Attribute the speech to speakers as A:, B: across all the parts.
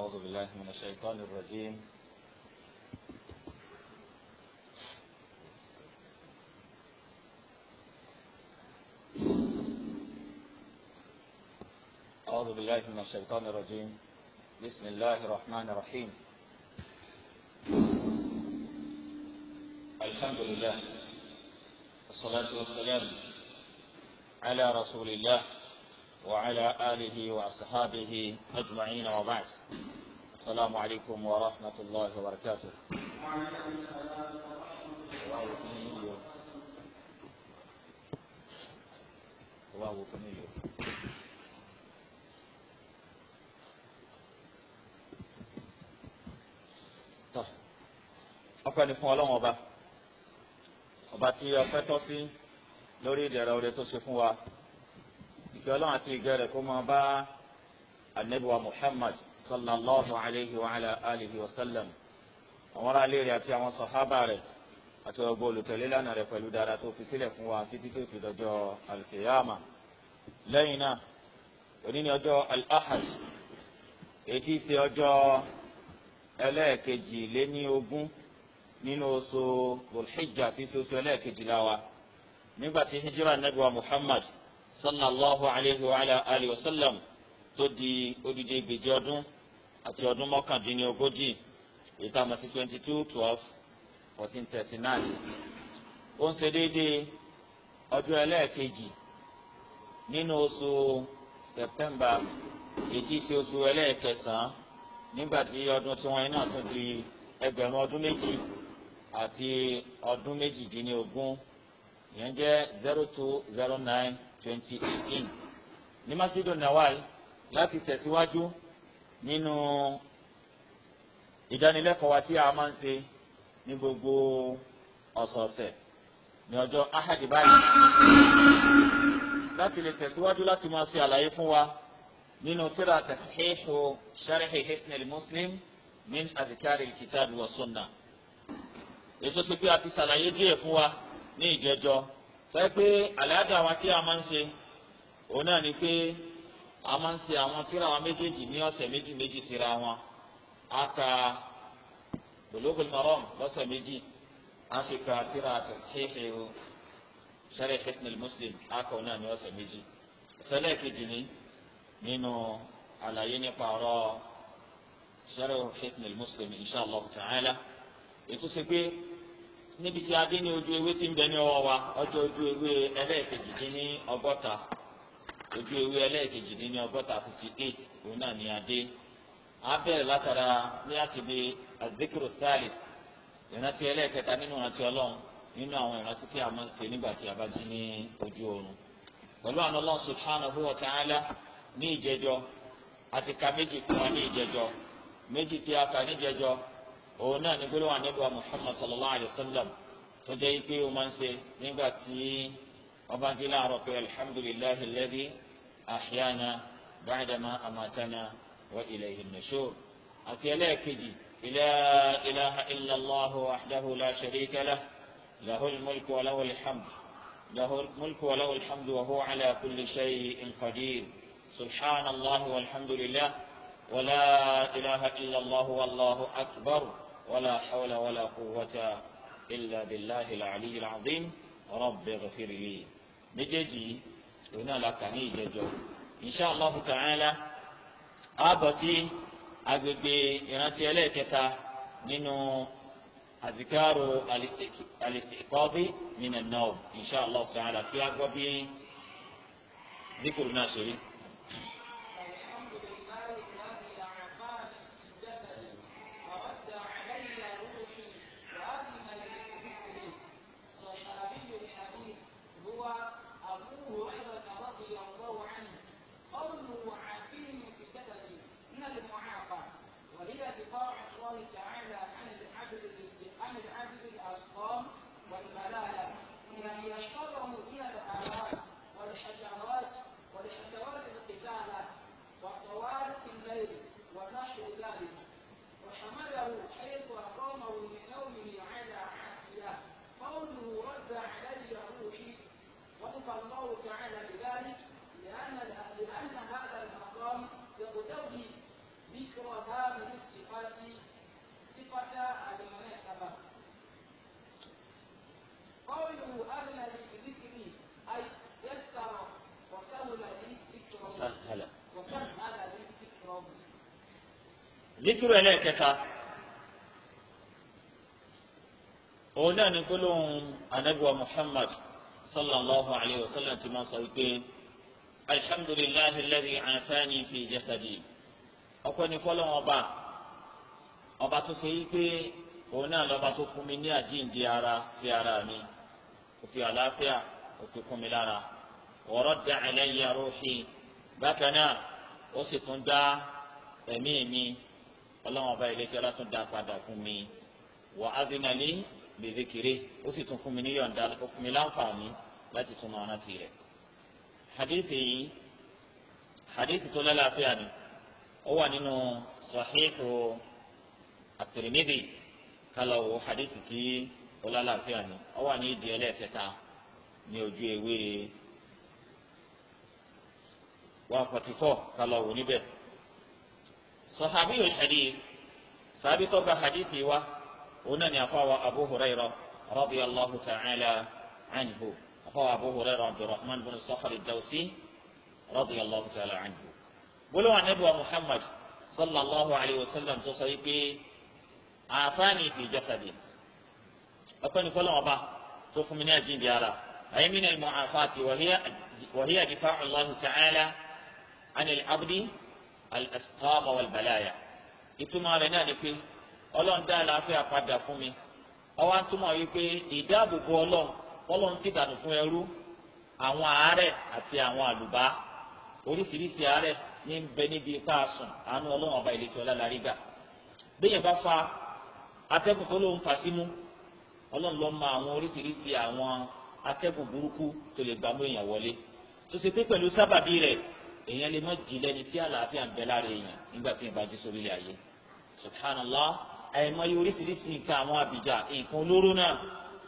A: أعوذ بالله من الشيطان الرجيم أعوذ بالله من الشيطان الرجيم بسم الله الرحمن الرحيم
B: الحمد لله
A: والصلاة والسلام على رسول الله وعلى آله وأصحابه أجمعين وبعد السلام عليكم ورحمة الله وبركاته الله طف ọpẹ́ ni fún Ọlọ́run ọba ọba tí ọpẹ́ tọ́ sí lórí ìdẹ̀ra oore tó ṣe fún wa ìfẹ́ ọlọ́run àti ìgẹ́ rẹ̀ kó máa bá anabiwa muhammad sallallahu alayhi wa ala alihi wa sallam àwọn ará léèrè àti àwọn sọ̀hábà rẹ̀ àti ọgbọ́n olùtẹ̀lé lánàá rẹ̀ pẹ̀lú dára tó fi sílẹ̀ fún wa títí tó fi dọjọ́ alkiyama lẹ́yìn náà òní ni ọjọ́ al-ahad èyí ṣe ọjọ́ ẹlẹ́ẹ̀kejì lé ní ogún nínú oṣù bulhijja tí ṣe oṣù ẹlẹ́ẹ̀kejìlá wa nígbà tí hijira nabi muhammad sallallahu alayhi wa alayhi wa sallam tó di odidi ìgbèjì ọdún àti ọdún mọ́kàndínlógójì èyí tá a mọ̀ sí twenty two twelve fourteen thirty nine ó ń ṣe déédéé ọdún ẹlẹ́ẹ̀kejì nínú oṣù september èyí tí í ṣe oṣù ẹlẹ́ẹ̀kẹsàn-án nígbà tí ọdún tiwọn iná tún di ẹgbẹ̀rún 2018. eighteen ní masjidu nawal láti tẹ̀síwájú nínú ìdánilẹ́kọ̀ọ́ wa tí a máa ń ṣe ní gbogbo ọ̀sọ̀ọ̀sẹ̀ ní ọjọ́ ahadi báyìí láti lè tẹ̀síwájú láti máa ṣe àlàyé fún wa nínú tíra tẹ̀síhìhù sharhi hisnil muslim min adikari kitabi wa sunna ètò ti pé a ti ṣàlàyé díẹ̀ fún wa ní ìjẹjọ́ sọ pé àlàáda wa tí a máa ń ṣe òun náà ni pé a máa ń ṣe àwọn tírà wa méjèèjì ní ọ̀sẹ̀ méjì méjì síra wọn a ka Bulugul Maram lọ́sẹ̀ méjì a sì ka tírà tẹ̀síkèké o Sharh Hisn al a ka òun náà ní ọ̀sẹ̀ méjì sẹ́lẹ̀ kejì ni nínú àlàyé nípa ọ̀rọ̀ Sharh Hisn al-Muslim níbi tí a dé ní ojú ewé tí ń bẹ ní ọwọ́ wa ọjọ́ ojú ewé ẹlẹ́ẹ̀kejì dín ní ọgọ́ta ojú ewé ẹlẹ́ẹ̀kejì dín ní ọgọ́ta fifty eight òun náà ni a dé a bẹ̀rẹ̀ látara ní láti di azikiru salis ìrántí ẹlẹ́ẹ̀kẹta nínú ìrántí ọlọ́run nínú àwọn ìrántí tí a máa ń ṣe nígbà tí a bá jí ní ojú oorun pẹ̀lú àwọn Allah subhanahu ta'ala ní ìjẹjọ àti ka méjì fún wa ní ìjẹjọ méjì tí a kà ní ìjẹjọ òun náà ní gbólóhùn ànábì wa Muhammad sallallahu alayhi wa sallam tó jẹ́ pé o máa ń ṣe nígbà tí ọba ti láàárọ̀ pé alhamdulilayi lẹ́bi àhíyáná ba'dama amatana wa ilayhi nushur àti ẹlẹ́ẹ̀kejì ilẹ̀ ilẹ̀ allahu ahdahu la sharika lah lahul mulku wa lahul hamdu له الملك وله الحمد وهو على كل شيء قدير سبحان الله والحمد لله ولا إله إلا الله والله أكبر ولا حول ولا قوة إلا بالله العلي العظيم رب اغفر لي نجي هنا لك نيجي إن شاء الله تعالى أبسي agbègbè ìrántí ẹlẹ́ẹ̀kẹta nínú àdìkárò al-istiqadhi min an-nawm insha Allah ta'ala kí a gbọ́ bí díkùrú náà ṣe rí. zikiru ẹlẹ́ẹ̀kẹta òun náà ní gbólóhùn anabiwa muhammad sallallahu alayhi wa sallam ti máa sọ pé alhamdulillahi alladhi afani fi jasadi ọpẹ́ ní fọlọ́wọ́n ọba ọba tó ṣe yí pé òun náà lọ́ba tó fún mi ní àjíǹde ara sí ara mi ó àlàáfíà ó kún mi lára wa radda alayya ruhi bákan náà ó sì tún dá ẹ̀mí mi ọlọ́run ọba ilé kíọ́lá tún dá padà fún mi wà á dínà lé bèbè kéré ó sì tún fún mi ní yọ̀ǹda ó fún mi láǹfààní láti tún máa rántí rẹ̀. hadith yìí hadith tó lálàáfíà ni ó wà nínú sahihu at-Tirmidhi kálọ̀ wò hadith tí ó lálàáfíà ni ó wà ní ìdí ẹlẹ́ẹ̀kẹta ní ojú ewé one forty four kálọ̀ wò níbẹ̀ sọ̀hábí yóò hadith sàbí tó gba hadith yìí wá òun náà ni àfọwọ́ abu hurairah radiyallahu ta'ala anhu àfọwọ́ abu hurairah abdulrahman bin sakhar dawsi radiyallahu ta'ala anhu. gbólóhùn anabi wa muhammad sallallahu alayhi wa sallam tó sọ wípé àfáàní fi jasadi ọpẹ́ ní fọlọ́wọ́n bá tó fún mi ní àjíǹde ara ayé mi ní al-mu'afati wa hiya wa hiya difa'u Allah ta'ala anil abdi al-asqaba wal-balaya ìtumọ̀ rẹ̀ náà ni pé ọlọ́run dá àlàáfíà padà fún mi ọwọ́ àtúmọ̀ wípé ìdáàbòbò ọlọ́run ọlọ́run ti dànù fún ẹrú àwọn àárẹ̀ àti àwọn àlùbá oríṣiríṣi àárẹ̀ ní ń bẹ níbi ipá sùn àánú ọlọ́run ọba ìletò ọlálàrí gbà bẹ́yẹn bá fa atẹ́gùn tó ló ń fà símú ọlọ́run ló mọ àwọn oríṣiríṣi àwọn atẹ́gùn burúkú tó lè gbàmú èèyàn wọlé tó ṣe pé pẹ̀lú sábàbí rẹ̀ èèyàn lè má jí lẹ́ni tí àlàáfíà ń bẹ lára èèyàn nígbà tí ìbá jí sórí ilé ayé subhanallah àìmọye oríṣiríṣi nǹkan àwọn àbíjà nǹkan olóró náà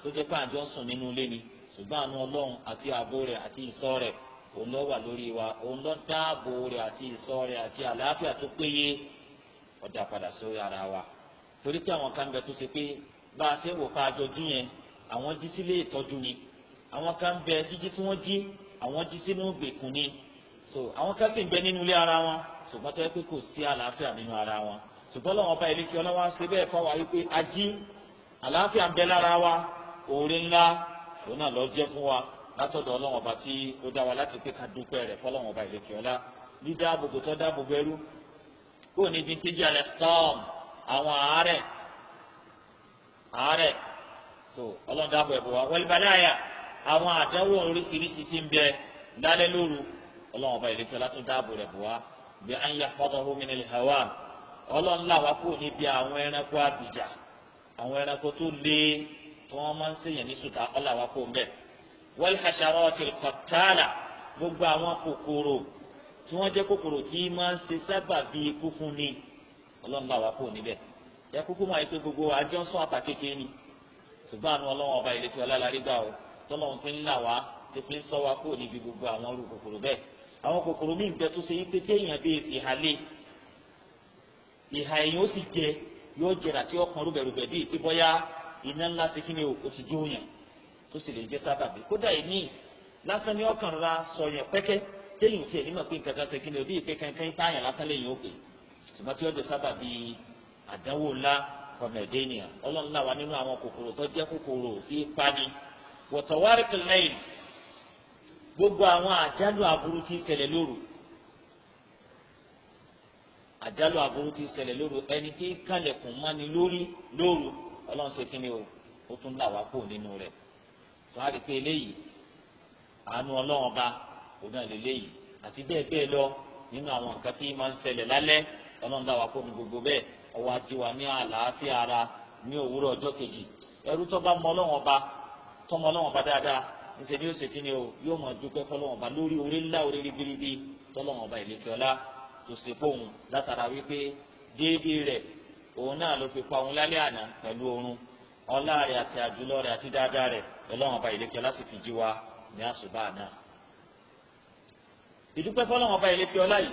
A: tó jẹ́ pé àjọ sùn nínú ilé ni ṣùgbọ́n àánú ọlọ́run àti ààbò rẹ̀ àti ìṣọ́ rẹ̀ òun ló wà lórí wa òun ló dáàbò rẹ̀ àti ìṣọ́ rẹ̀ àti àlàáfíà tó péye ọ̀dà padà sórí ara wa torí pé àwọn kan bẹ tó ṣe pé bá a ṣe wò pa àjọ jí yẹn àwọn jí sílé ìtọ́jú ni àwọn kan bẹ jíjí tí wọ́n jí àwọn jí sínú ìgbèkùn ni so àwọn kan sì ń bẹ nínú ilé ara wọn ṣùgbọ́n tó yẹ pé kò sí àlàáfíà nínú ara wọn ṣùgbọ́n lọ́wọ́ ọba ìlú kí ọlọ́wọ́ ṣe bẹ́ẹ̀ fáwọn ayé pé ají àlàáfíà ń bẹ lára wa oore ńlá òun náà lọ jẹ́ fún wa látọ̀dọ̀ ọlọ́wọ́ ọba tí ó dá wa láti pé ká dúpẹ́ rẹ̀ fọlọ́wọ́ ọba ìlú kí ọlá dídáàbòbò tó dáàbòbò ẹrú kò níbi tí jalè storm àwọn àárẹ̀ àárẹ̀ so ọlọ́dàbọ̀ ẹ̀bùn wa wal balaya àwọn àdánwò oríṣiríṣi ti ń bẹ lálẹ́ lóru ọlọ́run ọba ìrètí ọlá tó dáàbò rẹ̀ bù wá bí à ń yà fọ́tọ̀ omi ní ìhàwá ọlọ́run là wá kù níbi àwọn ẹranko àbìjà àwọn ẹranko tó lé tí wọ́n máa ń ṣèyàn ní sùtà ọlọ́run wá kù mbẹ́ wal hasharati al-qattala gbogbo àwọn kòkòrò tí wọ́n jẹ́ kòkòrò tí máa ń ṣe sábà bí ikú fún ni ọlọ́run là wá kù níbẹ̀ yẹ kúkú máa yẹ pé gbogbo àjọ àtàkékè ni ṣùgbọ́n àwọn ọlọ́run ọba ìrètí àwọn kòkòrò míì bẹ tó ṣe yí pé tí èèyàn bẹ ìhà lé ìhà èèyàn ó sì jẹ yóò jẹrà tí ọkàn rúbẹrúbẹ bíi pé bọ́yá iná ńlá ṣe kí ni o ti jó yàn tó sì lè jẹ sábàbí kódà èmi lásán ní ọkàn ra sọ yẹn pẹ́kẹ́ téèyàn tiẹ̀ nímọ̀ pé nǹkan kan ṣe kí ni o bíi pé kankan táyàn lásán lè yàn ó pè ṣùgbọ́n tí ó jẹ sábàbí àdánwò ńlá ọmọ ẹ̀dá ènìyàn ọlọ́run là wá nínú àwọn kòkòrò tó jẹ́ kòkòrò tí pani wọ̀tọ̀wárìkì lẹ́yìn gbogbo àwọn àjálù aburú tí ń ṣẹlẹ̀ lóru àjálù aburú tí ń ṣẹlẹ̀ lóru ẹni tí ń kàlẹ̀kùn mọ́ni lórí lóru ọlọ́run ṣe kíni o ó tún là wá kó nínú rẹ̀ tó a rí pé eléyìí àánú ọlọ́run ọba kò náà lélẹ́yìí àti bẹ́ẹ̀ bẹ́ẹ̀ lọ nínú àwọn nǹkan tí máa ń ṣẹlẹ̀ lálẹ́ ọlọ́run dá wa kó ní gbogbo bẹ́ẹ̀ ọwọ́ àti wà ní àlàáfíà ara ní òwúrọ̀ ọjọ́ kejì ẹrú tó bá mọ ọlọ́run ọba tó mọ ọlọ́run ọba dáadáa ṣe ni yóò ṣe kíni o yóò máa dúpẹ́ fọlọ́wọ́n ọba lórí orí ńlá orí ribiribi tọ́lọ́wọ́n ọba ìlẹ́kẹ́ ọlá tó ṣe fóun látara wípé déédéé rẹ̀ òun náà ló fi pa òun lálẹ́ àná pẹ̀lú oorun ọlá rẹ̀ àti àjùlọ rẹ̀ àti dáadáa rẹ̀ ọlọ́wọ́n ọba ìlẹ́kẹ́ ọlá sì fi jí wa ní àṣùbà náà. ìdúpẹ́ fọlọ́wọ́n ọba ìlẹ́kẹ́ ọlá yìí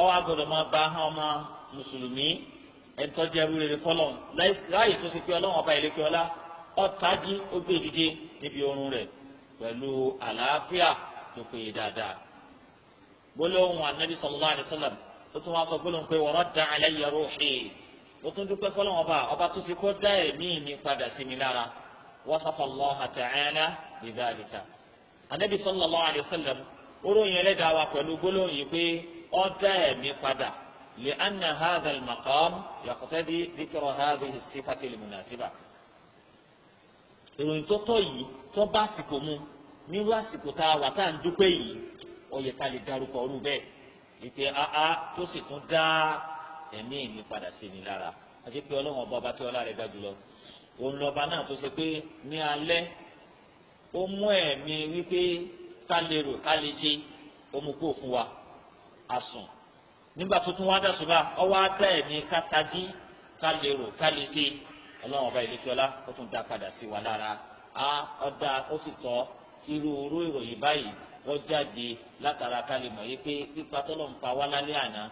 A: ọwọ́ agbọ́dọ̀ máa bá hàn ọmọ mùsùlùmí ẹ̀ńtọ́jẹ́rú rere fọlọ́wọ́n ọ̀tají ó gbé dìde níbi oorun rẹ̀ pẹ̀lú àlàáfíà tó péye dáadáa. gbólóhùn anabi sallallahu alayhi wa sallam ó tún wá sọ gbólóhùn pé wọ́n da aláyẹ̀ rúùhì ó tún dúpẹ́ fọlọ́n ọba ọba tó ti kó dá ẹ̀mí mi padà sí mi lára wasafa Allah ta'ala bi dhalika. anabi sallallahu alayhi ó ròyìn ẹlẹ́dàá wa pẹ̀lú gbólóhùn yìí pé ó لأن هذا المقام يقتضي ذكر هذه الصفة المناسبة ìròyìn tó tọ́ yìí tó bá àsìkò mu nírú àsìkò tá a wà tá à ń dúpẹ́ yìí ó yẹ ká lè darúkọ ọdún bẹ́ẹ̀ ìpè àá tó sì tún dá ẹ̀mí mi padà sí ni lára àti pé ọlọ́run ọba ọba tí ọlá rẹ̀ ga jùlọ òun lọ́ba náà tó ṣe pé ní alẹ́ ó mú ẹ̀mí wípé ká lè rò ká lè ṣe ó mú kó fún wa àsùn nígbà tó tún wá dàsùn bá ọ wá dá ẹ̀mí ká tají ká lè rò ká lè ṣe ọlọ́run ọba ìlẹ́kíọ́lá ó tún dá padà sí wa lára a ọ̀dà ó sì tọ́ irú orú ìròyìn báyìí wọ́n jáde látara ká lè mọ̀ yé pé pípa tọ́lọ́run pa wá lálẹ́ àná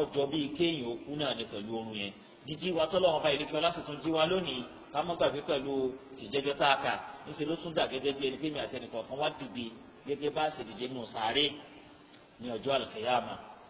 A: ọjọ́ bíi kéèyàn òkú náà ní pẹ̀lú oorun yẹn jíjí wa tọ́lọ́run ọba ìlẹ́kíọ́lá sì tún jí wa lónìí ká má gbàgbé pẹ̀lú tìjẹ́jọ́ tá a kà níṣẹ́ ló tún dà gẹ́gẹ́ bí ẹni pé mi àti ẹnì kọ̀ọ̀kan wá dìde gẹ́gẹ́ bá a ṣe dìde nù sáré ní ọjọ́ àlùkìyàmà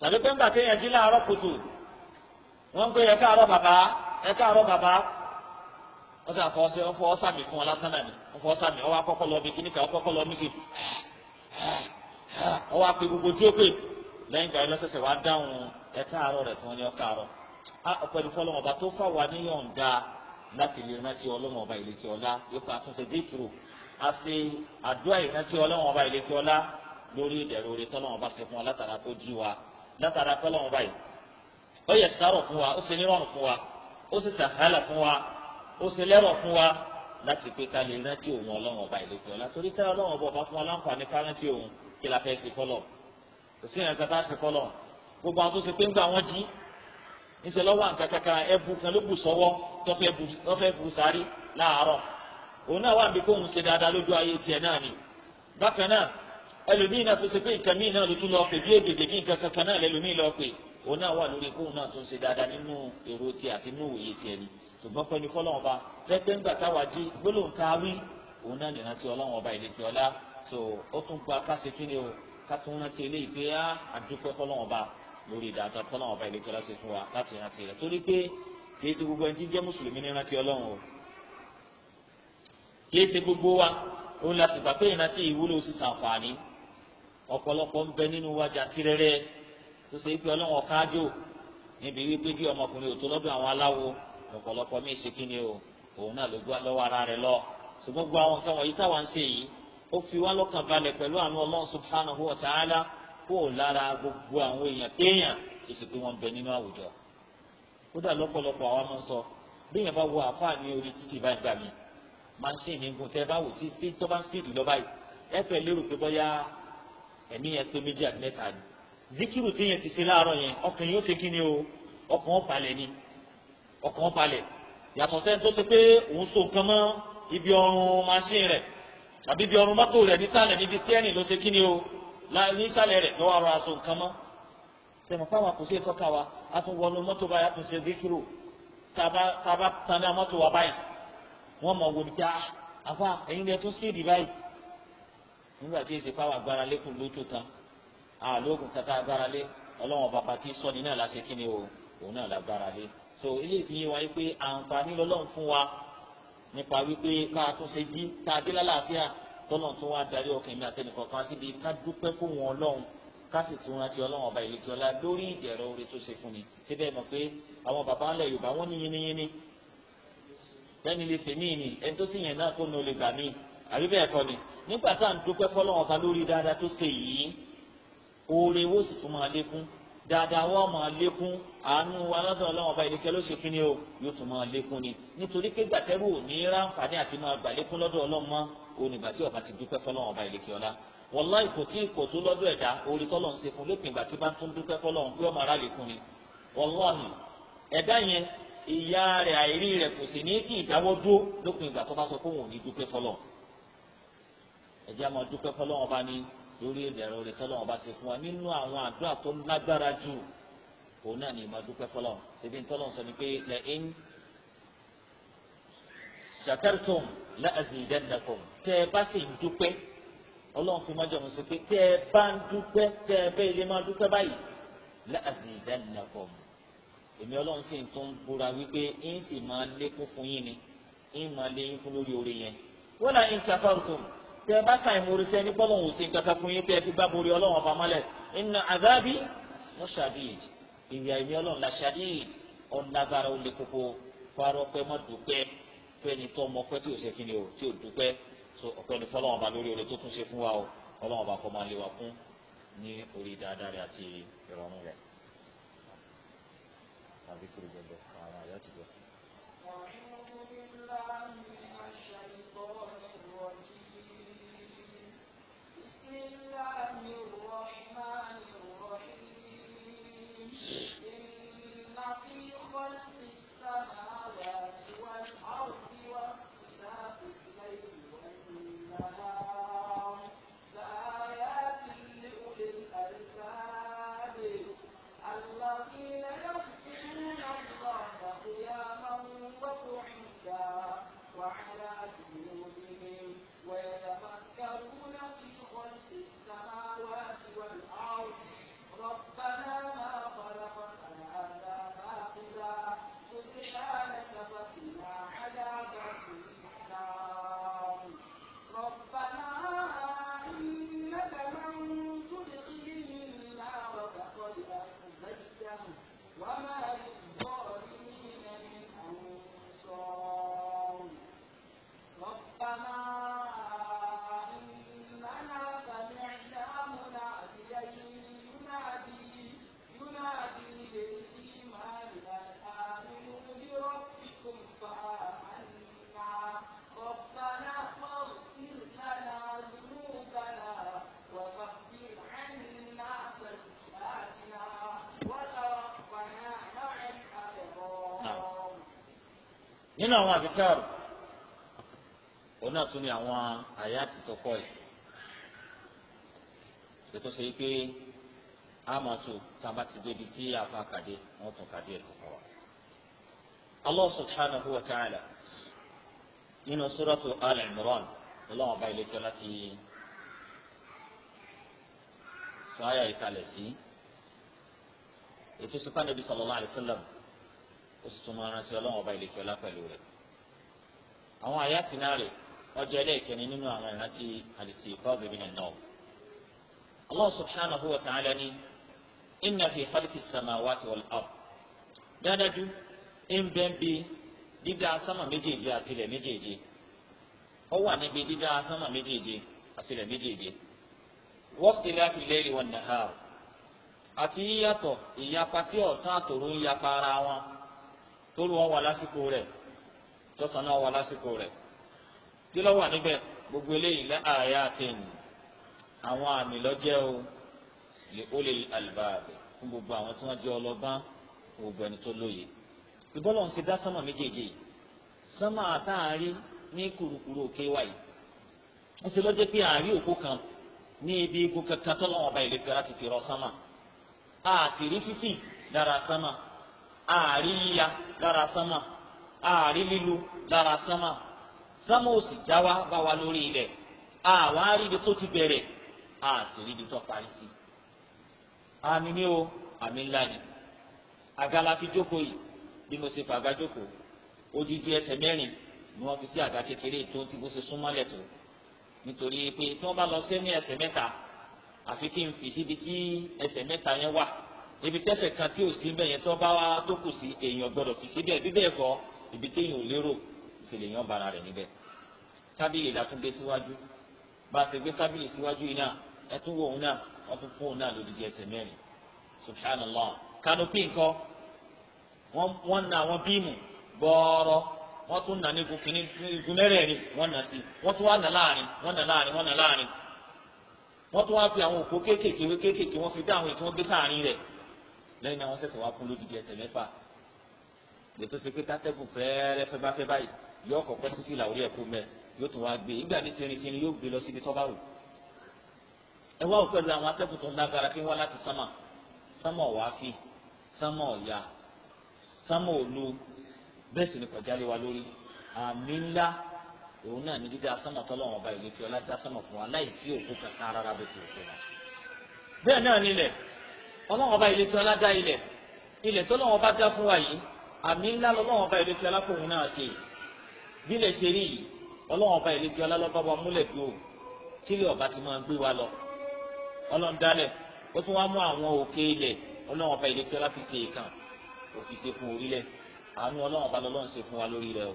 A: tàbí pé ńgbà téèyàn jí láàárọ̀ kùtù wọ́n ń pè ẹ káàárọ̀ bàbá ẹ káàárọ̀ bàbá wọ́n sì àfọwọ́sẹ́ wọ́n fọwọ́ sàmì fún wọn lásán náà ni wọ́n fọwọ́ sàmì ọwọ́ akọ́kọ́ lọ bí kíníkà ọkọ́kọ́ lọ mí sí
B: ọwọ́ apẹ gbogbo tí ó
A: pè lẹ́yìn ìgbà ẹlọ́sẹ̀sẹ̀ wá dáhùn ẹ káàárọ̀ rẹ̀ tí wọ́n ní ọ káàárọ̀ ọ̀pẹ̀lú fọlọ́mọba tó fà wá níyọ̀ǹda láti lè rántí ọlọ́run ọba ìlẹ́kẹ́ ọlá yóò pa àtúnṣe dékìrò a ṣe àdúrà ìrántí ọlọ́run ọba ìlẹ́kẹ́ ọlá lórí ìdẹ̀rù orí tọ́lọ́run ọba ṣe fún wa látara kó jí wa látara pẹ́lú ọ̀hún báyìí ó yẹ sáró fún wa ó ṣe nírọ̀rùn fún wa ó sì sàhálà fún wa ó ṣe lẹ́rọ̀ fún wa láti pé ká lè rántí òun ọlọ́run ọba ìlẹ́kẹ̀ ọ̀la torí tẹ́ ọlọ́run ọba ọba fún wa láǹfààní ká rántí òun kí la fẹ́ kò sí ìrìn gbogbo àwọn tó ṣe pé ń gbà wọ́n jí lọ́wọ́ ẹbu kan ló bù sọ́wọ́ tó fẹ́ bu sáré láàárọ̀ òun ẹlòmíì náà tó ṣe pé nǹkan míì náà ló tún lọ pè bí ègbèdè bí nǹkan kankan náà lẹlòmíì lọ pè òun náà wà lórí kóun náà tó ń ṣe dáadáa nínú èrò tiẹ̀ àti nínú òye tiẹ̀ ni ṣùgbọ́n pẹ̀lú fọlọ́wọn ọba pẹ́pẹ́ ńgbà táwa jí gbólóhùn káwí òun náà nìran ti ọlọ́wọn ọba ìlẹ̀kì ọlá tó ó tún gba káṣe kí ni o ká tún rántí ilé ìgbé á àdúpẹ́ fọlọ́wọn ọba lórí ìdájọ́ ọ̀pọ̀lọpọ̀ ń bẹ nínú wájà tirẹrẹ tó ṣe pé ọlọ́wọ́n kájò níbi wípé kí ọmọkùnrin ò tó lọ́dọ̀ àwọn aláwo ọ̀pọ̀lọpọ̀ míì ṣe kí ni o òun náà ló gbá lọ́wọ́ ara rẹ̀ lọ ṣùgbọ́n gbogbo àwọn nǹkan wọ̀nyí táwa ń ṣe yìí ó fi wá lọ́kàn balẹ̀ pẹ̀lú àánú ọlọ́run subhanahu wa ta'ala kó o lára gbogbo àwọn èèyàn téèyàn tó sì pé wọ́n ń bẹ nínú àwùjọ. kódà lọ́pọ̀lọpọ̀ àwa máa ń sọ bí èèyàn bá wo àfáà ní orí títì bá gbà mí máa ń ṣe ìnígun tẹ́ bá wò tí tó bá ń speed lọ báyìí ẹ fẹ́ lérò pé bóyá ẹ̀mí yẹn pé méjì àti mẹ́ta ni zikiru tí yẹn ti ṣe láàárọ̀ yẹn ọkàn yóò ṣe kí ni o ọkàn balẹ̀ ni ọkàn balẹ̀ yàtọ̀ sẹ́ni tó ṣe pé òun so nǹkan mọ́ ibi ọrùn machine rẹ̀ tàbí ibi ọrùn mọ́tò rẹ̀ nísàlẹ̀ níbi sẹ́ẹ̀nì ló ṣe kí ni o nísàlẹ̀ rẹ̀ lọ́wọ́ ara so nǹkan mọ́ sẹ̀mọ̀ fáwọn àkùsí ìtọ́ka wa a tún wọnú mọ́tò báyà tún ṣe zikiru tàbá tàbá tàbá mọ́tò wa báyà wọ́n mọ̀ wò ní pé ah, àfa ẹ̀yin lẹ́tún sí ìdí báyìí nígbà tí èsì pàwọ́ agbára lékun lójú kan àlóògùn kata agbára lé ọlọ́wọ́n bàbá tí sọ́ni náà láṣẹ kí ni o òun náà lágbára lé so ilé ìfihàn wáyé pé àǹfààní lọ́lọ́run fún wa nípa wípé ká tó ṣe jí tá a dé lálàáfíà tọ́lọ́run tó wá darí ọkàn mi àtẹnìkan kan síbi ká dúpẹ́ fún wọn ọlọ́run ká sì tún rántí ọlọ́run ọba ìlú kíọ́lá lórí ìdẹ̀rọ oore tó ṣe fún mi síbẹ̀ mọ̀ pé àwọn bàbá ńlẹ̀ Yorùbá wọ́n ní yínníyínní bẹ́ẹ̀ni lè ṣèmí ni ẹni tó sì yẹn náà kó nu olè gbà míì àbí bẹ́ẹ̀ kọ́ ni nígbà tá à ń dúpẹ́ fọlọ́wọ́n kan lórí dáadáa tó ṣe yìí oore wo sì tún máa lékún dáadáa wọ́n máa lékún àánú aládùn ọlọ́run ọba ìdíkẹ́ ló ṣe kíni o yóò tún máa lékún ni nítorí pé gbàtẹ́rù ò ní ráǹfààní àti máa gbà lékún lọ́dọ̀ ọlọ́run mọ́ onígbà tí ọba ti dúpẹ́ fọlọ́run ọba ìdíkẹ́ ọlá wọláì kò tí kò tó lọ́dọ̀ ẹ̀dá orí tọ́lọ́run ṣe fún lópin ìgbà tí bá tún dúpẹ́ fọlọ́run pé ọmọ ẹ̀jẹ̀ àmọ́ dúpẹ́ fọlọ́wọ́n bá ní lórí ìbẹ̀rẹ̀ orí tọ́lọ́wọ́n bá ṣe fún wa nínú àwọn àdúrà tó lágbára jù òun náà ní ìmọ̀ dúpẹ́ fọlọ́wọ́n ṣèbí tọ́lọ́wọ́n sọ ni pé lẹ́ in ṣàkẹ́rìtùm láàzì ìdẹ́nìdàkùn tẹ́ ẹ bá sì ń dúpẹ́ ọlọ́run fi má jọ̀mọ́ sí pé tẹ́ ẹ bá ń dúpẹ́ tẹ́ ẹ bẹ́ẹ̀ lè má dúpẹ́ báyìí láàzì ìdẹ́nìdàkùn tẹ bá ṣàìmórí tẹ ní bọ́lọ̀ òun ṣe kankan fún yín tẹ fi bá borí ọlọ́run ọba mọ́lẹ̀ inna azabi wọ́n ṣàdíyèd ìrìn àìmí ọlọ́run la ṣàdíyèd ọ̀nàgbára ó koko fara ọpẹ́ mọ́ dúpẹ́ fẹ́ni tó ọmọ ọpẹ́ tí ò ṣe kí ni o tí ò dúpẹ́ so ọpẹ́ ní fọlọ́run ọba lórí oore tó tún ṣe fún wa o ọlọ́run ọba kọ́ máa lé wa fún ní orí dáadáa rẹ̀ àti ìrọ̀rùn rẹ̀ àbí kúrò jẹ́ you. nínú àwọn àfikàrù òun náà tún ní àwọn àyà ti tọkọ ẹ ètò ṣe pé a máa tù tá a bá ti débi tí a fa kàdé wọn tún kàdé ẹ sọfọ wa. Allah subhanahu wa ta'ala nínú suratu Al-Imran ọlọ́wọ́n bá ilé tó láti sọ àyà ìkàlẹ̀ sí ètò ìsìnkú Ànábì sallallahu alaihi wasallam ó sì tún máa rántí ọlọ́run ọba ìlẹ̀kẹ́ ọlá pẹ̀lú rẹ̀ àwọn àyàtì náà rè ọjọ́ ẹlẹ́ẹ̀kẹ́ni nínú àwọn ìrántí àdìsí ìfọ́ọ̀bù mi náà Allah subhanahu wa ta'ala ni inna fi khalqi samawati wal ard dáadájú ń bẹ́ẹ̀ bí dídá sámà méjèèjì àti ilẹ̀ méjèèjì ó wà níbi dídá sámà méjèèjì àti méjèèjì waqtilafi al àti yíyàtọ̀ ìyapa tí ọ̀sán àtòru ń yapa ara wọn tóru wọn wà lásìkò rẹ̀ tọ́sán náà wà lásìkò rẹ̀ kí ló wà níbẹ̀ gbogbo eléyìí lẹ́ àyà àtẹ̀yìn àwọn àmì lọ́jẹ́ o lè ó lè àlùbáàbẹ̀ fún gbogbo àwọn tí wọ́n jẹ́ ọlọ́bán gbogbo ẹni tó lóye ìbọ́lọ̀ ń ṣe dá sánmà méjèèjì sánmà àtàárí ní kùrukùru òkè wáyé ń ṣe lọ́jẹ́ pé àárín òkú kan ní ibi igun kankan tó ọba ìlẹ́fẹ́ láti fi rọ sánmà a fífì lára sánmà ààrí yíya lára sánmà ààrí lílu lára sánmà sánmà ò sì já wá bá wa lórí ilẹ̀ àwa àríbi tó ti bẹ̀rẹ̀ àṣìríbi tó parí sí. àmì ni o àmì ńlá ni àga la fi jókòó yìí bí mo ṣe fàga jókòó odidi ẹsẹ̀ mẹ́rin ni wọ́n fi sí àga kékeré tó ti bó ṣe súnmọ́lẹ̀ tó nítorí pé tí wọ́n bá lọ sí ní ẹsẹ̀ àfi kí n fi síbi tí ẹsẹ̀ mẹ́ta yẹn wà ibi tẹ́sẹ̀ kan tí ò sí bẹ́ẹ̀ yẹn tó bá wá tó kù sí èèyàn gbọ́dọ̀ fi síbẹ̀ bí bẹ́ẹ̀ kọ́ ibi téèyàn ò lérò sì lè yan bara rẹ̀ níbẹ̀ tábìlì látúndé síwájú bá a ṣe gbé tábìlì síwájú yìí náà ẹ tún wò òun náà wọ́n tún fún òun náà lódìdí ẹsẹ̀ mẹ́rin subhanallah kanopi nǹkan wọ́n na àwọn bíìmù gbọ́ọ́rọ́ wọ́n tún nà ní gùnkìní igun mẹ́rẹ̀ẹ̀rin wọ́n nà sí wọ́n tún wá nà láàrin wọ́n nà láàrin wọ́n nà láàrin wọ́n tún wá fi àwọn òpó kéékèèké kéékèèké wọ́n fi dá àwọn ètò wọn gbé sáàrin rẹ̀ lẹ́yìn náà wọ́n ṣẹ̀ṣẹ̀ wá fún lódìdí ẹsẹ̀ mẹ́fà ètò ṣe pé tátẹ́gùn fẹ́ẹ́rẹ́fẹ́ bá fẹ́ báyìí yóò kọ́kọ́ sí fìlà orí ẹ̀kú mẹ́ yóò tún wá gbé ìgbà ní tirin tirin yóò gbé lọ síbi tó bá wù. ẹ wá òpẹ́lú àwọn atẹ́gùn tó lágbára tí ń wá láti sánmà sánmà ọ̀wá fi sánmà ọ̀yà sánmà òlu bẹ́ẹ̀ sì ni kọjá lé wa lórí àmì ńlá òun náà ní dídá sánmà tọ́lọ́wọ́n ọba ìlú tí ọlá dá sánmà fún wa láì sí òkú kankan rárá bẹ́ẹ̀ sì ọlọ́wọ́n ọba ilé tí ọlá dá ilẹ̀ ilẹ̀ tó lọ́wọ́n ọba dá fún wa yìí àmì ńlá lọ́wọ́n ọba ilé tí ọlá fún òun náà ṣe bí ilẹ̀ ṣe rí yìí ọlọ́wọ́n ọba ilé tí ọlá lọ́ba wa múlẹ̀ dúró tílé ọba ti máa gbé wa lọ ọlọ́run dálẹ̀ ó tún wá mú àwọn òkè ilẹ̀ ọlọ́wọ́n ọba ilé tí ọlá fi ṣe ìkan òfin ṣe fún orílẹ̀ àánú ọlọ́wọ́n ọba lọ́lọ́run ṣe fún wa lórí rẹ̀ o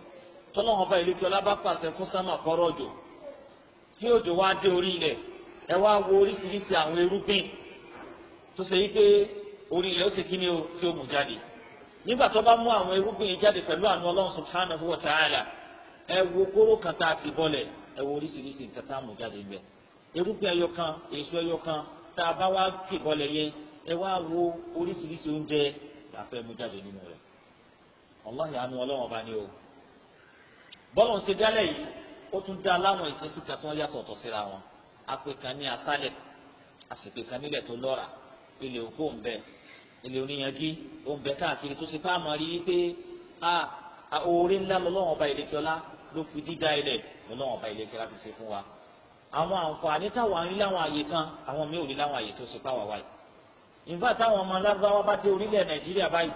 A: tọ́lọ́wọ́n ọba ilé tí ọlá bá pàṣẹ fún sámà kọ́rọ̀ tó ṣe wípé orí rẹ̀ ó sì kíni o tí ó mú jáde nígbà tó bá mú àwọn irúgbìn yìí jáde pẹ̀lú àánú ọlọ́run subhanahu wa ta'ala ẹ wo kóró kan tá a ti bọ́lẹ̀ ẹ wo oríṣiríṣi nǹkan tá a mú jáde níbẹ̀ irúgbìn ẹyọ kan èso ẹyọ kan tá a bá wá kì bọ́lẹ̀ yẹn ẹ wá wo oríṣiríṣi oúnjẹ tá a fẹ́ mú jáde nínú rẹ̀ ọlọ́run àánú ọlọ́run ọba ni o bọ́lọ̀ ń ṣe dálẹ̀ yìí ó tún dá láwọn ìṣesí kan tí wọ́n yàtọ̀ ọ̀tọ̀ síra wọn àpè kan ní ilé òkú ń bẹ ilé oníyanjú ó ń bẹ káàkiri tó ti pa àmọ́ rí wípé a oore ńlá lọ́wọ́n ọba ìlẹ́kíọ́lá ló fi dídá ilẹ̀ lọ́wọ́n ọba ìlẹ́kíọ́lá ti ṣe fún wa àwọn àǹfààní táwọn àrí láwọn àyè kan àwọn mi ò rí láwọn àyè tó ṣe pàwọ́ wáyé ìfà táwọn ọmọ alágbáwá bá dé orílẹ̀ nàìjíríà báyìí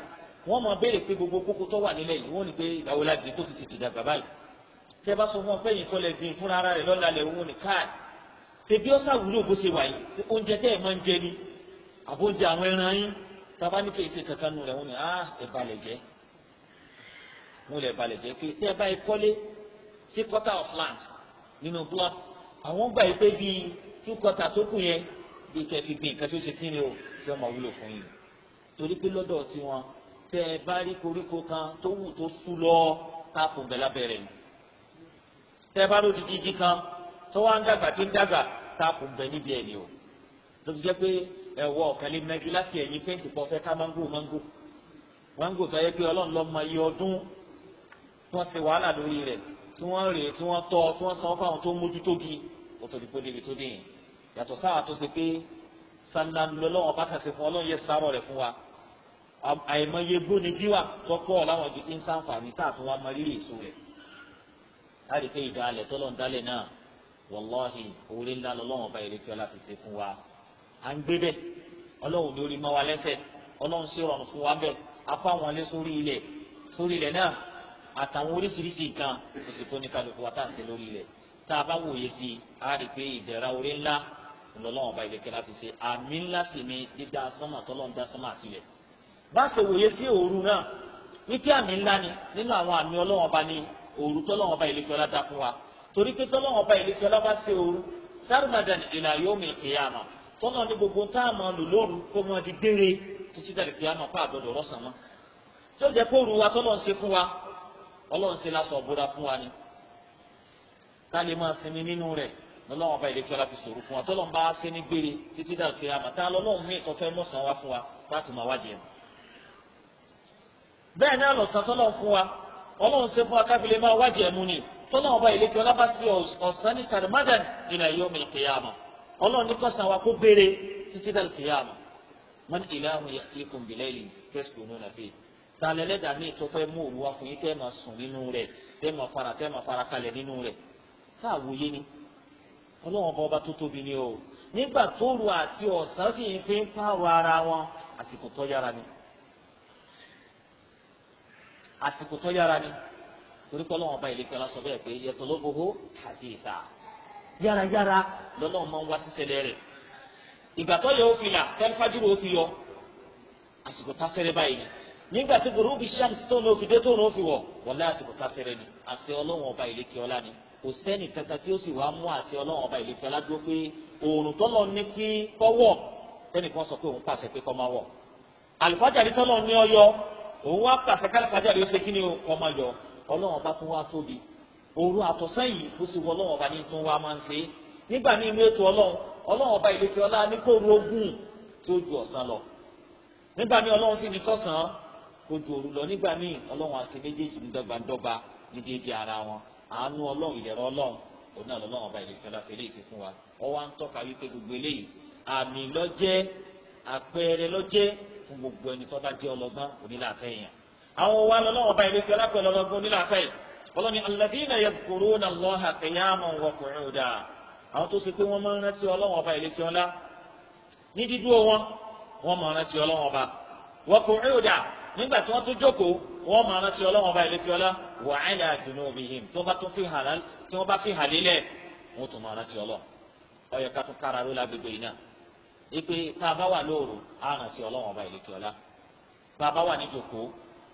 A: wọ́n mọ̀ béèrè pé gbogbo kókó tó wà nílẹ̀ yìí wọ́n ní pé ìgbàwó lágbè tó ti tètè dàgbà báyìí tẹ́ bá sọ fún ọ pé yìí kọ́lẹ̀ gbìn fúnra rẹ̀ lọ́la lẹ̀ wọ́n ní káàdì ṣe bí ó ṣàwúlò bó ṣe wà yìí oúnjẹ tẹ́ ẹ̀ máa ń jẹ ni àbójì àwọn ẹran yín tábà ní kèsì kankan nù rẹ̀ wọ́n ní ah ìbalẹ̀ jẹ́ wọ́n lè balẹ̀ jẹ́ pé tí ẹ bá kọ́lé sí quarter of land nínú plot àwọn gbà yí pé bíi two quarter tó kù yẹn bíi kẹ́ fi gbin nǹkan tó ṣe kí ni o ṣé ọmọ wúlò fún yín torí pé lọ́dọ̀ tiwọn tẹ ẹ bá rí koríko kan tó wù tó sú lọ káàpù bẹ̀ lábẹ́rẹ̀ ni tẹ ẹ bá rí odidi igi kan tó wá ń dàgbà tí ń dàgbà káàpù bẹ̀ nídìí ẹ̀ ni o lọ́dọ̀ jẹ́ pé ẹ̀wọ́ ọ̀kan lè nájú láti ẹ̀yìn fẹ́ǹsì pọ̀ fẹ́ ká mángò mángò mángò tó yẹ pé ọlọ́run lọ́ọ́ mọ iye ọdún tí wọ́n ṣe wàhálà lórí rẹ̀ tí wọ́n rèé tí wọ́n tọ́ tí wọ́n sanwó fáwọn tó mójútó gi ó tó di kó débi tó dé yẹn yàtọ̀ sáà tó ṣe pé sandan lọ́wọ́ bá kà sí fún ọlọ́run yẹ sáró rẹ̀ fún wa àìmọye gbóni jíwà tọ́pọ̀ láwọn ibi tí ń sáǹfààní tá àtún wa mọ rírì èso rẹ̀ láti pé ìdálẹ̀ tọ́lọ́ndálẹ̀ náà wàlláhì orí ńlá lọ́wọ́ bá ìrètí ọlá fi ṣe fún wa à ń gbé bẹ́ẹ̀ ọlọ́run lórí mọ́ wa lẹ́sẹ̀ ọlọ́run sì rọrùn fún wa bẹ́ẹ̀ apá wọn lé sórí ilẹ̀ sórí ilẹ̀ náà àtàwọn oríṣiríṣi nǹkan kò sì kó ní kálukú wa tá à ń ṣe lórí ilẹ̀ tá a bá wòye sí i a rí i pé ìdẹ̀ra orí ńlá ọlọ́run ọba ìlẹ̀kẹ́ láti ṣe àmì ńlá sì ni dídá sánmà tọ́lọ́run dá sánmà tilẹ̀ bá ṣe wòye sí òru náà wípé àmì ńlá ni nínú àwọn àmì ọlọ́run ọba ni òru tọ́lọ́run ọba ìlẹ̀kẹ́ ọlá dá fún wa torí pé tọ́lọ́run ọba ìlẹ̀kẹ́ ọlá bá ṣe òru sarmadan ila yawmil qiyamah tọ́lá ní gbogbo tá a máa lò lóru kó máa di gbére títí dàrí kí a máa pa àgbọ̀dọ̀ rọ́sàn mọ́ tí ó jẹ́ pé òru wa tọ́lọ́ ń ṣe fún wa ọlọ́run ṣe lásán ọ̀bọ̀dà fún wa ni ká lè máa sinmi nínú rẹ̀ lọ́lọ́run ọba ìlẹ́kẹ́ ọlá fi ṣòro fún wa tọ́lọ́run bá a ṣe ní gbére títí dàrí kí a máa tá lọ́lọ́run mí ìtọ́fẹ́ mọ̀sán wa fún wa láti máa wá jẹun bẹ́ẹ̀ náà lọ̀sán tọ́lọ́run fún wa ọlọ́run ṣe fún wa ká fi lè máa wá jẹun ni tọ́lọ́run ọba ìlẹ́kẹ́ ọlá bá ṣe ọ̀sán ọlọ́run ní kọ́sàn wa kó béèrè títí dàl kìyàmà wọn ní ìlà àwọn yàtí kùn bìlẹ̀ yìí tẹ́sítì òun náà fi ta lẹ́lẹ́dà míì tó fẹ́ mú òun fún yín tẹ́ máa sùn nínú rẹ̀ tẹ́ máa fara tẹ́ máa fara kalẹ̀ nínú rẹ̀ sáà wòye ni ọlọ́run ọba tó tóbi ni o nígbà tóru àti ọ̀sán sì ń fi pààrọ̀ ara wọn àsìkò tó yára ni àsìkò tó yára ni torí pé ọlọ́run ọba ìlẹ́kẹ́ lásán bẹ́ẹ̀ pé yẹtọ̀ ló àti ìta yárayára lọ́lọ́run máa ń wá sísẹ̀lẹ̀ rẹ̀ ìgbà tó yẹ òfin là tẹ́lifájúrò ó fi yọ àsìkò tásẹ̀rẹ̀ báyìí nígbà tí gòrúbì sàmùsì tó ní òfin dé tó ní òfin wọ̀ wọlé àsìkò tásẹ̀rẹ̀ ni àṣẹ ọlọ́run ọba ìlékè ọlá ni kò sẹ́ni kankan tí ó sì wá mú àṣẹ ọlọ́run ọba ìlékè ọlá dúró pé òòrùn tọ́lọ̀ ní kí kọ́ wọ̀ tẹ́nìkan sọ pé òun pàṣẹ pé kọ́ máa wọ̀ àlùfájàrí tọ́lọ̀ ní ọyọ òun wá pàṣẹ kálífàjàrí ó ṣe kí ni kọ́ máa yọ ọlọ́run ọba tún wá tóbi òru àtọ̀sán yìí kó sì wọ ọlọ́run ọba ní sún wa máa ń ṣe é nígbà míì inú ètò ọlọ́run ọlọ́run ọba ìlú ti ọlá ní kó ru ogún tó ju ọ̀sán lọ nígbà míì ọlọ́run sì ní kọ̀sán kó ju òru lọ nígbà míì ọlọ́run àṣẹ méjèèjì ní dọ́gbandọ́gba ní déédé ara wọn àánú ọlọ́run ìlẹ̀rọ ọlọ́run òun náà lọ́lọ́run ọba ìlú ti ọlá fẹ́lẹ́ ìsìn fún wa ọwọ́ à ń tọ́ka ọlọ́ni alladhina yadhkuruna Allaha qiyaman wa qu'uda àwọn tó ṣe pé wọ́n máa ń rántí ọlọ́wọ́n ọba ìlétí ọlá ní dídúró wọn wọ́n máa ń rántí ọlọ́wọ́n ọba wa qu'uda nígbà tí wọ́n tún jókòó wọ́n máa ń rántí ọlọ́wọ́n ọba ìlétí ọlá wa ala junubihim tí wọ́n yìí náà bá wà lóòrò á rántí ọlọ́wọ́n ọba ìlétí ọlá tá a bá wà níjókòó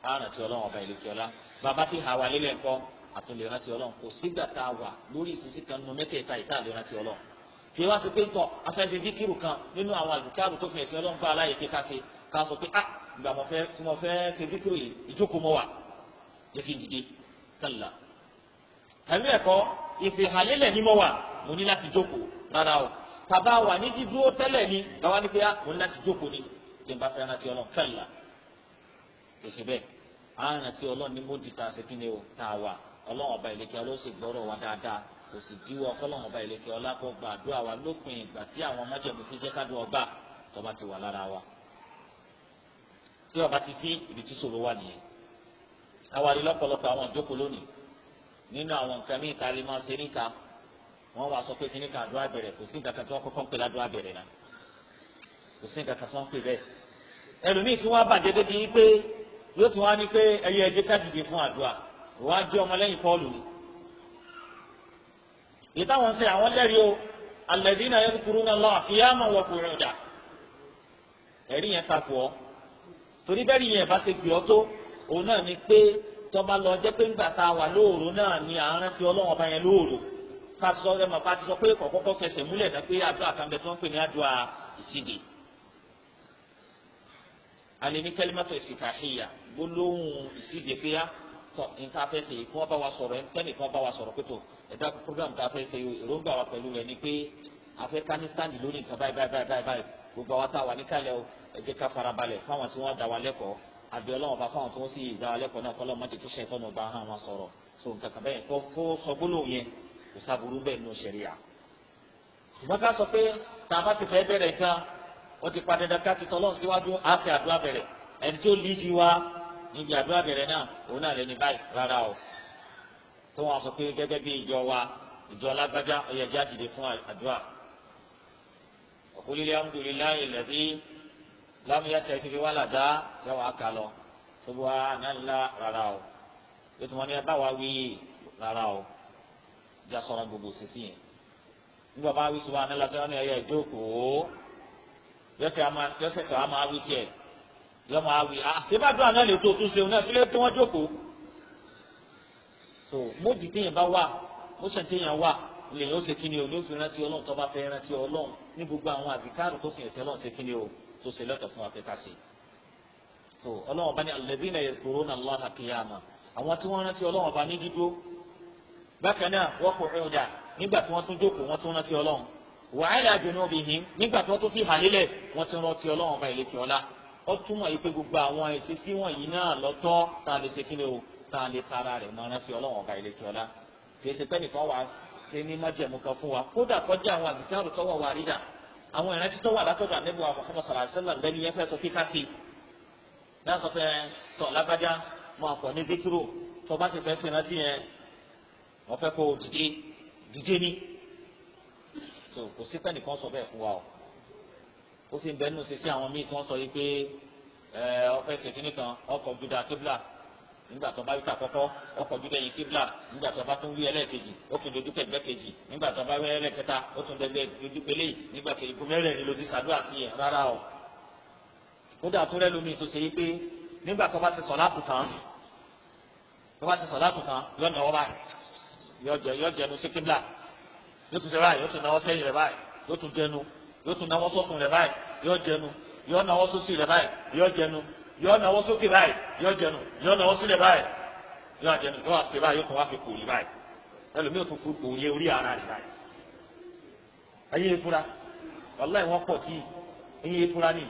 A: á rántí ọlọ́wọ́n bàbá ti hà wá lélẹ̀ kọ́ àtúnlè rántí ọlọ́run kò sígbà tá a wà lórí ìsinsin kan nínú mẹ́tẹ̀ẹ̀ta ìta àlè rántí ọlọ́run kí wá sí pé ń tọ afẹ́fẹ́ díkìrù kan nínú àwọn àlùkárù tó fi ẹ̀sìn ọlọ́run bá aláyè pé ká ṣe ká sọ pé ah ìgbà mo fẹ́ tí mo fẹ́ ṣe díkìrù yìí ìjókòó mo wà jẹ́ kí n dìde kànlá. tàbí ẹ̀kọ́ ìfìhàlélẹ̀ ni mo wà mo ní láti jókòó rárá o tàbá wà ní dídúró tẹ́lẹ̀ ni báwa ní pé ah mo ní láti jókòó ni tí n bá fẹ́ rántí ọlọ́run kànlá kò sí bẹ́ẹ̀ àárín tí ọlọ́run ní mójú ta ṣe kí ni o tá a wà ọlọ́run ọba ìlẹ́kẹ́ ọlọ́sìn gbọ́rọ̀ wa dáadáa kò sì díwọ́ ọlọ́run ọba ìlẹ́kẹ́ ọlápọ̀ gbà àdúrà wa lópin ìgbà tí àwọn májẹ̀mú ti jẹ́ kádùn ọgbà tó bá ti wà lára wa. tí ọba ti sí ibi tí ṣòro wà nìyẹn àwa rí lọ́pọ̀lọpọ̀ àwọn ìjókòó lónìí nínú àwọn nǹkan míì ká lè máa ṣe níta wọ́n wá sọ pé kí níta àdúrà bẹ̀rẹ̀ kò yóò tún wá ní pé ẹyẹ ẹdẹ kádìdì fún àdúrà wọ́n á jẹ́ ọmọlẹ́yìn Pọ́ọ̀lù ni. ìtàwọn ṣe àwọn lẹ́rìí o alladhina yadhkuruna Allaha qiyaman wa qu'udan ẹ̀rí yẹn takò ọ́ torí bẹ́ẹ̀ ni yẹn bá ṣe gbìyọ́ tó òun náà ni pé tọ́ba lọ jẹ́ pé ńgbà tá a wà lóòrò náà ni à ń rántí Ọlọ́run ọba yẹn lóòrò sásọ ẹ̀ màá ti sọ pé kọ̀kọ́kọ́ fẹsẹ̀ múlẹ̀ dá pé àdúrà kan bẹ tó ń pè ní àdúrà ìsìdè. alẹ́ ní kẹ́límátò ìsìtàhíyà gbólóhùn ìsíde pé á tọ nǹkan afẹ́ ṣe kí wọ́n bá wa sọ̀rọ̀ ẹnikẹ́ni bá wa sọ̀rọ̀ pé tó program tá a fẹ́ ṣe èròǹgbà wa pẹ̀lú rẹ̀ ni pé afẹ́ ká ní stand lórí nǹkan báyìí báyìí báyìí báyìí gbogbo àwa tá a wà níkàlẹ̀ o ẹ jẹ́ ká farabalẹ̀ fáwọn tí wọ́n dá wa lẹ́kọ̀ọ́ àbí ọlọ́wọ́n bá fáwọn tó ń sì dá wa lẹ́kọ̀ọ́ náà kọ́lọ́ mọ́tò tó ṣe tọ́nu hàn wọn sọ̀rọ̀ so nǹkan kan bẹ́ẹ̀ kó sọ gbólóhùn yẹn kò sábúrú bẹ́ẹ̀ nù ṣẹ̀ríà. ṣùgbọ́n ká sọ pé tá a bá sì fẹ́ bẹ̀rẹ̀ ó ti ti wá níbi àdúrà bẹ̀rẹ̀ náà òun náà lẹni báyìí rárá o tó wọn sọ pé gẹ́gẹ́ bí ìjọ wa ìjọ lágbájá ọyẹ jáde fún àdúrà òkúlílẹ̀ amúdùlíláyè lẹ́bí lámúyàtẹ̀ fífi wà ládá yàwá kà lọ tóbi wá ànálá rárá o ètò wọn ni ẹ bá wa wí rárá o já sọ̀rọ̀ gbogbo sísìn yẹn nígbà bá wí sùnwọ̀n ànálá sọ́wọ́n ni ẹ̀yẹ ìjókòó yọ̀sẹ̀ yọmọ awi àṣebàdùn ah, àná lè tó tún ṣe òun náà tó lè tó wọn jókòó so mójì téèyàn bá wà móṣà téèyàn wà lèyìn ó ṣe kí ni o ló fi rántí ọlọ́run tó bá fẹ́ rántí ọlọ́run ní gbogbo àwọn àbíkárù tó fi ẹ̀sẹ̀ ọlọ́run ṣe kí o tó ṣe lọ́tọ̀ fún afẹ́ká sí so ọlọ́run bá ní alladhina yadhkuruna Allaha qiyama àwọn tí wọ́n rántí ọlọ́run bá ní dídó bákan náà wa ó túmọ̀ yìí pé gbogbo àwọn ìṣesí wọ̀nyí náà lọ́tọ̀ tá a lè ṣe kíni o tá a lè tara rẹ̀ mọ́ rántí ọlọ́wọ́n ọ̀gá ilé kíọ́lá kìí ṣe pẹ́ẹ́nì kan wà á ṣe ní májẹ̀mú kan fún wa kódà kọjá àwọn àgbẹ̀tàrò tọ́wọ́ wa rí dà àwọn ìrántí tó wà látọ̀dọ̀ àdébò àwọn Muhammad sallallahu alaihi wasallam lẹ́nu yẹn fẹ́ sọ kíkà sí náà sọ pé tọ̀ lágbájá máa pọ̀ ní zikiru tó bá sì fẹ́ ṣe rántí yẹn wọ́n fẹ́ kó dìde dìde ní so kò sí pẹ́ẹ́nì kan sọ bẹ́ẹ̀ fún wa o ó sì ń bẹ́ẹ̀ nù sísí àwọn míì tí wọ́n sọ yìí pé ọfẹ́ ṣèkínní kan ọkọ̀ juda kíbla nígbà tó bá wí tàkọ́kọ́ ọkọ̀ juda yìí kíbla nígbà tó bá tún wí ẹlẹ́ẹ̀kejì ó tún dojú pẹ̀ gbẹ́kejì nígbà tó bá wí ẹlẹ́ẹ̀kẹta ó tún dojú pẹ̀lẹ́ yìí nígbà tó ikú mẹ́rẹ̀ẹ̀rin ló ti ṣàdúrà sí ẹ̀ rárá o. kódà tún rẹ́ lómi tó ṣe yí pé nígbà tó bá ṣe sọ̀ látù tó bá ṣe sọ̀ látù lọ́nà ọ yóò tún náwó sókun rẹ̀ báyìí yóò jẹnu yóò náwó sósì rẹ̀ báyìí yóò jẹnu yóò náwó sókè báyìí yóò jẹnu yóò náwó sílẹ̀ báyìí yóò jẹnu yóò àṣẹ báyìí yóò kàn wá fi kòòlì báyìí ẹlòmíì tún fún kòòlì orí ara rẹ̀ báyìí. ayé fura wàláì wọn pọ̀ tí ayé fura ni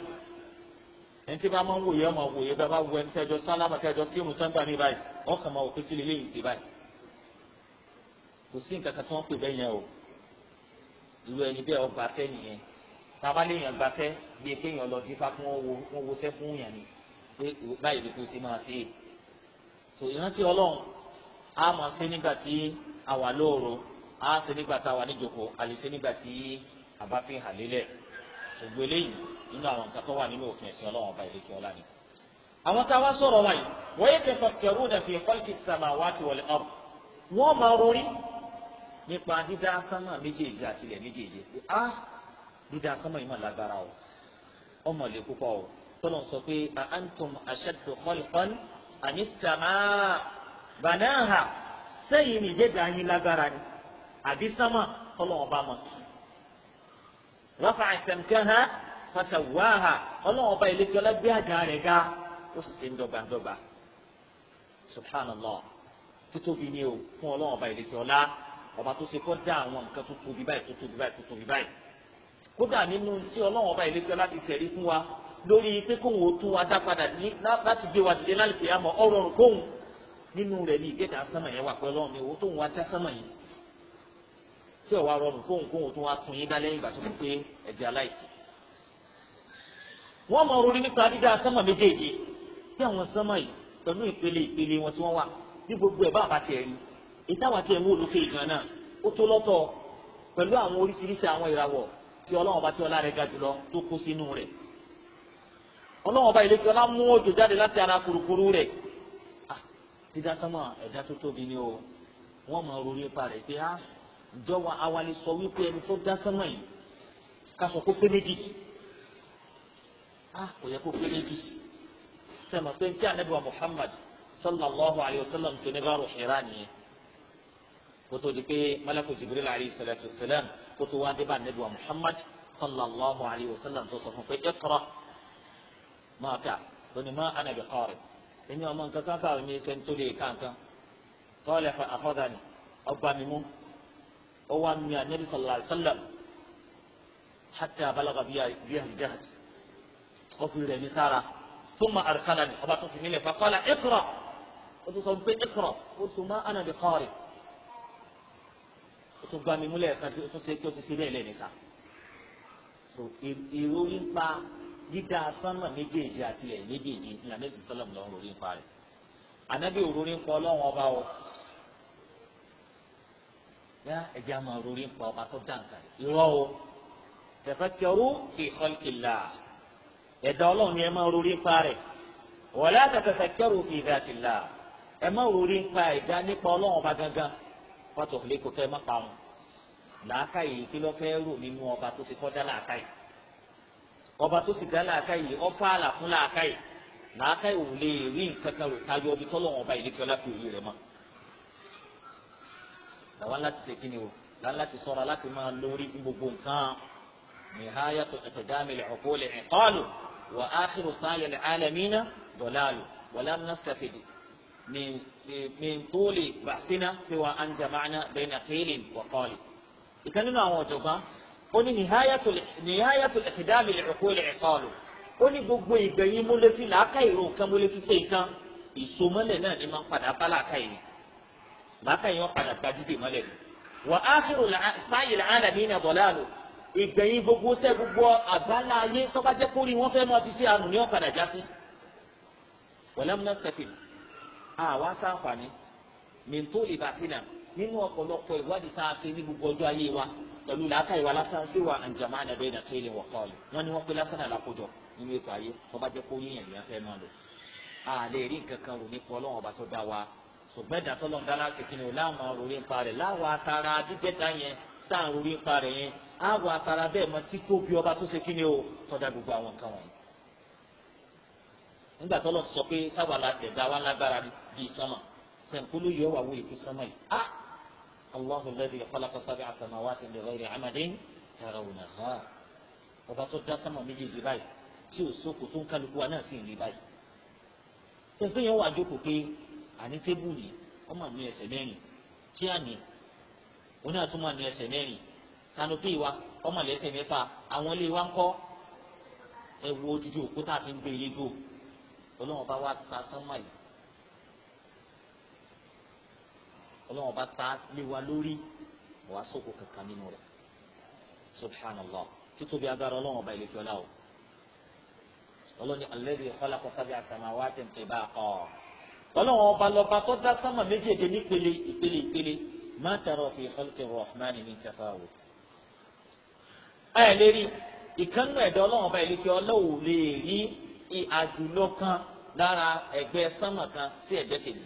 A: ẹni tí bá máa ń wòye ọmọ wòye bá bá wọ ẹni tẹjọ sálámà tẹjọ kírun tán gbà ní báyìí wọn kàn máa wò pé sílẹ̀ léyìí báyìí kò sí nǹkan kan tí wọ́n pè bẹ́ẹ̀ yẹn o irú ẹni bẹ́ẹ̀ ọba sẹ́yìn yẹn tàbá léèyàn gbaṣẹ́ bíi kéèyàn lọ dífá kí wọ́n wo wọ́n wọṣẹ́ fún yàn ni pé báyìí ló kó sí máa ṣe é tó ìrántí ọlọ́run á máa ṣe nígbà tí a wà lóòrò á ṣe nígbà tá a wà níjòkó a lè ṣe nígbà tí a bá fi hàn lélẹ̀ ṣùgbọ́n eléyìí nínú àwọn nǹkan tó wà nínú òfin ẹ̀sìn ọlọ́run ọba ìlẹ́kẹ́ ọlá ni. àwọn tá a wá sọ̀rọ̀ wáyé wọ́n yẹ kẹfà kẹrù dàfẹ́ fọ́lìkì samawati wal ard wọ́n máa rori nípa dídá sánmà méjèèjì àtilẹ̀ méjèèjì ah dídá sánmọ̀ yìí mà lágbára o ọmọ lè púpọ̀ o tọ́lọ̀ sọ pé a antum ashaddu khalqan àní sàmà banaha sẹ́yìn ní dídá yín lágbára ni àbí sánmọ̀ tọ́lọ̀ ọba mọ̀ rafa'a samkaha fasawaha ọlọ́wọ́n ọba ìlẹ́jọ́lá gbé àga rẹ̀ ga ó sì ṣe ń dọ́gbandọ́gba subhanallah títóbi ni o fún ọlọ́wọ́n ọba ìlẹ́jọ́lá ọba tó ṣe kọ́ dá àwọn nǹkan tó tóbi báyìí tó tóbi báyìí tó tóbi báyìí kódà nínú tí ọlọ́wọ́n ọba ìlẹ́kẹ́ láti ṣẹ̀rí fún wa lórí pé kóhùn ó tún wa dá padà láti gbé wa sílẹ̀ láì pé a mọ̀ ọ̀rọ̀ fóhùn nínú rẹ̀ ní ìkéde sánmà yẹn wà pé ọlọ́run ni owó tóhùn wa dá sánmà yìí tí ọ̀wá rọrùn fóhùn kóhùn tó wa tún yín dá lẹ́yìn ìgbà tó fi pé ẹ̀jẹ̀ aláìsí. wọ́n mọ orí nípa dídá sánmà méjèèjì bí àwọn sánmà yìí pẹ̀lú ìpele ìpele wọn tí wọ́n wà bí gbogbo ẹ̀ bá àbátì ẹ̀rí ìtawàtì ẹ̀mú olùkẹ́ ìgbà náà ó tó lọ́tọ̀ pẹ̀lú àwọn oríṣiríṣi àwọn ìràwọ̀ tí ọlọ́wọ́n bá tí ọlá rẹ̀ ga jùlọ tó kó sínú rẹ̀ ọlọ́wọ́n bá ìlẹ́kẹ́ ọlá mú òjò jáde láti ara kurukuru rẹ̀ dídá sánmà ẹ̀dá tó tóbi ni o wọ́n máa rori ipa rẹ̀ pé á awalẹ̀ sọ wípé ẹni tó dá sánmà yìí ká sọ kó pé méjì kò yẹ kó pé méjì sẹ́mi pé tí anabi wa Muhammad sallallahu alayhi wa sallam ṣe ní bá rò ṣe rà nìyẹn kó tó di pé malakul alayhi salatu wa salam kó tó wá débà níbi wa Muhammad sallallahu alayhi wa sallam tó sọ fún pé iqra máa kà lónìí má ana bi qari èmi ọmọ nǹkan kan káwọn mi ṣe ń tó lè kàǹkan tọ́lẹ̀ fún akhadhani ọgbà mímú ó wá mi ànábi sallallahu alayhi wa sallam hatta balagha biya al-jahd ó fi rẹ̀ mi arsalani ọba tó mi lẹ̀ faqala iqra ó tó sọ fún pé iqra ó tó má ana bi qari tó gba mi múlẹ̀ kan tó ṣe tó ti ṣe bẹ́ẹ̀ lẹ́nìkan so èrò nípa dídá sánmà méjèèjì àti ilẹ̀ méjèèjì ní anẹ́sì sọ́lọ́mù lọ́wọ́ lórí nípa rẹ̀ ànábì òróró ń pa ọlọ́run ọba o yá ẹ̀jẹ̀ àmọ́ òróró ń ọba tó dáǹkà irọ́ o tafakkaru fi khalqillah ẹ̀dá ọlọ́run ni ẹ máa òróró ń pa rẹ̀ wala tafakkaru fi dhatillah ẹ máa òróró ń ẹ̀dá nípa ọlọ́run ọba gangan fọ́tò kìlẹ́kọ̀ọ́ kẹ́ ẹ má pa wọn làákàyè kí ló fẹ́ rò nínú ọba tó ti kọ́ dá làákàyè ọba tó sì dá làákàyè ọfà àlà fún làákàyè làákàyè ò lè rí nǹkan kan rò tayọ ibi tọ́lọ́wọ́n ọba ìlẹ́kẹ́ ọlá fi òye rẹ̀ mọ́ làwọn láti ṣe kíni o làwọn láti sọ̀rọ̀ láti máa lórí fún gbogbo nǹkan nìháyàtò ẹ̀tẹ̀dámẹ́lẹ̀ ọ̀kọ́lẹ̀ ẹ̀kọ́lù wà áṣírò sáyẹ̀lẹ̀ alẹ́mínà dọ̀làlù wàlá nàṣàfẹ̀dẹ̀ min tóòlì bàtínà síwá àǹjàmáná bẹ́ẹ̀ nà kéèlì wà kọ́lì ìkan nínú àwọn ọ̀jọ̀gbọ́n ó ní nìháyàtò ẹ̀kẹ́dáàmì ìrẹ̀kọ́ ilẹ̀ ẹ̀kọ́ lò ó ní gbogbo ìgbẹ̀yìn múlẹ́sí làákà ìrò nǹkan múlẹ́sí ṣe nǹkan ìsomọ́lẹ̀ náà ni máa ń padà bá làákà yìí làákà yìí wọ́n padà gba dídè mọ́lẹ̀ ni. wà á ṣèrò sáyè làánà mí ní àbọ̀lá lò ìgbẹ̀yìn gbogbo sẹ́ gbogbo àbálá ayé tọ́ba jẹ́ kórìí wọ́n fẹ́ máa nínú ọ̀pọ̀lọpọ̀ ìwádìí tá a ṣe ní gbogbo ọjọ́ ayé wa pẹ̀lú làákà ìwà lásán sí wa àǹjàmá àdàbẹ́ ìdàtọ́ ilé wọ̀ kọ́ọ̀lù wọ́n ní wọ́n pé lásán àlàkójọ nínú ètò ayé wọ́n bá jẹ́ kó máa lò a lè rí nǹkan kan rò nípa ọlọ́run ọba tó dá wa ṣùgbọ́n ìdàtọ́ lọ́n dá ni láwọn ń láwọn atara yẹn tá à ń ń yẹn àwọn atara bẹ́ẹ̀ mọ tító bí ọba tó ṣe kí ni o gbogbo àwọn nǹkan wọ̀nyí. nígbà sọ pé sábà la tẹ̀ dá wa Allahu alladhi khalaqa sab'a samawati bighayri 'amadin tarawnaha ọba tó dá sánmà méjèèjì báyìí tí ò sóko tó ń kálukú wa náà sì ń rí báyìí tẹ̀sán yẹn wà jókòó pé àní tébùlì ọmọ àmì ẹsẹ̀ mẹ́rin tí àní oní àtúmọ̀ àmì ẹsẹ̀ mẹ́rin kanopi wa ọmọ lẹ́sẹ̀ mẹ́fà àwọn ilé wa ń kọ́ ẹ̀wù òdìdí òkúta fi ń gbé yé jò ọlọ́run bá wá ta sánmà yìí ọlọ́run bá ta lé wa lórí wàá sóko kankan nínú rẹ̀ subhanallah títóbi agbára ọlọ́run ọba ìlẹ̀kẹ́ ọlá o ọlọ́ni alẹ́bí khalaqa sab'a samawati tibaqa ọlọ́run ọba lọ́ba tó dá sánmà méjèèjì nípele ìpele ìpele ma tara fi khalqi rahman min tafawut. ẹ lè ìkànnù ẹ̀dọ́ ọlọ́run ọba ìlẹ̀kẹ́ ọlá ò lè rí àdùlọ kan lára ẹgbẹ́ sánmà kan sí ẹgbẹ́ kejì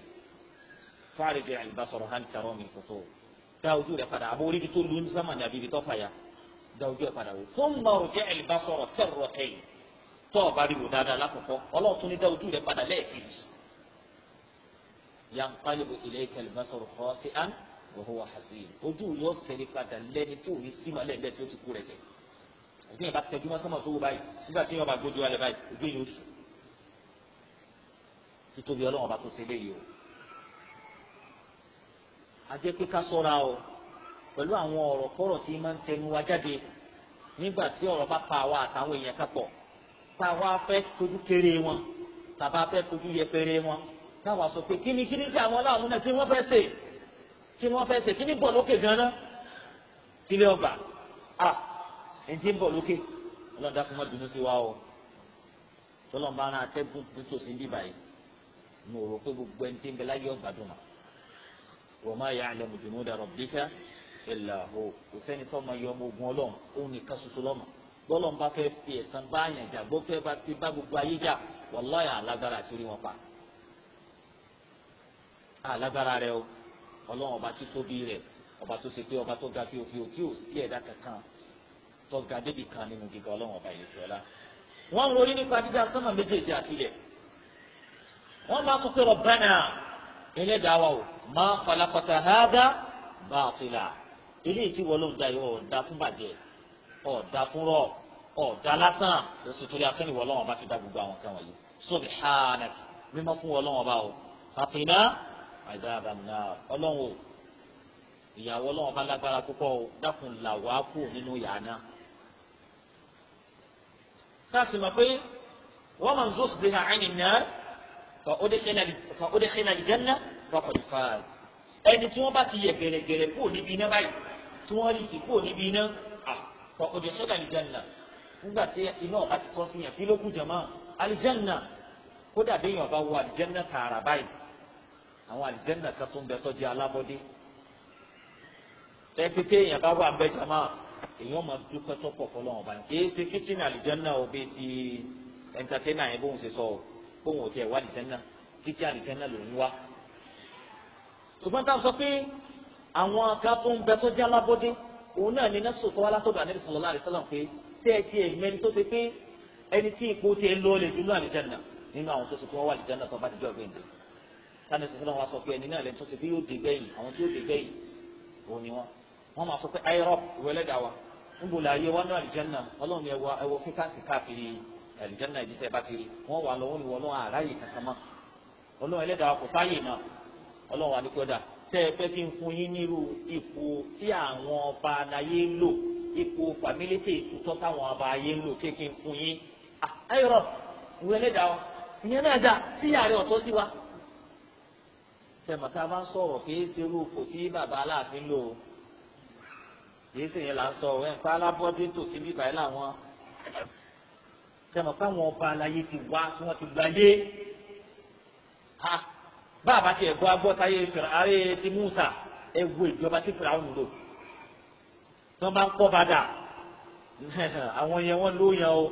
A: fáàrìjì àlùbásọ̀rọ̀ hàn tààrọ mi fòfò dá ojú rẹ padà àbó orí tó lu nísàmà ní abíbi tó fàyà dá ojú rẹ padà wò fún mọ̀rọ̀ jẹ́ àlùbásọ̀rọ̀ tẹ̀rọ̀ tẹ̀yìn tó o bá rí wò dáadáa lákòókò ọlọ́ọ̀tún ní dá rẹ padà lẹ́ẹ̀kejì yanqalibu ilayka albasaru khasi'an wa huwa hasin ojú yóò ṣẹ́rí padà lẹ́ni tí òun sí malẹ̀ bẹ́ẹ̀ tí ó ti kú rẹ̀ jẹ́ òtún yẹn bá tẹjú mọ́ sọ́mọ́ tó wù báyìí nígbà tí yẹn bá gbójú alẹ́ báyìí ojú yẹn ó àjẹ́ pé ká sọ́ra o pẹ̀lú àwọn ọ̀rọ̀ kọ́rọ̀ tí máa ń tẹnu wa jáde nígbà tí ọ̀rọ̀ bá pa àwa àtàwọn èèyàn kápọ̀ tá a wá fẹ́ fojú kéré wọn tàbá fẹ́ fojú yẹpẹrẹ wọn táwa sọ pé kíni kíni tí àwọn aláàánú náà kí wọ́n fẹ́ ṣe kí wọ́n fẹ́ ṣe kíni bọ̀ lókè gan-an tílé ọgbà à ẹni tí ń bọ̀ lókè ọlọ́dà kò má dùnú sí wa o tọ́lọ́mbà ara atẹ́gùn nítòsí bíbáyìí mo rò pé gbogbo ẹni tí ń bẹ láyé ọgbà dùn náà wa ma ya'lamu junuda rabbika illa hu kò sẹ́ni tó máa yọ ọmọ ogun ọlọ́run òun nìkan ṣoṣo lọ́mọ bọ́lọ́n bá fẹ́ fi ẹ̀sán bá àyàn jà bó fẹ́ bá ti bá gbogbo ayé jà wàláyà alágbára àtúrí wọn pa alágbára rẹ o ọlọ́run ọba tó tóbi rẹ ọba tó ṣe pé ọba tó ga fíofíò tí ò sí ẹ̀dá kankan tó ga débi kan nínú gíga ọlọ́run ọba ìlú fiọ́lá wọ́n ń ronú nípa dídá sọ́nà méjèèjì àtilẹ̀ wọ́n máa sọ pé rabbana ẹlẹ́dàá wa o máa falakọta hádà bàtìlà eléyìí tí wọ́n ló ń da yìí ọ̀dà fún bàjẹ́ ọ̀dà fún rọ̀ ọ̀dà lásán lọ́sùn torí asẹ́ni wọ́n lọ́wọ́ bá fi dá gbogbo àwọn kan wọ̀nyí sóbì hánàkì mímọ́ fún wọn lọ́wọ́ bá o fàtìlà àìdáàbàmùnà ọlọ́wọ́ ìyàwó ọlọ́wọ́ bá lágbára púpọ̀ o dákun làwọ̀ á kú nínú yàrá sáà sì mọ̀ pé wọ́n máa ń zó fàódéṣẹ́nà àlìjánná fọkàn fàáz ẹni tí wọ́n bá ti yẹ gẹ̀rẹ́gẹ̀rẹ́ kúrò níbi iná báyìí tí wọ́n rí ti kúrò níbi iná fàódéṣẹ́nà àlìjánná nígbà tí iná ọ̀bá ti tọ́ sí yàn kí ló kù jàmá àlìjánná kódà béèyàn bá wọ àlìjánná tààrà báyìí àwọn àlìjánná kan tó ń bẹ tọ́jú alábọ́dé tẹ́pẹ́tẹ́ èèyàn bá wà bẹ́ jàmá èèyàn máa dúpẹ́ tọ́pọ̀ fọlọ́wọ́n báyìí kì í ṣe kíchìn àlìjánná ò bẹ́ẹ̀ ti ẹ̀ńtàtẹ́nà yẹn bóun ṣe sọ ọ́ kóhun ò tiẹ̀ wá nìjẹ́ náà títí àlìjẹ́ náà lòún wá. ṣùgbọ́n táwọn sọ pé àwọn aka tó ń bẹ tó já lábọ́dé òun náà ní nẹ́sùn tó látọ̀dọ̀ ànábì sallallahu alaihi wasallam pé tí ẹ ti ẹ̀mí ẹni tó ṣe pé ẹni tí ipò ti ẹ lọ́ọ́ lè dúró àlìjẹ́ náà nínú àwọn tó ṣe pé wọ́n wà àlìjẹ́ náà tó bá ti jọ gbẹ̀ǹde sani sọ sọlá wa sọ pé ẹni náà lẹni tó ṣe pé yóò dé àlìjáná ibi tẹ́ bá ti wà lọ́wọ́ ni wọ́n lọ́wọ́ àráyè kankan mọ́ ọlọ́run kò sáyè mọ́ ọlọ́run àdìgbọ́dà tẹ́ ẹ pé kí n fún yín nírú ipò tí àwọn ọba aláyé ń lò ipò fàmílétè tuntun táwọn ọba ayé ń lò ṣé kí n fún yín ayọ̀rọ̀ ìwé ẹlẹ́dàá wa ìyẹn náà dà síyà rẹ̀ ọ̀tọ̀ sí wa sẹ́mi tá bá ń sọ̀rọ̀ kì í ṣerú kò tí bàbá aláàfin lò ó kì í là ń sọ ẹ̀ ń pa alábọ́dé tòsí bíbáyé làwọn sẹ́mi fáwọn ọba aláyé ti wá tí wọ́n ti gbáyé ha bá a bá tiẹ̀ gbọ́ agbọ́tayé fìrà ààrẹ ti Musa ẹ wo ìjọba tí fìrà ń lò tí wọ́n bá ń pọ̀ padà àwọn yẹn wọ́n ló yẹn o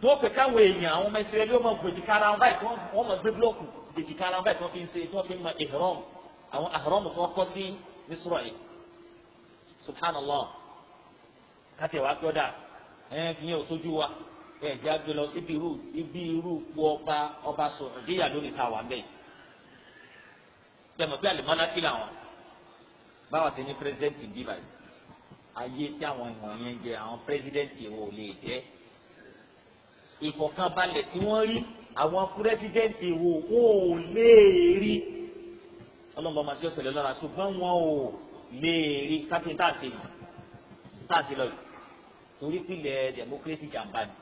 A: tó pè káwọn èèyàn àwọn ọmọ ìṣẹ̀lẹ̀ ló mọ gbèjìkára wọn báyìí wọ́n mọ gbé búlọ́ọ̀kù gbèjìkára wọn báyìí tí wọ́n fi ń ṣe tí wọ́n fi ń mọ ihram àwọn ihram tí wọ́n kọ́ sí Misra yìí subhanallah kátìwá gbọ́dọ̀ ẹ fi yẹn òṣojú wa ẹ jẹ́ àgbẹ̀ lọ síbi irú ibi irú ipò ọba ọba sọ̀rọ̀díyà lónìí ta wà mẹ́yìn sẹ́mi pé àlùmọ́nàkì làwọn báwa ṣe ní pírẹsidẹ́ǹtì bí báyìí ayé tí àwọn ìwọ̀n yẹn jẹ àwọn pírẹsidẹ́ǹtì wo lè jẹ́ ìfọ̀kànbalẹ̀ tí wọ́n rí àwọn pírẹsidẹ́ǹtì
B: wo wọn ò lè
A: rí ọlọ́mọ màṣẹ́ ọ̀sẹ̀ lọ́la ṣùgbọ́n wọn ò lè rí kápẹ́ńtà ṣe yìí tá a ṣe lọ torí pìlẹ̀ democracy jàmbá ni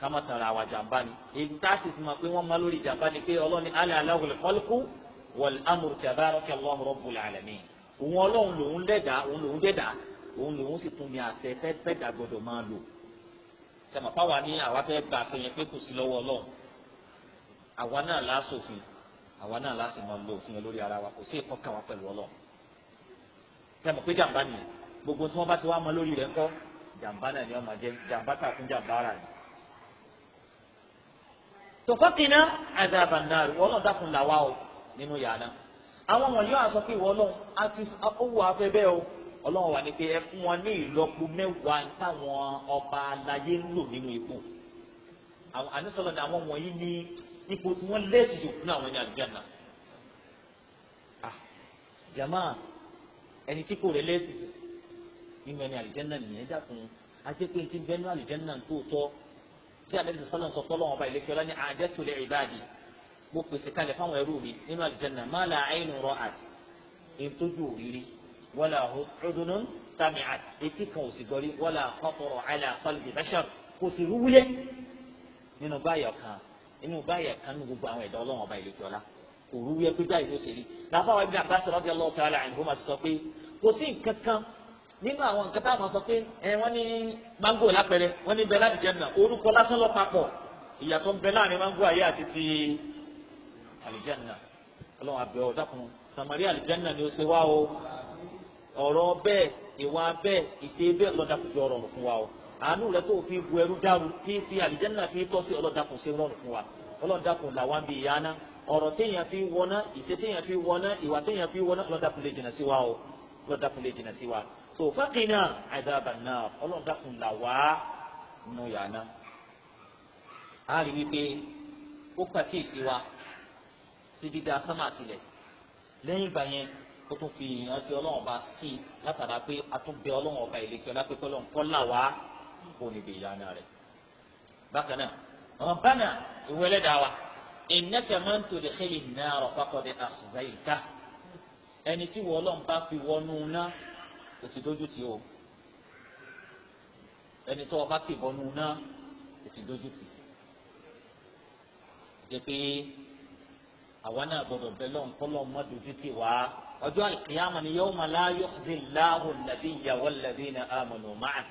A: kama tara wa jàmbá ni èyí tá a sì sì máa pé wọ́n máa lórí jàmbá ni pé ọlọ́run ní ala lahul khalqu wal amru tabaraka Allahu rabbul alamin òun ọlọ́run lòun dẹ̀dá òun lòun dẹ̀dá òun lòun sì tún mi àṣẹ tẹ́tẹ́dà gbọdọ̀ máa lò sẹ́mi pàwọ́ ní àwa fẹ́ gba àṣẹ pé kò sí lọ́wọ́ ọlọ́run àwa náà lásòfin àwa náà lásìmọ̀ lò lórí ara wa kò sí ìkọ́kà pẹ̀lú ọlọ́run sẹ́mi pé nìyẹn gbogbo tí wọ́n bá ti wá mọ lórí rẹ̀ ńkọ́ jàǹbá náà ni wọ́n máa jẹ́ jàǹbá tà fún jàǹbá ara tòfọ́kìnà wọ́n nínú yàrá àwọn wọ̀nyí sọ pé ìwọ ọlọ́run owó o ọlọ́run wà ẹ wọn ní ìlọ́po mẹ́wàá táwọn ọba aláyé ń lò nínú ipò àníṣọlọ ni àwọn wọ̀nyí ní ipò tí wọ́n fún ìwé ni àlìjẹ́nà nìyẹn dà fún un àti pé ti bẹ́ẹ̀ ní àlìjẹ́nà tó tọ́ tí àlẹ́ bisọ̀ sọ́lá sọ pọ́lọ́wọ́n ọba ìlẹ́kẹ́ ọlá ní àdẹ́tù lè ìbáàdì mo pèsè kalẹ̀ fáwọn ẹrú mi nínú àlìjẹ́nà má la àyìn rọ àti ìtọ́jú òrírí wọ́lá ọdún sami àti etí kan ò sì gbọ́rí wọ́lá kọ́kọ́rọ̀ àlà kọ́lùbì bẹ́ṣọ̀r kò sì rúwúyẹ́ nínú báyọ̀ kan nínú báyọ̀ kan ní gbogbo àwọn ẹ̀dá ọlọ́wọ́n ọba ìlẹ́kẹ́ ọlá kò rúwúyẹ́ pé báyìí ló ṣe rí làbáwá ibi àbáṣọ rọ́bì ọlọ́ọ̀tà sọ nínú àwọn nǹkan táwọn sọ pé ẹ wọ́n ní mango lápẹrẹ wọ́n ní bẹ́ẹ̀ láti jẹ́ nà orúkọ lásán lọ papọ̀ ìyàtọ̀ ń bẹ láàrin mango ayé àti ti àlìjẹ́nà ọlọ́run àbẹ̀ ọ̀ dákun samari àlìjẹ́nà ni ó ṣe wá o ọ̀rọ̀ bẹ́ẹ̀ ìwà bẹ́ẹ̀ ìṣe bẹ́ẹ̀ lọ́dàkùn fi ọ̀rọ̀ fún wa o àánú rẹ tó fi bu ẹrú dáru tí fi àlìjẹ́nà fi tọ́ sí ọlọ́dàkùn ṣe rọrùn fún wa ọlọ́dàkùn làwọn bí ìyá ná ọ̀rọ̀ téèyàn fi wọná ìṣe téèyàn fi wọná ìwà so faqina adhaban nar ọlọ́run dákun là wá nù yàrá a rí wípé ó pàkíyèsí wa sí dídá sámà sílẹ̀ lẹ́yìn ìgbà yẹn ó tún fi ìrántí ọlọ́run ọba sí i látara pé a tún bẹ ọlọ́run ọba ìlẹ́kẹ́ ọlápẹ́kẹ́ ọlọ́run kọ́ là wá kó níbi ìyáná rẹ̀ bákan náà rabbana ìwé ẹlẹ́dàá wa innaka man tudkhilin nar faqad akhzaytah ẹni tí wọ́n ọlọ́run bá fi wọnú náà o ti dójú tì o ẹni tó ọba kì bọnú náà o ti dójú tì jẹ pé àwa náà gbọ́dọ̀ bẹ lọhùn kọ lọhùn má dójú tì wá ọjọ́ àlùkìyàmà ni yawma la yukhzi Allahu an-nabiyya wal-ladhina amanu ma'ah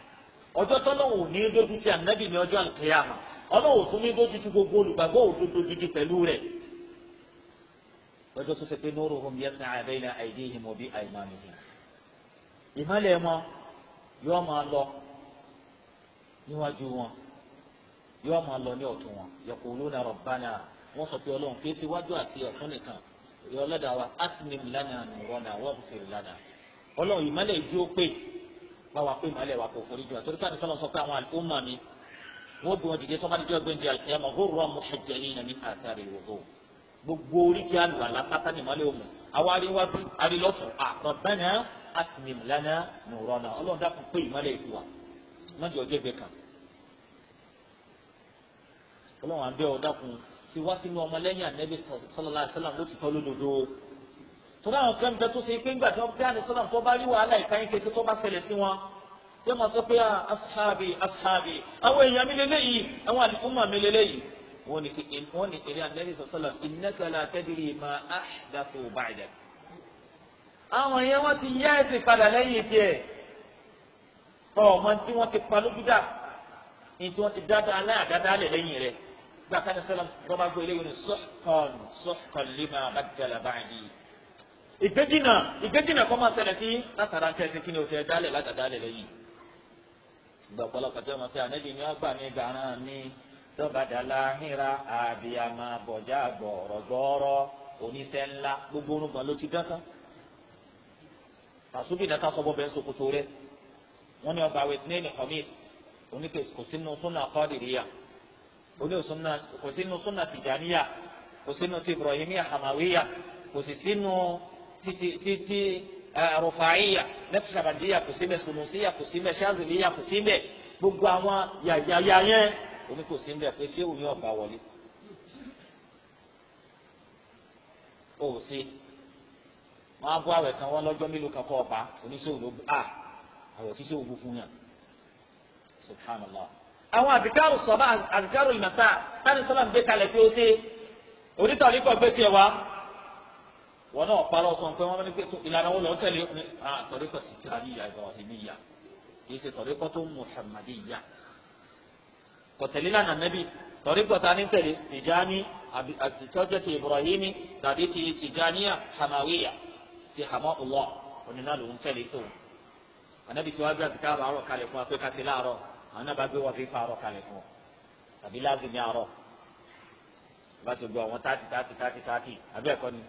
A: ọjọ́ tọ́lọ́hùn ò ní dójú tì ànábì ní ọjọ́ àlùkìyàmà ọlọ́wọ́ tún ní dójú tì gbogbo olùgbàgbọ́ òdodo gidi pẹ̀lú rẹ̀ lọ́jọ́ tó ṣe pé nuruhum yas'a bayna aydihim wa bi aymanihim ìmọ̀lẹ̀ wọn yóò máa lọ níwájú wọn yóò máa lọ ní ọ̀tún wọn yaquluna rabbana wọ́n sọ pé ọlọ́run kìí síwájú àti ọ̀tún nìkan ìyá ọlọ́dà wa atmim lana nurana waghfir lana ọlọ́run ìmọ̀lẹ̀ ìjú ó pè bá wa pé ìmọ̀lẹ̀ wa kò forí jù àtòrí káàdì sọ́nà sọ pé àwọn àlùkùnmá mi wọ́n bí wọn dìde tó bá dìde ọgbẹ́ni àlùkìyàmọ̀ ó rọ muhajjalina min athari wudu gbogbo oríkì àlùwàlà pátá atmim lana nurana ọlọ́run dákun pé ìmọ́lẹ̀ sí wa mọ́jọ́ ọjọ́ ìgbẹ́ kan ọlọ́run àbẹ́ ọ dákun ti wá sínú ọmọlẹ́yìn ànẹ́bí sallallahu alaihi wasallam ló ti tọ́ lódodo tó dáhùn kan bẹ tó ṣe pé ńgbà tó bí ànẹ́ sọ́lá tó bá rí wàhálà ìkáyín kékeré tó bá ṣẹlẹ̀ sí wọn yóò máa sọ pé ah, asahabi asahabi àwọn èèyàn mi lélẹ́yìí àwọn àlùkùmọ̀ mi lélẹ́yìí wọ́n ní eré ànẹ́bí sallallahu innaka la tadri ma ahdathu àwọn yẹn wọ́n ti yá ẹ̀sìn padà lẹ́yìn tiẹ̀ ọmọ tí wọ́n ti pa lójú dà ní tí wọ́n ti dáadáa aláàdáadáa lẹ̀ lẹ́yìn rẹ̀ gbàkan ní sọlá bọ́ba gbé eléyìí ní sọ́kàn sọ́kàn lima abadala báyìí. ìgbéjìnà ìgbéjìnà kọ́ máa ṣẹlẹ̀ sí látara ń kẹ́sìn kí ni o ṣe dálẹ̀ látàdálẹ̀ lẹ́yìn. ìgbà ọ̀pọ̀lọpọ̀ tí wọ́n fi ànẹ́lì ni wọ́n gbà mí gàrán ní tọ́badàlá híra àbíyàmà bọ̀já bọ̀rọ̀gbọ́rọ̀ oníṣẹ́ ńlá gbogbo orúkọ ló ti dán tán tàṣubì náà ká sọ́bọ̀ bẹ́ẹ̀ sokoto rẹ̀ wọ́n ní ọba awẹ́tí ní khamis oníkèsì kò sínú súnà kọ́dìríyà kò sínú súnà tìjàníyà kò sínú ti ibrahimiya hamawiya kò sì sínú títí rufaiya nẹ́kùsàbàdíyà kò sí bẹ́ẹ̀ sunusiya kò sí bẹ́ẹ̀ ṣáàzìlíyà kò sí bẹ́ẹ̀ gbogbo àwọn yàyàyà yẹn oníkòsí bẹ́ẹ̀ pé ṣé òun yóò bá wọlé. òsì. Oh, wọn á bọ́ àwẹ̀ kan wọn lọ́jọ́ mélòó kan kọ́ ọ̀pá oníṣòwò ló à ah! àwẹ̀ tí ṣòwò fún yàn subhanallah. àwọn àdìkárò sọ̀bà àdìkárò ìmọ̀sá táni sọ́lá ń gbé kalẹ̀ pé ó ṣe onítàlí kan gbé tiẹ̀ wá wọn náà parọ́ sọ pé wọ́n ní pé ìlànà wọn lọ sẹ́lẹ̀ ah, tọ́ríkọ̀ sì tíra níyà ìbọ̀wọ̀hìníyà kì í ṣe tọ́ríkọ̀ tó muhammadiyya kọ̀tẹ̀lélà nànẹ́bí tọ́ríkọ̀ ta ní tẹ̀lé tìjáni àti tọ́jẹ́ ti ibrahimi tàbí ti tìjáníyà hamawiya ti hamọ́ ọlọ́ òní náà lòún tẹ̀lé tó ànábì tí wọ́n gbé àti káàrọ̀ àárọ̀ kalẹ̀ fún wa pé ká ṣe láàárọ̀ àwọn náà bá gbé wọ́n fi fa àárọ̀ kalẹ̀ fún ọ tàbí láàzìmí àárọ̀ bá ti gbọ́ àwọn táàtì táàtì táàtì táàtì àbí ẹ̀kọ́ ni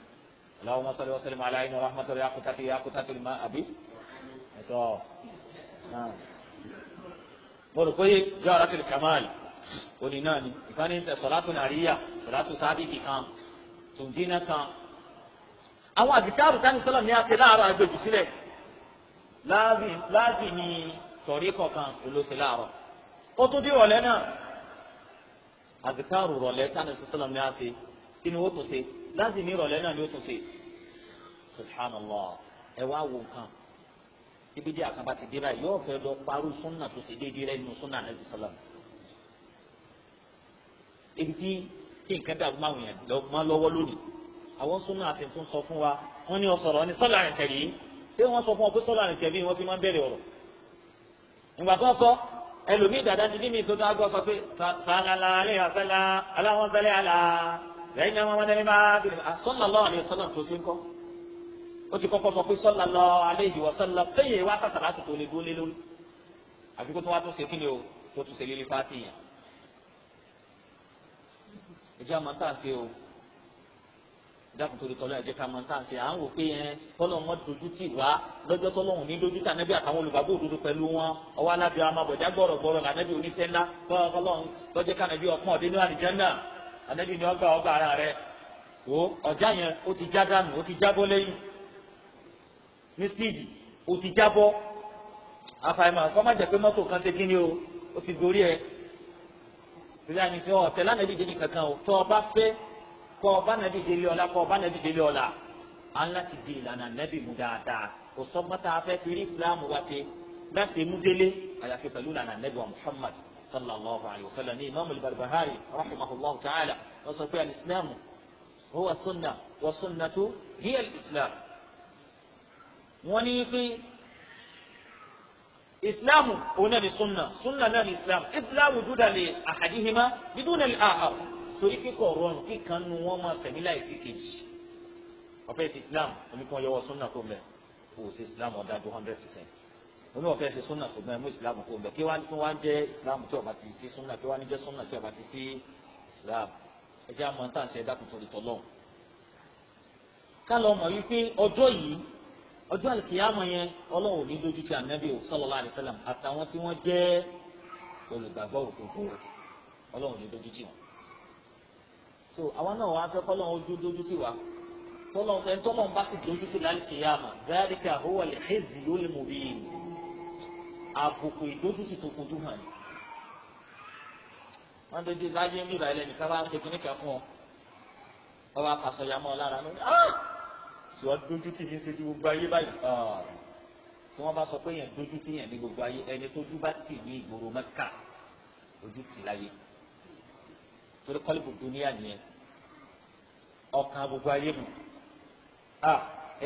A: aláwọ̀ mọ́sálẹ́ wọ́sálẹ́ máa láyé ní ọ̀rọ̀ àmọ́sálẹ́ akutati akutati ma àbí ẹ̀tọ́ mo rò pé jẹ́ kamal òní náà ni ìkànnì sọ̀látù nàríyà sọ̀látù sábìkì kan tùǹdínà kan àwọn àdìsí àrùtá ní sọlọ ní a ṣe láàárọ̀ agbègbè sílẹ̀ láàbì ní tọ̀rí kọ̀ọ̀kan ló ṣe láàárọ̀ ó tún dé ìrọ̀lẹ́ náà àdìsí àrù ìrọ̀lẹ́ tánà sí sọlọ ní a ṣe kí ni ó tún ṣe láàbì ní ìrọ̀lẹ́ náà ni ó tún ṣe subhanallah ẹ wá wo nǹkan ibi dí àkàbà ti dé báyìí yóò fẹ́ lọ parú súnà tó ṣe déédéé rẹ nínú súnà náà sọlọ ibi tí kí nǹkan dàrú máa lọ́wọ́ lónìí àwọn súnà àti tún sọ fún wa wọ́n ní ọ̀sọ̀rọ̀ ní sọ́là rìn tẹ̀lé ṣé wọ́n sọ fún ọ pé sọ́là rìn tẹ̀lé wọ́n fi máa ń bẹ̀rẹ̀ ọ̀rọ̀ ìgbà tó sọ ẹlòmíì dàda ti dín mi tó dágbọ́ sọ pé sàlàlà alẹ́ àṣàlà aláwọ̀ sàlẹ̀ àlà lẹ́yìn náà wọ́n ní bá sallallahu alaihi wasallam tó sí ń kọ́ ó ti kọ́kọ́ sọ pé sallallahu alaihi wasallam sẹ́yìn ìwà sàtàlá tó tó lè dúró lé lórí àfi kó tó wá tó ṣe kí ni o dákun torí tọ́lọ́ ẹ̀jẹ̀ ká máa ń sáà ṣe à ń wò pé ẹ kọ́lọ́ wọn dojú tì wá lọ́jọ́ tọ́lọ́hùn ní dojú tà nẹ́bí àtàwọn olùgbàgbọ́ òdodo pẹ̀lú wọn ọwọ́ alábẹ́ amabọ̀já gbọ̀rọ̀gbọ̀rọ̀ lànẹ́bí oníṣẹ́ ńlá kọ́lọ́hùn tọ́jẹ́ ká nẹ́bí ọpọ́n ọdẹ ní àlìjẹ́nà ànẹ́bí ni ọgbà ọgbà ara rẹ o ọjà yẹn ó ti já dànù ó ti jábọ́ lẹ́yìn ní spíìdì ó ti jábọ́ àfàìmọ̀ kọ́ má kọ́ ọba nàbí délé ọ̀la kọ́ ọba nàbí délé ọ̀la à ń láti di ìlànà nàbí mu dáadáa kò sọ́gbọ́ta afẹ́ kiri islam wá sí láti mú délé àyàfi pẹ̀lú ìlànà nàbí wa muhammad sallallahu alayhi wa sallam ní imaamu al-barbahari rahimahullahu ta'ala wọ́n sọ pé al-islam huwa sunna wa sunnatu hiya al-islam wọ́n ní pé islam òun náà ni sunna sunna náà ni islam islam dúdà lè ahadihima bidúnà lè ahar. torí kíkọ̀ rọrùn kíkan nu wọ́n máa sẹ̀mí láìsí kejì ọ̀fẹ́ sí islam omi kan yọwọ́ sunna kó mẹ́ kó sí islam ọ̀dà tó hundred percent omi ọ̀fẹ́ sí sunna ṣùgbọ́n ẹ̀mú islam kó mẹ́ kí wọ́n wá jẹ́ islam tí ọba ti sí sunna kí wọ́n jẹ́ sunna tí ọba ti sí islam ẹ jẹ́ àmọ́ tá à ń ṣe ẹ̀dá tuntun ìtọ́ lọ́hùn. ká lọ mọ̀ wípé ọjọ́ yìí ọjọ́ àlùkìyàmọ̀ yẹn ọlọ́run ní lójú ti ànábì sallallahu alaihi wasallam àtàwọn tí wọ́n jẹ́ olùgbàgbọ́ òkùnkùn ọlọ́run ní lójú ti wọn so àwa náà wàá fẹ́ kọ́lọ́n ojú dojú tì wá tọ́lọ́n ẹni tọ́lọ́n bá sì dojú tì lálẹ́ kìyàmà dhalika huwa al-khizyul mubin àbùkù ìdójútì tó fojú hàn ní. wọ́n dojú láyé ń bíbá ẹlẹ́ni ká bá ṣe kíní kan fún ọ wọ́n bá fàṣọ yàmọ́ lára ní ah! tí wọ́n dojú tì ní ṣe ju gbogbo ayé báyìí ah! tí wọ́n bá sọ pé yẹn dojú tì yẹn ní gbogbo ayé ẹni tó dúbá tì ní ìgboro Mẹ́kà dojú tì láyé torí kọ́líbù dúníà nìyẹn ọkàn gbogbo ayé mu a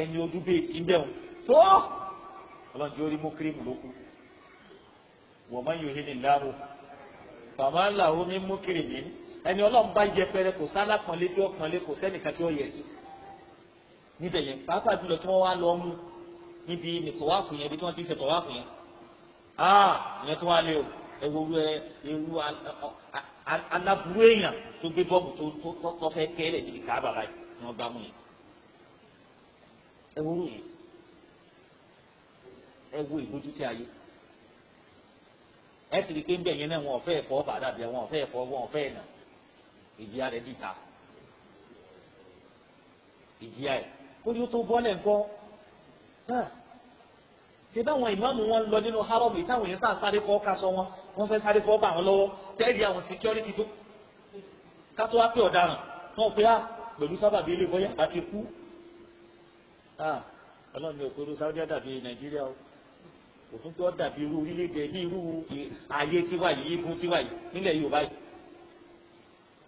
A: ẹni ojú bẹ́ẹ̀ kí n bẹ̀rù tó ọlọ́njẹ́ orí mú kírímù ló kù wọ́n máa ń yọ yín ní ìlàrú bàmá làwọn omi mú kírímù ẹni ọlọ́run bá yẹpẹrẹ kò sálá kan létí ọkàn lé kò sẹ́nìkan tí ó yẹ sí níbẹ̀ yẹn pàápàá jùlọ tí wọ́n wá lọ mú níbi nìtọ́wáfù yẹn bí tí wọ́n ti ń ṣe yẹn a ìyẹn tó wá lé o ewu ewu aláburú èèyàn tó gbé bọ́ọ̀mù tó tó fẹ́ kẹ́lẹ̀ níbi káàbà báyìí ni wọ́n gbá mú yẹn ẹ wo yẹn ẹ wo ìgbójú tí a yé ẹ sì rí i pé ń bẹ̀ yẹn náà wọn ò fẹ́ ẹ̀fọ́ bàdà bíi wọn ò fẹ́ ẹ̀fọ́ wọn ò fẹ́ ẹ̀nà ìjìyà rẹ̀ dìta ìjìyà rẹ̀ kó ní ó tó bọ́ọ̀lẹ̀ ńkọ́
B: náà ṣe báwọn
A: ìmáàmù wọn lọ nínú hárọ̀mù yìí táwọn èèyàn sá sáré fọ́ kaṣọ wọn wọ́n fẹ́ sáré fọ́ bá wọn lọ́wọ́ tẹ́ẹ̀dì àwọn security tó kátó wá pé ọ̀daràn tán pé á pẹ̀lú sábàbí ilé bọ́yá àti kú. Ah, ọlọ́run mi ò pẹ̀lú Saudi dàbí Nàìjíríà o kò tún pé ó dàbí irú orílẹ̀-èdè ní irú ààyè tiwa yìí igun tiwa yìí nílẹ̀ Yorùbá yìí.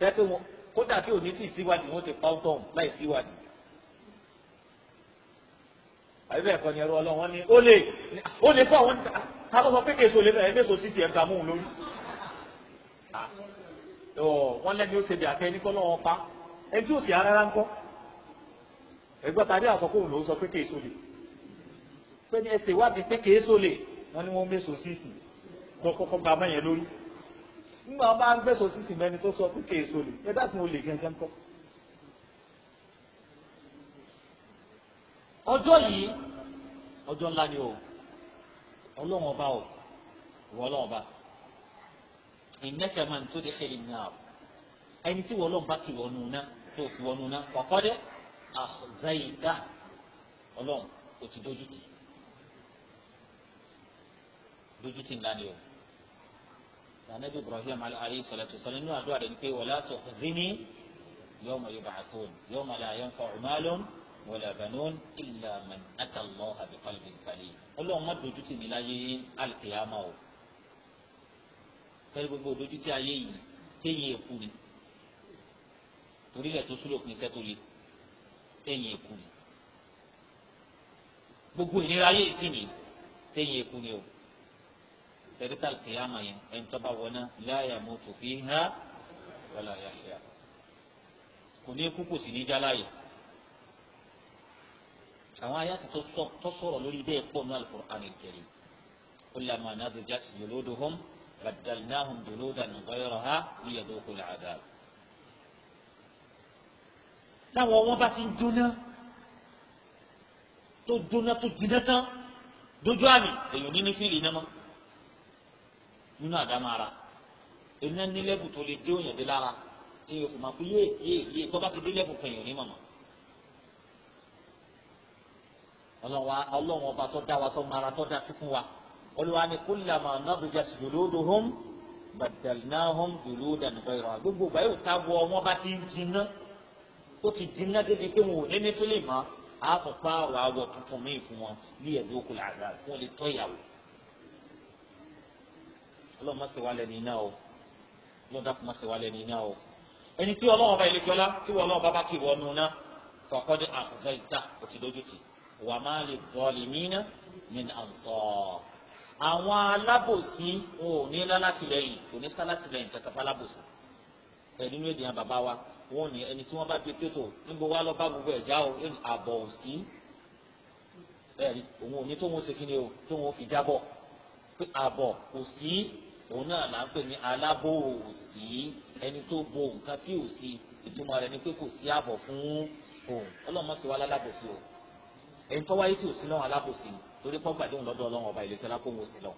A: tẹ́ pé wọn kódà tí ò ní tì síwájú wọn ti pa ọ́ tọ̀hún láì síwájú àbí bẹ́ẹ̀ kọ́ ni ẹrú ọlọ́run wọn ni ó lè ó lè fún àwọn ta ló sọ pé kèso lè fẹ́ kèso sísì ẹ̀ka mú un lórí. wọ́n lẹ́ni ó ṣe bí àtẹ ní kọ́ lọ́wọ́ pa ẹ tí ò sì ara ń kọ́ ẹgbẹ́ tàbí àsọkóhùn ló sọ pé kèso lè pé ní ẹsẹ̀ ìwádìí pé kèso lè wọ́n ní wọ́n mẹ́sọ̀ sísì tó kọ́kọ́ gba mẹ́yẹn lórí. nígbà wọn bá ń gbẹ́sọ̀ sísì mẹ́ni tó sọ pé lè ẹ dá sí mo lè gẹ́gẹ́ kọ́. ọjọ́ yìí ọjọ́ ńlá ni o ọlọ́run ọba o ìwọ ọlọ́run ọba ìnẹ́kẹ̀mọ́ tó dé ṣe ìnà o ẹni tí wọ́n lọ́nba ti wọ́n nùnà tó fi wọ́n nùnà wàkọ́dẹ́ àzẹ́yìká ọlọ́run kò ti dójú tì dójú tì ńlá ni o nànẹ́bí Ibrahim alayhi salatu wasalam nínú àdúrà rẹ̀ ni pé wala tukhzini yawma yub'athun yawma la yanfa'u malun wala banun illa man ata Allah bi qalbin salim ọlọ́run má dojú tì mí láyé alìkèyàmà o sẹ́yìn gbogbo dojú tì ayé yìí téyìn èkú ni torí rẹ̀ tó súlò pin iṣẹ́ tó le téyìn èkú ni gbogbo ìnira ayé ìsìn ni téyìn èkú ni o sẹ́ríkà alìkèyàmà yẹn ẹni tó bá wọná la yamutu fiha wala yahya kò ní kú kò sì ní jálá yìí àwọn ayáàtì tó sọ̀rọ̀ lórí bẹ́ẹ̀ pọ̀ ní al-Qur'an al-Karim kullama nadijat juluduhum baddalnahum juludan ghayraha liyadhuqu al-adhab. táwọn wọn bá ti ń jóná tó jóná tó jiná tán dójú àmì èèyàn ní ní fíìlì náà mọ́ nínú àdámára iná ní tó lè dé òyìnbí lára tí yóò fi máa kú yéé yéé yéé bọ́ bá ti dé lẹ́bù kan èèyàn ní màmá. ọlọ́run ọba tó dá wa tó mara tó dá sí fún wa olùwà ni kullama nadijat juluduhum baddalnahum juludan ghayraha gbogbo báyìí ò tábọ wọn bá ti ń jiná ó ti jiná débi pé wọn ò lé ní fílẹ̀ mọ́ a tún pa àwọn awọ tuntun míì fún wọn bí ẹ̀dùn òkú làzà kí wọ́n lè tọ́ ìyàwó ọlọ́run má ṣe wá lẹ́ni iná o ọlọ́run dákun má ṣe wá lẹ́ni iná o ẹni tí ọlọ́run ọba ìlẹ́kọ́lá tí ọlọ́run bá bá kì wọ́n nu wa ma li zalimina min ansar àwọn alábòsí ò ní lálátìlẹ́yìn kò ní sálátìlẹ́yìn kankan falábòsí ẹni nínú èdè bàbá wa wọn ní ẹni tí wọn bá gbé pétò níbo wá lọ bá gbogbo ẹja o ẹni àbọ̀ òsí ẹni òun ò ní tó wọn ṣe kí o tó wọn fi jábọ̀ pé àbọ̀ òsí òun náà là ń pè ní alábò òsí ẹni tó bo nǹkan tí òsí ìtumọ̀ rẹ̀ ni pé kò sí àbọ̀ fún òun ọlọ́mọ sì wá lálábòsí o ẹni tó wáyé tí ò sí lọ́wọ́ alábòsí torí pọ́ gbàdúrà lọ́dọ̀ ọlọ́wọ́ ọba ìlú sọlá kó wọn sí lọ.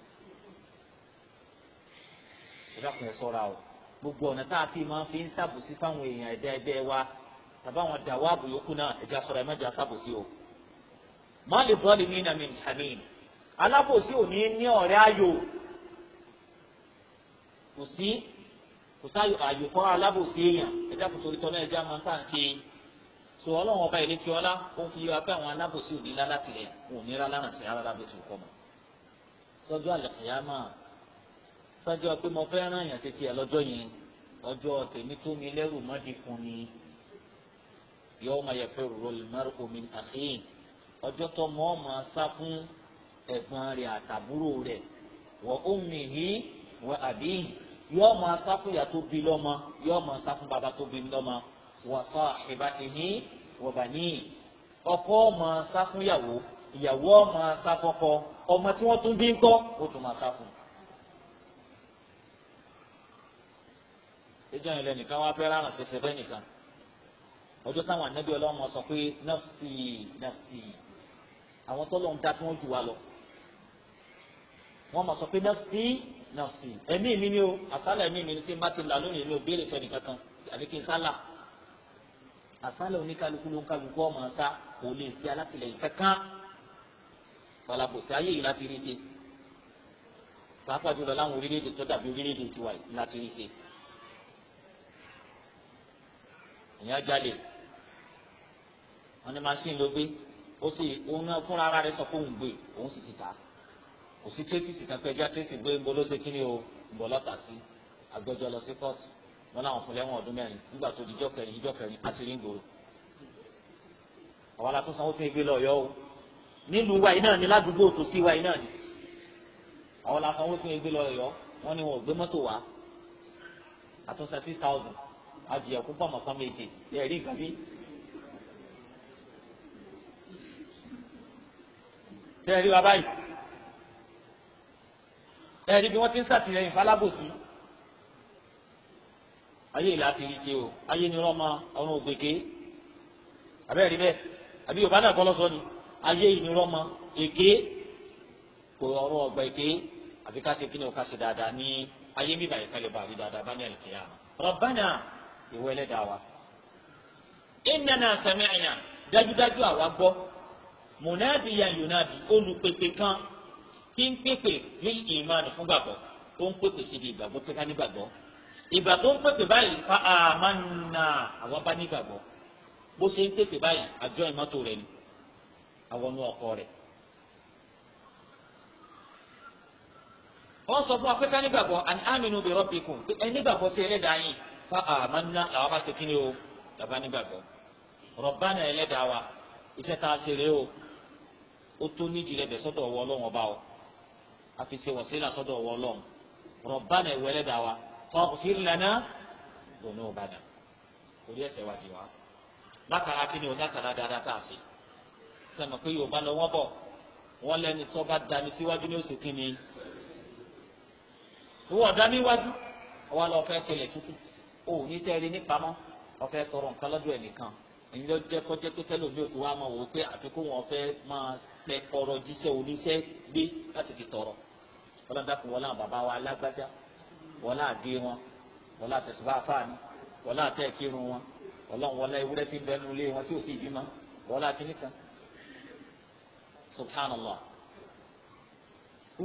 A: ìdákùnrin sọ́ra o gbogbo ọ̀nà tá a ti máa fi ń ṣàbòsí fáwọn èèyàn ẹ̀dá ẹgbẹ́ wa tàbá àwọn dàwáàbù yòókù náà ẹ̀já sọ̀rọ̀ ẹ̀mẹ́jà ṣàbòsí o. má lè bọ́ lèmi nà mí hamim alábòsí ò ní ní ọ̀rẹ́ ayò kò sí kò sáyò àyò fún alábòsí èèyàn ẹ̀dá kò torí náà ẹ̀já máa ń tà ń ṣe sọ ọlọ́run ọba ìlẹ́kẹ́ ọlá ó fi yọ abẹ́ àwọn alábòsí òníra láti rẹ̀ òníra lánàá sí ara lábẹ́ tó kọ́ mọ́ sọ́jọ́ àlẹ́kìyàmà sọ́jọ́ pé mo fẹ́ ràn yàn sétí ẹ lọ́jọ́ yẹn ọjọ́ tèmi tó mi lẹ́rù mọ́dìkun ni yawma yafirru al-mar'u min akhihi ọjọ́ tó mọ́ ọ́ máa sá fún ẹ̀gbọ́n rẹ̀ àtàbúrò rẹ̀ wa ummihi wa abihi yóò ma sá fún ìyá tó bí lọ́mọ yóò máa sá fún bàbá tó bí lọ́mọ wa sahibatihi wa banihi ọkọ máa sá fún ìyàwó ìyàwó máa sá fọ́kọ ọmọ tí wọ́n tún bí ń kọ́ ó tún máa sá fún un. ṣéjọ́ ìlẹ̀ nìkan wá fẹ́ràn ṣẹṣẹ fẹ́ nìkan ọjọ́ táwọn ànábì ọlọ́mọ sọ pé nafsi nafsi àwọn tọ́lọ́ ń da tí wọ́n jù wá lọ wọ́n mọ̀ sọ pé nafsi nafsi ẹ̀mí mi ni o àsálà ẹ̀mí mi ni tí n bá ti là lónìí mi ò béèrè fẹ́ nìkan kan àbí kí n sálà àsálẹ̀ oníkálukú ló ń kálukú ọmọ àṣà kò lè ṣe alátìlẹyìn kankan balabòsí ayé yìí láti rí ṣe pàápàá jùlọ láwọn orílẹ̀-èdè tó dàbí orílẹ̀-èdè tiwa yìí láti rí ṣe èèyàn jalè wọn ní machine ló gbé ó sì òun náà fúnra ara rẹ̀ sọ pé òun gbé òun sì ti ta kò sí tracy sì kan pé ẹjọ́ tracy gbé ń bọ́ ló ṣe kí ni o ń bọ́ lọ́tà sí agbẹjọ́ lọ sí kóòtù wọn làwọn fún lẹ́wọ̀n ọdún mẹ́rin nígbà tó di ijọ́ kẹrin ijọ́ kẹrin àti rí gbòòrò àwọn alatún sanwó tó ń gbé lọ yọ o nílùú wa iná ni ládùúgbò tó sí wa iná ni àwọn alatún tó ń gbé lọ yọ wọn ni wọn ò gbé mọ́tò wá àtúnṣe six thousand àjìyà kó pàmò kan méje ẹ rí nǹkan bí. tẹ́ ẹ rí wa báyìí ẹ rí bí wọ́n ti ń sàtìlẹ́yìn fálábòsí ayé ìlà ti rí ṣe o ayé ni ọlọ́mọ ọ̀run ògbèké abẹ́rẹ́ rí bẹ́ẹ̀ àbí yorùbá náà kọ́ lọ́sọ ni ayé ìní ọlọ́mọ èké kò ọ̀run ọ̀gbà èké àfi ká ṣe kí ni ò ká ṣe dáadáa ní ayé bíbà yìí kálí bá rí dáadáa bá ní àlùkìyà Rabbana ìwé ẹlẹ́dàá wa innana sami'na dájúdájú àwa gbọ́ munadiya yunadi olùpèpè kan tí ń pèpè ní ìmánì fún ó ń pèpè síbi ìgbà tó ń pèpè báyìí fa àmàna àwọn bá nígbàgbọ́ bó ṣe ń pèpè báyìí àjọ ìmọ́tò rẹ̀ ni àwọn ọmọ ọkọ rẹ̀. wọ́n sọ fún akẹ́kọ̀ọ́ nígbàgbọ́ àni àmínú bi rabbikum ẹni gbàgbọ́ sí ẹlẹ́dàá yìí fa àmàna làwọn bá ṣe kí o làbá nígbàgbọ́ Rabbana ẹlẹ́dàá wa iṣẹ́ tá a ṣe rèé o ó tó níjì rẹ̀ bẹ̀ sọ́dọ̀ ọwọ́ ọlọ́run ọba o àfi ṣe wọ̀sílà sọ́dọ̀ ọwọ́ ọlọ́run Rabbana ẹ̀wọ̀ ẹlẹ́dàá wa faghfir lana dhunubana orí ẹ̀ṣẹ̀ wa jì wá látara kí ni o látara dáadáa tá a ṣe sẹ́mi pé yorùbá lọ wọ́n bọ̀ wọ́n lẹ́ni tó bá dání síwájú ní oṣù kínní wọ́n dání iwájú wọ́n lọ fẹ́ tilẹ̀ tútù o ò ní sẹ́ẹ̀rí nípamọ́ ọ̀fẹ́ tọrọ nǹkan lọ́dọ̀ ẹnìkan èyí ló jẹ́ kọjá pé tẹ́lómi òfin wa máa wò ó pé àfikún wọn fẹ́ máa pẹ ọrọ̀ jíṣẹ́ oníṣẹ́ gbé láti fi tọrọ ọlọ́dà wọlé àwọn bàbá wa alágbájá Wọla àgé wọn wọlá àtẹ̀síbá afáàní wọlá àtẹ̀kírun wọn wọlá ewúrẹ́ tí ń bẹ nínú ilé wọn tí ò sì bímọ wọlá kìnìkan subhanallah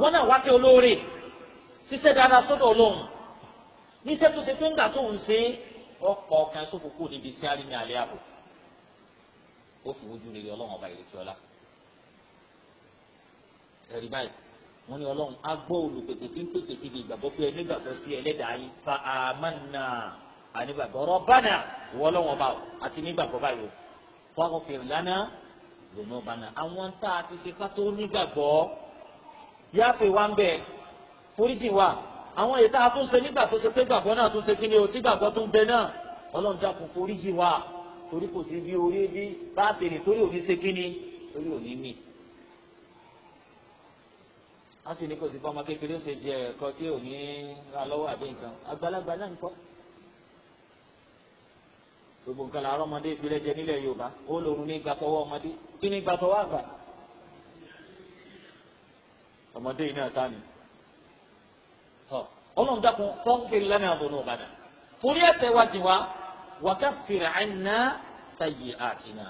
A: wọn náà wá sí olóore ṣiṣẹ́ dáadáa sọ́dọ̀ ọlọ́run níṣẹ́ tó ṣe pé ńgbà tó ń ṣe ọ̀pọ̀ ọkàn sófò kù níbi fi wojú rere ọba ìrètí wọ́n ní ọlọ́run á gbọ́ olùpèpè tí ń pèpè síbi ìgbàgbọ́ pé ẹni gbàgbọ́ sí ẹlẹ́dàá yín fa àmàna ànígbàgbọ́ rọ́bánà ìwọ ọlọ́run ọba àti nígbàgbọ́ báyìí o wọ́n kò fèrè lánàá lónà ọbànà àwọn tá a ti ṣe ká tó nígbàgbọ́ yáfẹ́ wa ń bẹ foríjì wa àwọn èyí tá a nígbà tó ṣe pé gbàgbọ́ náà tún ṣe kíni o tí gbàgbọ́ tún bẹ náà ọlọ́run dákun foríjì wa torí kò sí bí orí bí bá a ṣe nì òní ṣe kíni torí òní mì wọ́n sì ní kò sí fún ọmọ kékeré ó ṣe jẹ ẹ̀kọ́ tí ò ní ra lọ́wọ́ àbí nǹkan àgbàlagbà náà ń kọ́ gbogbo nǹkan làárọ̀ ọmọdé ìfilẹ̀ jẹ nílẹ̀ Yorùbá ó lòrùn ní gbàtọ́wọ́ ọmọdé kí ni gbàtọ́wọ́ àgbà ọmọdé yìí náà sáni ọlọ́run dákun kọ́ńfìrì lánàá àbọ̀nù ọ̀bàdàn torí ẹ̀ṣẹ̀ wa jì wá wàkà fìrà ẹ̀ná sàyè àtìná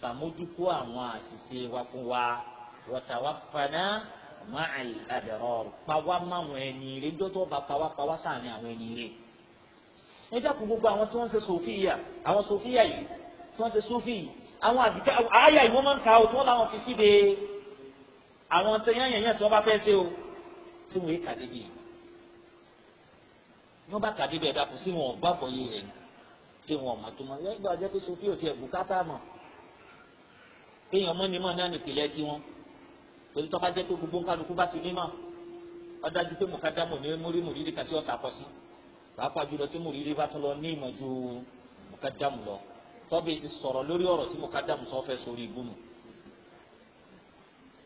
A: sàmójúkú àwọn àṣìṣe wa fún wa wọ̀tàwá fanáà máàl àdàrọ̀ pàwá máwọn ẹni rè ń dọ́tọ́ bá pàwá pàwá sáàmì àwọn ẹni rè. ẹ dákun gbogbo àwọn tí wọ́n ń ṣe sòfíyà àwọn sòfíyà yìí tí wọ́n ń ṣe sófì yìí àwọn àdìgá àyà yìí wọ́n máa ń ka o tí wọ́n láwọn fi síbi àwọn tẹ̀yẹ̀yẹ̀ tí wọ́n bá fẹ́ ṣe o tí wọ́n yé kàdé bíi wọ́n bá kàdé bíi ẹ̀dá kù sí wọn ọ̀gbá bọ̀ yé rẹ̀ ṣé wọn ọ̀mà tó mọ̀ yẹ́n gbà jẹ́ pé sòfì ò tiẹ̀ bùkátà mọ̀ kéèyàn mọ́ ni mọ̀ náà nìpìlẹ̀ tiwọn torí tọ́ka jẹ́ pé gbogbo nkálukú bá ti ní mọ̀ ó dájú pé mùkádàmù ní múrí múrídì kàtí ọ̀sà kọ sí pàápàá jùlọ sí múrídì bá tún lọ ní ìmọ̀ ju mùkádàmù lọ tọ́bí ti sọ̀rọ̀ lórí ọ̀rọ̀ tí mùkádàmù sọ fẹ́ sórí ìgbónú.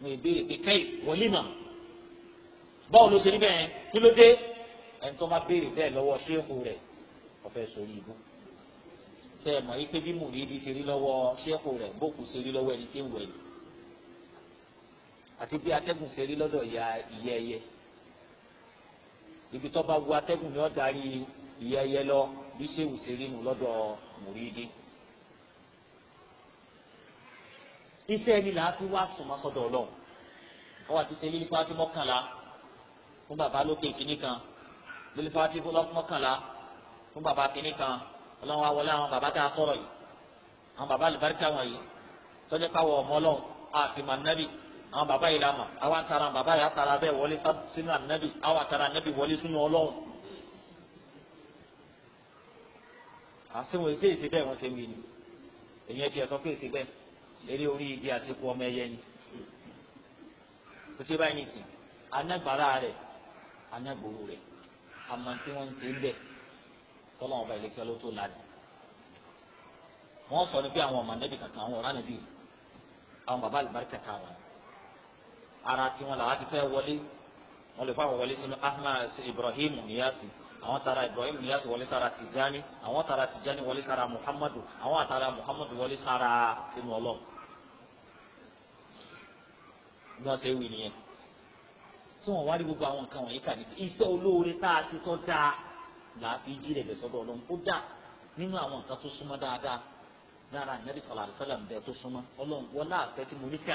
A: mo ìbéèrè pé kẹ́yì wọlé mà báwo ló ṣe rí bẹ́ẹ̀ kí ló dé ẹni tó bá béèrè bẹ́ẹ̀ lọ́wọ́ ṣéèkù rẹ̀ ó fẹ́ sórí ìgbó ṣe yí pé bí múrídì ṣe rí lọ́wọ́ ṣéèkù rẹ̀ bókù ṣe rí lọ́wọ́ ẹni tí ń wẹ̀lú àti bí atẹ́gùn ṣe rí lọ́dọ̀ ìyá ìyá ẹyẹ ibi tó bá wu atẹ́gùn ni ó darí ìyá ẹyẹ lọ bí ṣéwù ṣe rí nu lọ́dọ̀ mùrídì. iṣẹ́ ẹni là á fi wá sùn mọ́sọ́dọ̀ ọlọ́run wọ́n wá ti ṣe lílífà tí mọ́kànlá fún bàbá lókè kínní kan tí mọ́kànlá fún bàbá kínní kan ọlọ́run awọlé àwọn bàbá tá a sọ̀rọ̀ yìí àwọn bàbá àlùbáríkà wọ̀nyí tọ́jú pàwọ̀ ọmọ ọlọ́run àṣìmọ̀ nábì àwọn bàbá yìí la mà àwa tara bàbá yà tara bẹ́ẹ̀ wọlé sínú ànábì àwa tara ànábì wọlé sínú ọlọ́run. àsìwọ̀n èsì èsì bẹ́ẹ̀ wọ́n ṣe wí ni èyí ẹ̀ tiẹ̀ sọ pé èsì bẹ́ẹ̀ eré orí igi àsìkò ọmọ ẹyẹ ni. kò sí báyìí nìsín anágbára rẹ̀ anágbòrò rẹ̀ àmọ́ tí wọ́n ń ṣe ń bẹ̀ tọ́lọ́ ọba ìlẹ́kẹ́ ló tó ládì. wọ́n sọ ní bí àwọn ọmọ ànábì kankan àwọn ọ̀rá ànábì àwọn bàbá àlùbáríkà táwọn ara tiwọn làwọn ti fẹ́ wọlé wọn lè fọ àwọn wọlé sínú ahmed ibrahim niyasi àwọn tara ibrahim niyasi wọlé sára tijani àwọn tara tijani wọlé sára muhammadu àwọn àtara muhammadu wọlé sára sínú ọlọ́run bí wọn ṣe wí nìyẹn tí wọn wá rí gbogbo àwọn nǹkan wọ̀nyí kà níbi iṣẹ́ olóore tá a ṣe tó dáa làá fi jí rẹ̀ bẹ̀ sọ́dọ̀ ó dáa nínú àwọn nǹkan tó súnmọ́ dáadáa dára nàbì sallallahu alaihi wasallam bẹ́ẹ̀ tó súnmọ́ ọlọ́run wọlé àfẹ́ tí mo ní sí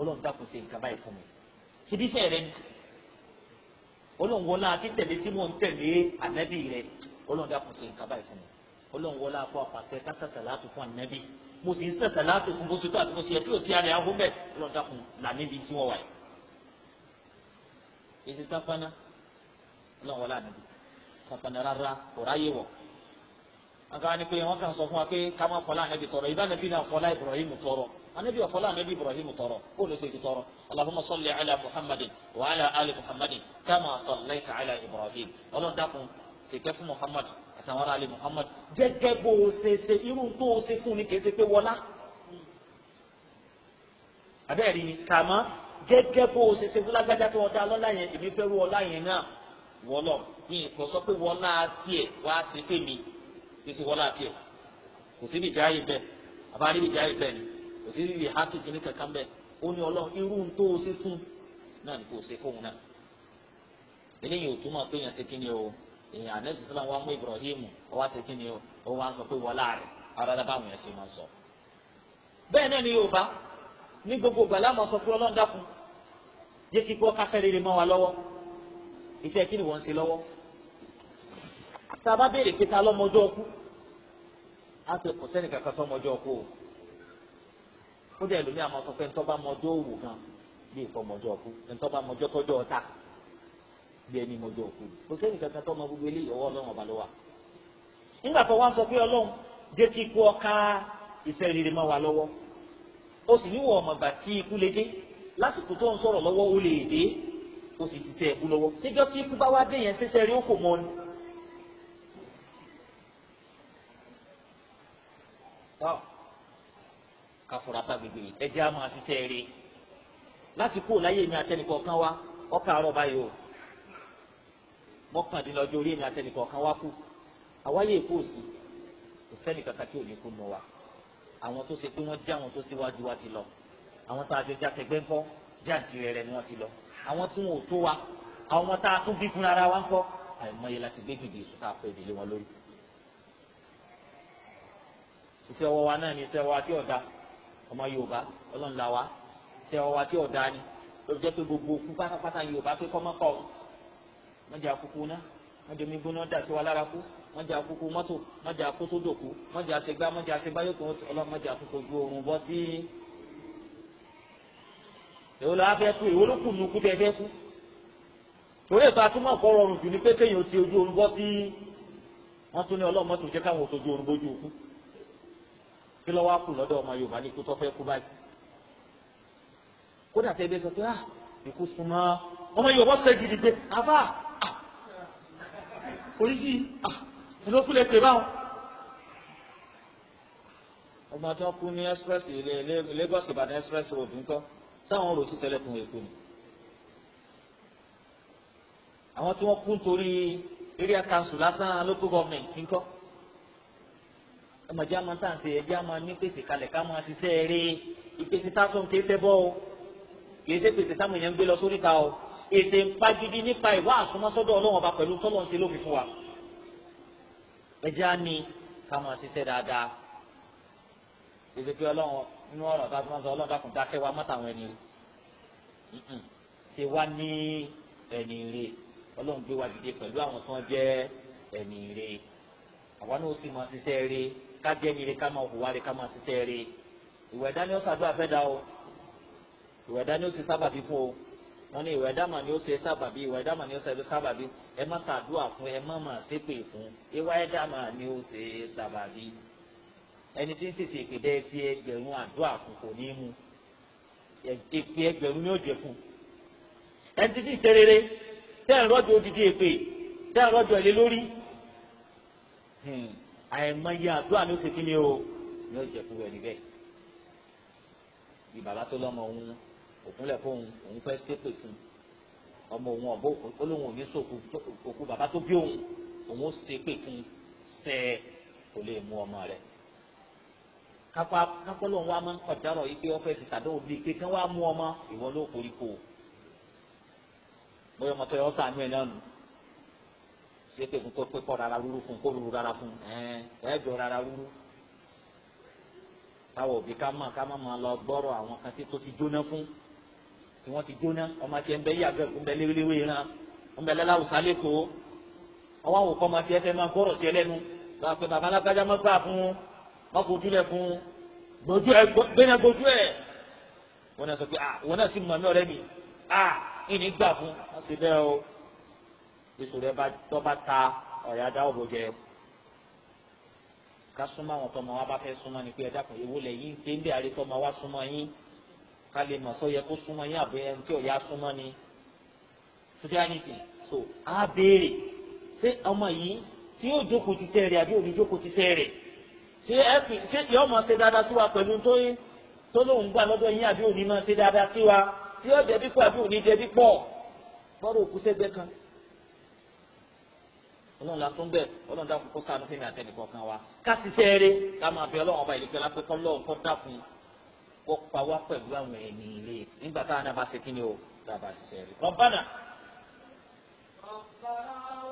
A: ọlọ́run dákun ṣe nǹkan báyìí fún mi ṣebí iṣẹ́ rẹ ni ọlọ́run wọlá títẹ̀lé tí mò ń tẹ̀lé ànábì rẹ ọlọ́run dákun ṣe nǹkan báyìí fún mi ọlọ́run wọlá kó apàṣẹ kásá sàlátù fún ànábì mo sì ń sẹ̀ sàlátù fún bó ṣe tó àti bó ṣe yẹ tí o sí ara ẹ̀ ahọ́bẹ̀ ọlọ́run dákun là níbi tí wọ́n wà yìí. èsì sápáná ọlọ́run wọlá ànábì sápáná rárá kò ráyè wọ̀ àgbà ni pé wọ́n kàn sọ fún wa pé ká má fọlá ànábì tọrọ ìbá ànábì náà fọlá Ibrahim tọrọ anabi ọ̀fọ́lá anabi ibrahim tọrọ ó lè ṣe ti tọrọ allahumma salli ala muhammadin wa ala ali muhammadin kama sallaita ala ibrahim ọlọ́dàkùn ṣèkẹ́ fún muhammad àtàwọn ará ali muhammad gẹ́gẹ́ bó o ṣe ṣe irú tó o ṣe fún ni kì í ṣe pé wọlá abẹ́rẹ́ ni kàmá gẹ́gẹ́ bó o ṣe ṣe fún lágbájá tó ọ̀dà lọ́la yẹn èmi fẹ́ rú ọlá yẹn náà wọlọ́ ní ìkọ́ pé wọlá tiẹ̀ wá sí fèmí kì í ṣe wọlá tiẹ̀ kò síbi ìjà yìí bẹ́ẹ̀ àbá níbi ìjà yìí bẹ́ẹ̀ ni kò sí rírì hákì kìíní kankan bẹ́ẹ̀ ó ní ọlọ́run irú tó o ṣe fún náà ni kò ṣe fóun náà eléyìí ò túmọ̀ pé èèyàn ṣe kí ni o èèyàn anẹ́sì sílá wa mú Ibrahim ó ṣe kí ni o ó wá sọ pé wọlá rẹ̀ arára báwọn yẹn ṣe máa sọ. bẹ́ẹ̀ náà ni Yorùbá ní gbogbo gbàlá máa sọ pé ọlọ́run dákun jẹ́ kí gbọ́ kásẹ̀ rere mọ́ wa lọ́wọ́ iṣẹ́ kí ni wọ́n ń ṣe lọ́wọ́. tá a bá béèrè pé ta lọ́mọdé ọkú á pè kò sẹ́nìkàkà sọ́mọdé ọkú o. kódà ẹlòmíì àmọ́ sọ pé ntọ́ba mọjọ́ òwò gan bí ìkọ́ mọjọ́ ọ̀kú ntọ́ba mọjọ́ tọ́jọ́ ọ̀tá bí ẹni mọjọ́ òkú kò kankan ọmọ gbogbo eléyìí ọwọ́ ọlọ́run ọba ló wà. nígbà tó wá sọ pé ọlọ́run jẹ́ kí ikú ọ̀ka ìfẹ́ rere wà lọ́wọ́ ó sì níwọ̀ ọmọ ìgbà tí ikú le dé lásìkò tó ń sọ̀rọ̀ lọ́wọ́ ó lè dé ó sì káfúrásá gbègbè ẹjẹ́ á máa ṣiṣẹ́ rẹ̀ láti kó láyé mi àtẹnìkọ̀ọ̀kan wá ọkà àárọ̀ báyìí o mọ́kàndínlọ́jọ́ orí mi àtẹnìkọ̀ọ̀kan wá kú àwáyé èkó sí kò sẹ́ni kankan tí ò ní kú nù wa àwọn tó ṣe pé wọ́n jẹ́ àwọn tó síwájú wa ti lọ àwọn tá a jọ já tẹgbẹ́ ńkọ́ jáǹtì rẹ̀ ni wọ́n ti lọ àwọn tí wọn ò tó wa àwọn ọmọ tá a tún bí fúnra wa ńkọ́ àìmọye láti gbé gbèdé èso tá a kọ ìdílé wọn lórí. iṣẹ́ wa náà ni iṣẹ́ ọwọ́ àti ọ̀dà ọmọ yorùbá ọlọ́run là wá ṣe ọwọ́ àti ọ̀dà ni ló jẹ́ pé gbogbo òkú pátápátá yorùbá pé kọ́ mọ́kọ́ wọ́n jẹ́ àkókò náà wọ́n jẹ́ omi gbóná dà sí wa lára kú wọ́n jẹ́ àkókò mọ́tò wọ́n jẹ́ àkóso dòkú wọ́n jẹ́ àṣegbá wọ́n jẹ́ àṣegbá yòókù ọlọ́run wọ́n jẹ́ àkókò ju oorun bọ́ sí. èwo la fẹ́ kú èwo ló kù nù kú tẹ fẹ́ kú torí ètò atúmọ̀ kọ́ rọrùn jù ní pé kéèyàn ti ojú oorun bọ́ sí wọ́n tún ní ọlọ́run mọ́tò jẹ́ káwọn òtòjú oorun bójú òkú kí ló wá kù lọ́dọ̀ ọmọ Yorùbá ní ikú tó fẹ́ kú báyìí kódà tẹ́ ẹbí sọ pé ah ikú súnmọ́ ọmọ Yorùbá sọ gidi pé àbá ah oríṣi ah ìlókùlẹ̀ pè báwọn ọmọ tó kú ní express ilé Lagos Ìbàdàn express road ńkọ́ sáwọn ọ̀rọ̀ tí ṣẹlẹ̀ fún èkó ni àwọn tí wọ́n kú nítorí area council lásán local government ńkọ́ ẹmọ jẹ́ àmọ́ tá à ń ṣe ẹjẹ́ àmọ́ ní pèsè kalẹ̀ ká máa ṣiṣẹ́ rí ìpèsè tásán kì í ṣe bọ́ o kì ṣe pèsè táwọn èèyàn ń gbé lọ sórí ta o èsè ń pa gidi nípa ìwà àsomọ́sọ́dọ̀ ọlọ́wọ́n ọba pẹ̀lú tọ́lọ́ ń ṣe ló fi fún wa ẹjẹ́ á ní ká máa ṣiṣẹ́ dáadáa èsè pé ọlọ́wọ́n nínú ọ̀rọ̀ tá a fi máa sọ ọlọ́wọ́n dákun dáṣẹ́ wa mọ́tàwọn ẹni ṣe wá ní ẹni rí ọlọ́wọ́n gbé wa dìde pẹ̀lú àwọn tó ń jẹ́ ẹni rí àwa náà ó sì máa ṣiṣẹ́ rí ká jẹ́ nyere ká máa hùwà rẹ̀ ká máa ṣiṣẹ́ rẹ̀ ìwẹ̀ dání ó ṣàdúrà fẹ́ da o ìwẹ̀ dání ó ṣe sábàbí fún o wọ́n ní ìwẹ̀ dáàmà ni ó ṣe sábàbí ìwẹ̀ dáàmà ni ó ṣe sábàbí ẹ má ṣàdúrà fún ẹ má máa ṣépè fún ìwà ẹ dáàmà ni ó ṣe sábàbí ẹni tí ń ṣèṣe ìpè bẹ́ẹ̀ fi ẹgbẹ̀rún àdúrà fún kò ní í mu ìpè ẹgbẹ̀rún ni ó jẹ fún ẹni tí ń ṣe rere tẹ́ ẹ̀ rọ́jò odidi èpè tẹ́ ẹ̀ ẹ̀lẹ́ lórí hmm àìmọye àdúrà ni ó ṣe kí ni o ni ó jẹ fún rẹ níbẹ̀ bí bàbá tó lọ́mọ òun òkúnlẹ̀ fóun òun fẹ́ ṣépè fún ọmọ òun ọ̀bọ olóhùn òní sòkú òkú bàbá tó bí òun òun ó ṣépè fún sẹ kò lè mú ọmọ rẹ kápá kápọ́lọ́ wa máa ń kọjárọ̀ yìí pé ọ́fẹ́ ti sàdóhùn bíi pé kán wá mú ọmọ ìwọ ló koríko bóyá ọmọ tó yọ ọ́ sàánú ẹ̀ náà nù ṣé pé kò pé kọ́ rárá rúru fún kó rúru rárá fún ẹ̀ ẹ́ jọ rárá rúru. táwọn òbí ká mọ̀ ká má máa lọ gbọ́rọ̀ àwọn kan tó ti jóná fún tí wọ́n ti jóná ọmọ tiẹ̀ ń bẹ yíyàgbẹ́ ń bẹ léwéléwé ran ń bẹ lẹ́láwùsá lẹ́kọ̀ọ́ ọwọ́ àwọn kọ́ ọmọ tiẹ̀ fẹ́ máa gbọ́rọ̀ sí ẹlẹ́nu lọ́wọ́ pé bàbá alágbájá má gbà fún má fojú lẹ̀ fún
B: gbójú ẹ gbéná
A: gbójú ẹ wọn náà sọ pé ah wọn náà sì mọ̀ mí ọ̀rẹ́ mi ah ìní gbà fún wọn sì bẹ́ẹ̀ o bísí rẹ tó bá ta ọ̀yà dá òbò jẹ ká súnmọ́ àwọn tọmọ wa bá fẹ́ súnmọ́ ni pé ẹ dákun ewu lẹ̀ yín ṣé ń bẹ̀ àrí tọmọ wa súnmọ́ yín ká lè mọ̀ sọ yẹ kó súnmọ́ yín àbẹ ẹni tí ọ̀yà súnmọ́ ni tuntun yà so á béèrè ṣé ọmọ yìí tí yóò jókòó ti sẹ́ rẹ̀ àbí òní jókòó ti sẹ́ rẹ̀ ṣé ẹ pè ṣé yọ ọmọ ṣe dáadáa sí wa pẹ̀lú tó tó lóun gbà lọ́dọ̀ yín ọlọ́run la tún bẹ̀ ọlọ́run dákun kó ṣàánú fún mi àtẹnì kọ̀ọ̀kan wa ká ká máa bẹ ọlọ́run ọba ìlẹ̀kẹ́ lápẹ́ kọ́ lọ́run kọ́ dákun kó pa wá pẹ̀lú àwọn ẹni ilé nígbà táwọn náà bá ṣe kí ni o tá a bá ṣiṣẹ́ eré. rọ̀bánà.
B: rọ̀bánà.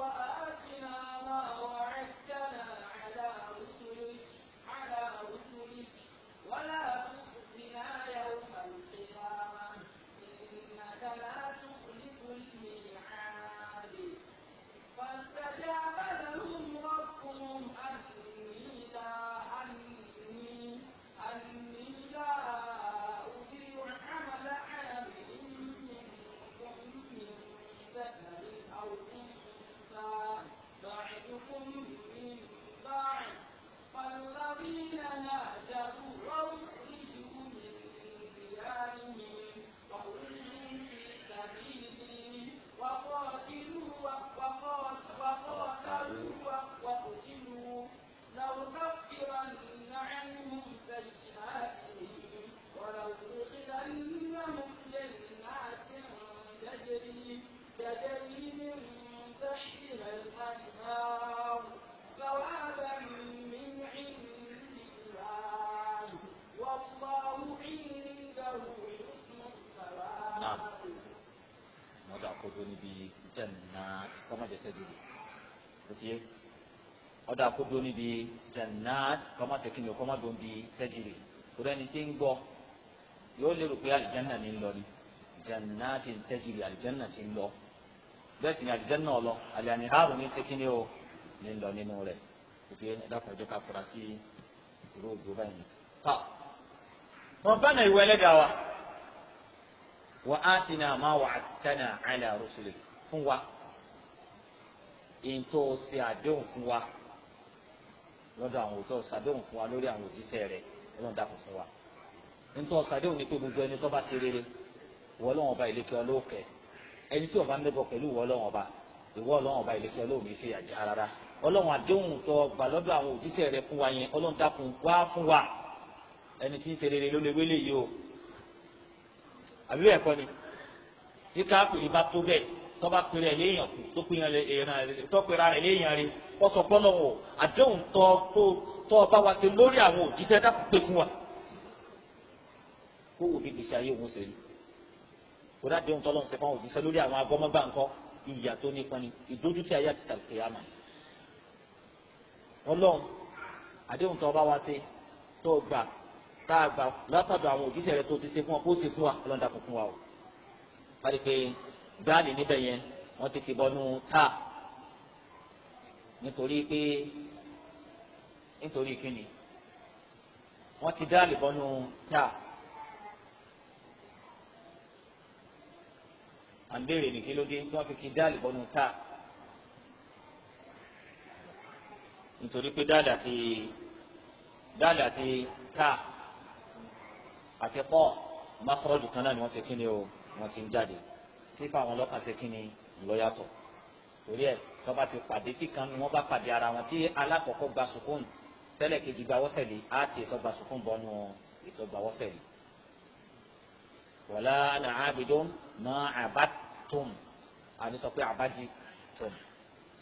A: òdodo níbi jẹ̀nà kọ́mọ̀jẹ̀ tẹ́jìlì ó ti yé ọ̀dà kó dó níbi jẹ̀nà kọ́mọ̀jẹ̀ kí ni o kọ́mọ̀dó níbi tẹ́jìlì kó dẹ́ni tí ń gbọ́ yóò lérò pé àlìjẹ́nà ní ń lọ ni jẹ̀nà ti ń tẹ́jìlì àlìjẹ́nà ti ń lọ bẹ́ẹ̀ sì ni àlìjẹ́nà ọ̀lọ́ àlìyàní àrùn ní sékíní o ní ń lọ nínú rẹ̀ ó ti yé ẹ̀dá kan jẹ́ ká fura sí ìró òdòdó báyìí wa atina ma wa'adtana ala rusulik fún wa ìntò ṣe àdéhùn fún wa lọ́dọ̀ àwọn òtọ́ ṣàdéhùn fún wa lórí àwọn òjíṣẹ́ rẹ̀ ọlọ́run dàpọ̀ fún wa ìntò ṣàdéhùn ni pé gbogbo ẹni tó bá ṣe rere wọ ọlọ́run ọba ìlẹ́kẹ́ ọlọ́ọ̀kẹ́ ẹni tí ọba mẹ́bọ̀ pẹ̀lú ìwọ ọlọ́run ọba ìwọ ọlọ́run ọba ìlẹ́kẹ́ ọlọ́run mi fi àjà rárá ọlọ́run àdéhùn tó gbà lọ́dọ̀ àwọn òjíṣẹ́ rẹ̀ fún wa yẹn ọlọ́run dàpọ̀ wá fún wa ẹni tí ń ṣe rere ló lè wélé yìí o àbí ẹ̀kọ́ ni tí káfíìrì bá tó bẹ́ẹ̀ tọ́ba pèrè léèyàn kù tó pèrè èèyàn rẹ̀ tó pèrè rẹ̀ léèyàn rẹ̀ wọ́n sọ pọ́nlọ́ wọ̀ àdéhùn tọ́ tó tọ́ ọba wa ṣe lórí àwọn òjíṣẹ́ dákú pé fún wa kó wò bí gbèsè ayé òun ṣe rí kó dáadéhùn tọ́ lọ́n ṣe fún àwọn òjíṣẹ́ lórí àwọn agọ́mọ́gbà ńkọ́ ìyà tó nípa ni ìdójútì ayé àti tàbí àmà ọlọ́run àdéhùn tọ́ ọba wa ṣe tó gbà tá a gbà látọ̀dọ̀ àwọn òjíṣẹ́ rẹ tó ti ṣe fún wa kó ṣe fún wa ọlọ́dà kò fún wa o. kárí pé gbáàlì níbẹ̀ yẹn wọ́n ti fi bọ́nú táà nítorí pé nítorí kíni wọ́n ti dáàlì bọ́nú táà. à ń béèrè ní kí tí wọ́n fi kí dáàlì bọ́nú táà. nítorí pé dáàlì àti dáàlì àti táà àti kọ́ mákọ́rọ́jù kan náà ni wọ́n ṣe kí ni o wọ́n ti ń jáde sífà àwọn ọlọ́kàn ṣe kí ni lọ́yàtọ̀ torí ẹ̀ tó bá ti pàdé tí kan wọ́n bá pàdé ara wọn tí alákọ̀ọ́kọ́ gba sukùn tẹ́lẹ̀ kejì gba wọ́sẹ̀lì á ti ètò gba sukùn bọ́nu ètò gba wọ́sẹ̀lì. wọ́lá ana abidun mọ́ abatum àní sọ pé abájí tum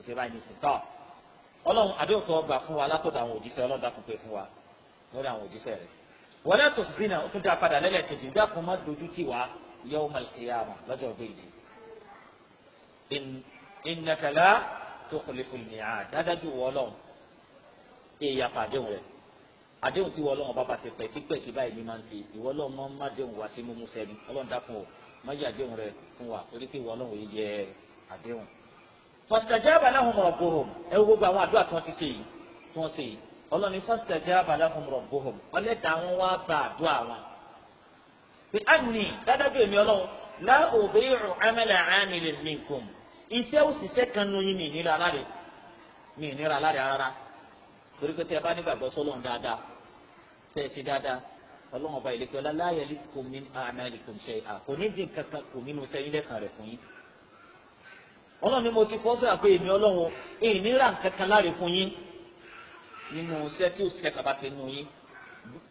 A: ìṣe báyìí ní sìtọ́ ọlọ́run àdéhùn tó gbà fún wa látọ̀dọ̀ àwọn òjíṣẹ́ ọlọ́dà kò pé fún wa lórí àwọn òjíṣẹ́ rẹ̀ wala tukhzina ó tún dá padà lẹ́lẹ́kejì dákun má dojú tì wá yawmal qiyamah lọ́jọ́ gbẹ̀yìn innaka la tukhliful mi'ad dájú wọ́ọ́lọ́ èèyàn pàdé rẹ̀ àdéhùn tí wọ́n lọ́wọ́ bàbá ṣe pẹ̀kípẹ̀kí báyìí ni máa ń ṣe ìwọ lọ́wọ́ máa ń má déhùn wá sí mímú sẹ́ni ọlọ́run dákun o má yẹ àdéhùn rẹ fún wa torí pé ìwọ lọ́wọ́ yìí àdéhùn. fastajaba lahum rabbuhum ẹ ọlọ́ni fastajaba lahum rabbuhum ọlẹ́dà wọn wá bá àdúrà wọn. pé àmì dádájú èmi ọlọ́run la ubi'u amala 'amilin minkum iṣẹ́ òṣìṣẹ́ kan ló yín mi ìnira láre mi ìnira láre rárá torí pé tẹ bá nígbàgbọ́ sọ́lọ́run dáadáa tẹ̀ sí dáadáa ọlọ́run ọba ìlẹ́kẹ́ ọlá la yalidkum min a'malikum shay'a kò ní dín nínú iṣẹ́ tí òṣìṣẹ́ kaba ṣe nù yín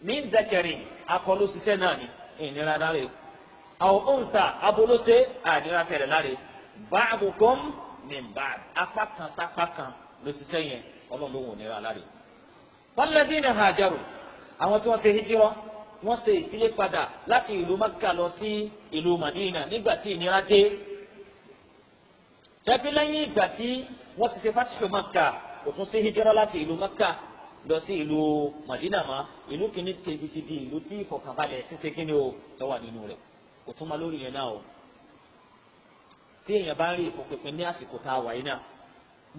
A: ní dẹkẹrin akọlù ṣiṣẹ́ náà ni ìnira láre àwọn òǹtà abolóṣe àìnira ṣẹlẹ̀ láre báàbò kọ́m ní báàbò apá kan sápá kan ló ṣiṣẹ́ yẹn ọlọ́run ló wò nira láre. fọlẹ́dí ni hajaru àwọn tí wọ́n ṣe hijira wọ́n ṣe ìsílé padà láti ìlú Mẹ́kà lọ sí ìlú Madina nígbà tí ìnira dé tẹ́bí lẹ́yìn ìgbà tí wọ́n ti ṣe fásitì Mẹ́kà òtún sí hijira láti ìlú Mẹ́kà lọ sí ìlú Madina ma ìlú kìíní kejì ti di ìlú tí ìfọ̀kànbalẹ̀ ṣíṣe kíni o tó wà nínú rẹ̀ kò tún ma lórí yẹn náà o tí èèyàn bá rí ìfọ̀pẹ̀pẹ̀ ní àsìkò tá a wà yìí náà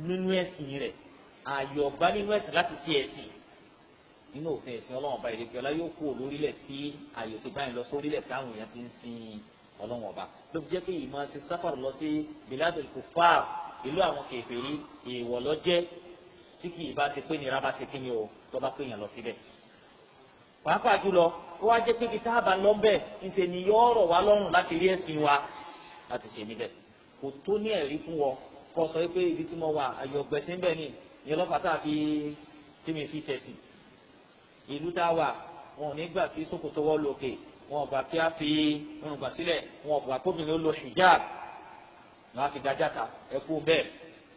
A: nínú ẹ̀sìn rẹ̀ ààyè ọ̀gbá nínú ẹ̀sìn láti sí ẹ̀sìn nínú òfin ẹ̀sìn ọlọ́run ọba ìrèké ọlá yóò kú lórílẹ̀ tí ààyè ti báyìí lọ sórílẹ̀ tí àwọn èèyàn ti ń sin ọlọ́run ọba ló fi jẹ́ pé ìmọ̀ ṣe sáfàrù lọ sí biladul kufar ìlú àwọn kèfèrí ìwọ̀ lọ́jẹ́ tí kì í bá ṣe pé nira bá ṣe kí ni o tó bá pè yàn lọ síbẹ̀. pàápàá jùlọ kó wá jẹ́ pé ibi sáàbà lọ bẹ́ẹ̀ ńṣe ni yọ ọ̀rọ̀ wa lọ́rùn láti rí ẹ̀sìn wa láti ṣe níbẹ̀ kò tó ní ẹ̀rí fún wọn kó sọ pé ibi tí mo wà àyè ọ̀gbẹ́ bẹ́ẹ̀ ni ìyẹn lọ́fà tá a fi tí mi fi ṣẹ̀sìn ìlú tá a wà wọn ò ní gbà kí ṣòkòtò wọ́ lókè wọn ò gbà kí a fi irun gbà sílẹ̀ wọn ò gbà kóbìnrin hijab wọn á fi gajá ta ẹ fún bẹ́ẹ̀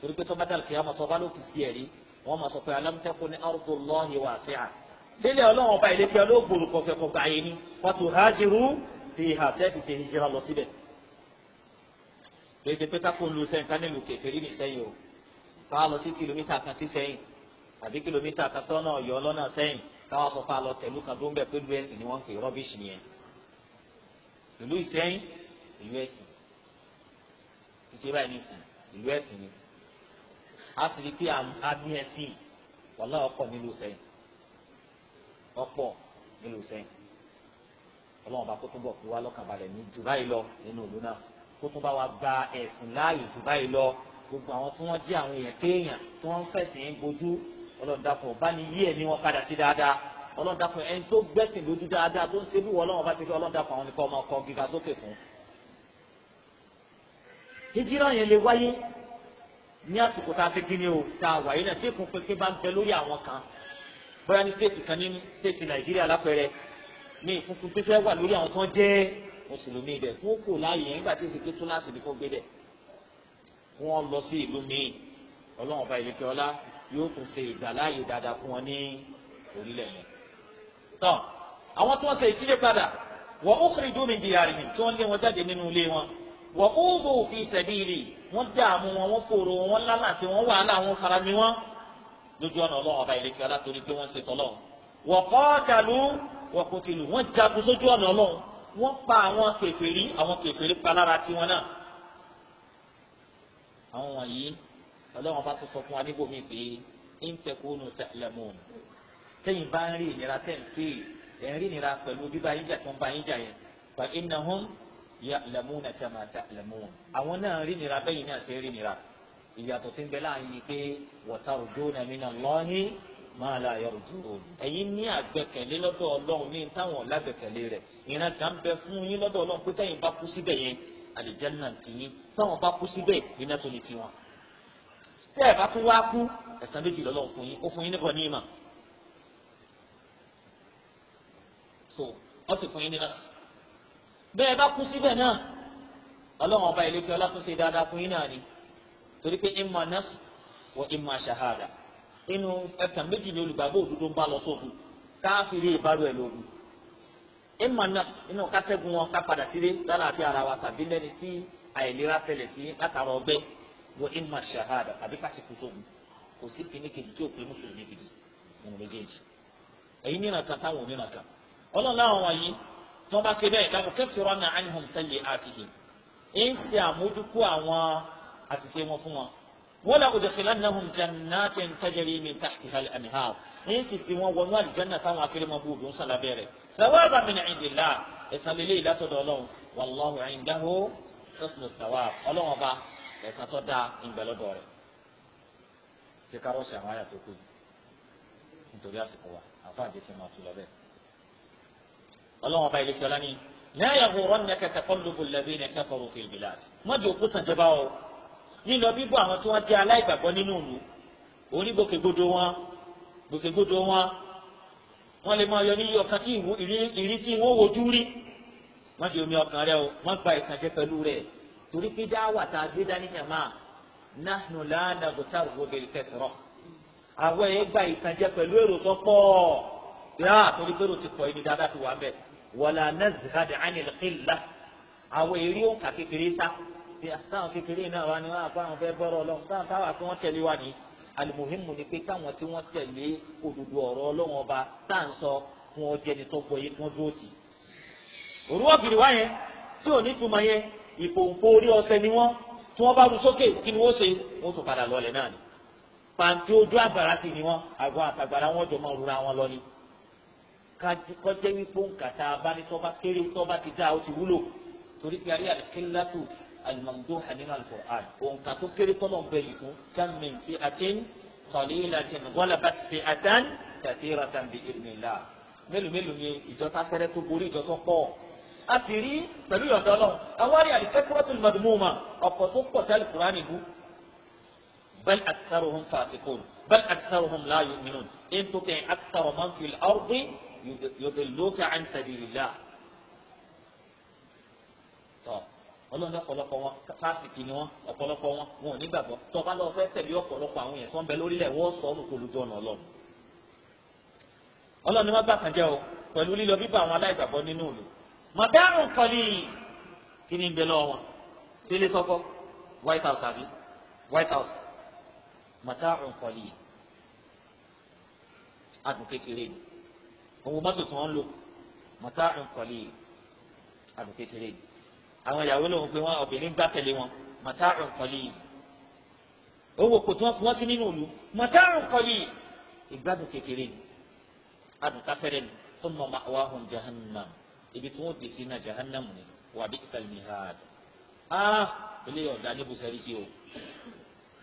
A: torí pé tọ́ba dàlùkì àmọ́ tọ́ba ló fi sí ẹ̀rí wọ́n máa sọ pé alámùtẹ́kùn ní ardullahi wasi'a sílẹ̀ ọlọ́run ọba ìlẹ́kẹ́ olóògbòrò kọfẹ́ kọgbà yẹn ni wàtò hajiru fi hà tẹ́ẹ̀tì ṣe hijira lọ síbẹ̀. lóye ṣe pé káko lu sẹ́ńtá nílùú kẹfẹ́rí ní sẹ́yìn o káwa lọ sí kìlómítà kan sí sẹ́yìn àbí kìlómítà kan sọ́nà ọ̀yọ́ lọ́nà sẹ́yìn káwa sọ fún alọ tẹ̀lú kan tó ń bẹ̀ pé lu ni wọ́n ń pè rọ́bìṣì nìyẹn. ìlú ìsẹ́yìn ìlú ẹ̀sìn a sì rí pé àmì ẹ̀sìn wàhálà ọ̀pọ̀ nílùú sẹ́yìn ọ̀pọ̀ nílùú sẹ́yìn ọlọ́run bá kó túbọ̀ fi wá lọ́kànbalẹ̀ ní jù báyìí lọ nínú ìlú náà kó tún bá wa gba ẹ̀sìn láàyè jù báyìí lọ gbogbo àwọn tí wọ́n jí àwọn èèyàn kéèyàn tí wọ́n ń fẹ̀sìn bojú ọlọ́run dákun ọba ni yí ẹ̀mí wọn padà sí dáadáa ọlọ́run ẹni tó gbẹ́sìn lójú dáadáa tó ń ṣe bí wọ́n ọlọ́run bá ṣe fẹ́ ọlọ́run àwọn nìkan ọmọ ọkọ gíga sókè fún. hijira yẹn lè wáyé ní àsìkò tá a ṣe kí ni o tá a wà yìí náà tí kò pé pé bá ń bẹ lórí àwọn kan bóyá ní stéètì kan ní stéètì nàìjíríà lápẹẹrẹ ní ìfúnfún pé fẹ́ wà lórí àwọn tó ń jẹ́ mùsùlùmí ibẹ̀ fún kò láàyè yẹn nígbà tí ìsìnkú tún láti kó gbé dẹ̀ wọ́n lọ sí ìlú míì ọlọ́run ọba ìlẹ́kẹ̀ ọlá yóò tún ṣe ìgbàláàyè dáadáa fún wọn ní orílẹ̀ yẹn. tọ́ àwọn tó ń ṣe ìsílẹ̀ padà wọ́n ó kiri dómi di àrìmì tí wọ́n lé wọn jáde nínú ilé wọn wọ́n ó bò fi sẹ̀bíìlì wọ́n dààmú wọn wọ́n fòrò wọn lálàsì wọn wàhálà wọn farami wọn lójú ọ̀nà ọlọ́run ọba ìlẹ́kẹ́ ọlá torí pé wọ́n ń ṣe tọ́lọ́run wọ́n kọ́ dàlú wọ́n kò tìlù
B: wọ́n jagun sójú ọ̀nà ọlọ́run wọ́n pa àwọn
A: kèfèrí àwọn kèfèrí palára tiwọn náà àwọn wọ̀nyí ọlọ́run ọba tó sọ fún wa níbòmí pé ń tẹkùnù tẹlẹmùn tẹ́yìn bá ń rí ìnira tẹ́ ń pè é ń rí ìnira pẹ̀lú bíbá yín jà tó ń bá yín jà yẹn ya'lamuna kama ta'lamun àwọn náà rí nira bẹ́yìn náà ṣe rí nira ìyàtọ̀ tí ń bẹ láàyè ni pé wa tarjuna minallahi ma la yarjun ẹ̀yin ní àgbẹ̀kẹ̀lé lọ́dọ̀ ọlọ́run ní táwọn lágbẹ̀kẹ̀lé rẹ̀ ìran kan bẹ fún yín lọ́dọ̀ ọlọ́run pé tẹ́yìn bá kú síbẹ̀ yẹn àlìjánná kìíní táwọn bá kú síbẹ̀ iná tó ní tiwọn.
B: tẹ́ ẹ bá kú wá kú
A: ẹ̀san méjì lọ́lọ́run fún yín ó fún yín nípa ní ìmọ̀ so ó sì fún yín ní nọ́ọ̀sì bẹ́ẹ̀ bá kú síbẹ̀ náà ọlọ́run ọba ìlú kí ọlá dáadáa fún yín ni torí pé shahada inú ẹ̀kan méjì ni olùgbàgbọ́ òdodo ń bá lọ sóògùn káfíìrì ìbárò ẹ̀ lóògùn imma nas inú kásẹ́gun wọn ká padà sílé lálàáfíà ara wa tàbí lẹ́ni tí àìlera sí látara shahada tàbí kásìkú sóògùn kò sí tó bá ṣe bẹ́ẹ̀ láwọn kẹfìrọ náà anhum sẹyìn àtìhì ń ṣe àmójúkú àwọn àṣìṣe wọn fún wọn wọn làwọn òdòṣèlú anahum jannati tajari min tahtiha al-anhar ń sì fi wọn wọnú àlìjánná táwọn akérèmọ bú òdò ń sàn lábẹ́ rẹ̀ sàwáàbà min indillah ẹ̀sán lélẹ́yìí látọ̀dọ̀ ọlọ́run wallahu indahu husnul thawab ọlọ́run ọba ẹ̀sán tó dáa ìgbẹ́lódọ̀ rẹ̀ ọlọ́wọ́n ọba ìlẹ́kẹ́ ọlá ní la yaghurrannaka taqallubu alladhina kafaru fil bilad wọ́n di òkú tàǹjọba o nílọ bíbọ̀ àwọn tí wọ́n jẹ́ aláìgbàgbọ́ nínú ìlú onígbòkègbodò wọn gbòkègbodò wọn wọ́n lè máa yọ ní ọkàn tí ìrísí wọn wojú rí wọ́n di omi ọkàn rẹ o wọ́n gba ìtànjẹ pẹ̀lú rẹ̀ torí pé dáwà tá a gbé dání jàmá nahnu la nabtaru bil kathra àwọn wala nazhad anil khillah àwọn èrè òǹkà kékeré sá sáwọn kékeré náà wà ní wọn àpá àwọn fẹ́ bọ́rọ̀ ọlọ́run sáwọn táwọn àti wọn tẹ̀lé wà ní alimuhimu ni pé káwọn tí wọ́n tẹ̀lé òdodo ọ̀rọ̀ ọlọ́run ọba tá à ń sọ fún ọjọ́ ẹni tó gbọ́ yé dúró tì. òru ọ̀gìrì wá yẹn tí ò ní túmọ̀ yẹn ìfòǹfò orí ọsẹ ni wọ́n tí wọ́n bá ru sókè kí ni wọ́n ṣe wọ́n tún padà lọlẹ̀ náà ni pàǹtí ojú àgbàrá sì ni wọ́n àgbọn àtàgbàrá wọn jọ máa rura wọn lọ ni kọjá wípé nkàtà abánitọ́ba kéré tọ́ba ti dá o ti wúlò torí pé àríyá kílátù al-mamduha nínú al-Qur'an ònkà tó kéré tọ́lọ̀ ń bẹ̀yì fún kam min fi'atin qalilatin ghalabat fi'atan kathiratan bi'idhnillah mélòó mélòó ni ìjọta sẹ́rẹ́ tó borí ìjọta pọ̀ a sì rí pẹ̀lú yọ̀dọ̀ lọ awárí al-kathratul madmuma ọ̀pọ̀ tó pọ̀ tẹ́lẹ̀ kúránì bú bal aktharuhum fasiqun bal aktharuhum la yu'minun in tuti' akthara man fil ardi yudilluka an sabilillah tọ́ ọlọ́run ọ̀pọ̀lọpọ̀ wọn fásitì ni wọn ọ̀pọ̀lọpọ̀ wọn wọn ò nígbàgbọ́ tó bá lọ fẹ́ tẹ̀lé ọ̀pọ̀lọpọ̀ àwọn yẹn tó ń bẹ lórílẹ̀ wọ́n sọ ọ́ lùkọ́ lójú ọ̀nà ọlọ́run ọlọ́run ni wọ́n bá kàn jẹ́ o pẹ̀lú lílọ bíbá àwọn aláìgbàgbọ́ nínú ìlú mọ̀dárùn kọ́lí kí ni ń bẹ lọ́wọ́ wọn sílé tọ́kọ́ white house àbí white house mọ̀dárùn kọ́lí adùn kékeré ni owó mọ́tò tí wọ́n ń lò mọ́tà nkọ̀lì àbò kékeré yìí àwọn ìyàwó lòun pé wọn obìnrin gbá tẹ̀lé wọn mọ́tà nkọ̀lì owó kò tí wọ́n fi wọ́n sí nínú òlu mọ́tà nkọ̀lì ìgbádùn kékeré yìí àdùn kásẹ̀rẹ̀ ni fún mọ́mọ́ àwọn ahùn jahannam ibi tí wọ́n dì sí náà jahannam ni wà bí sàlmìhàd ah ilé ọ̀gá níbùsẹ̀rí sí o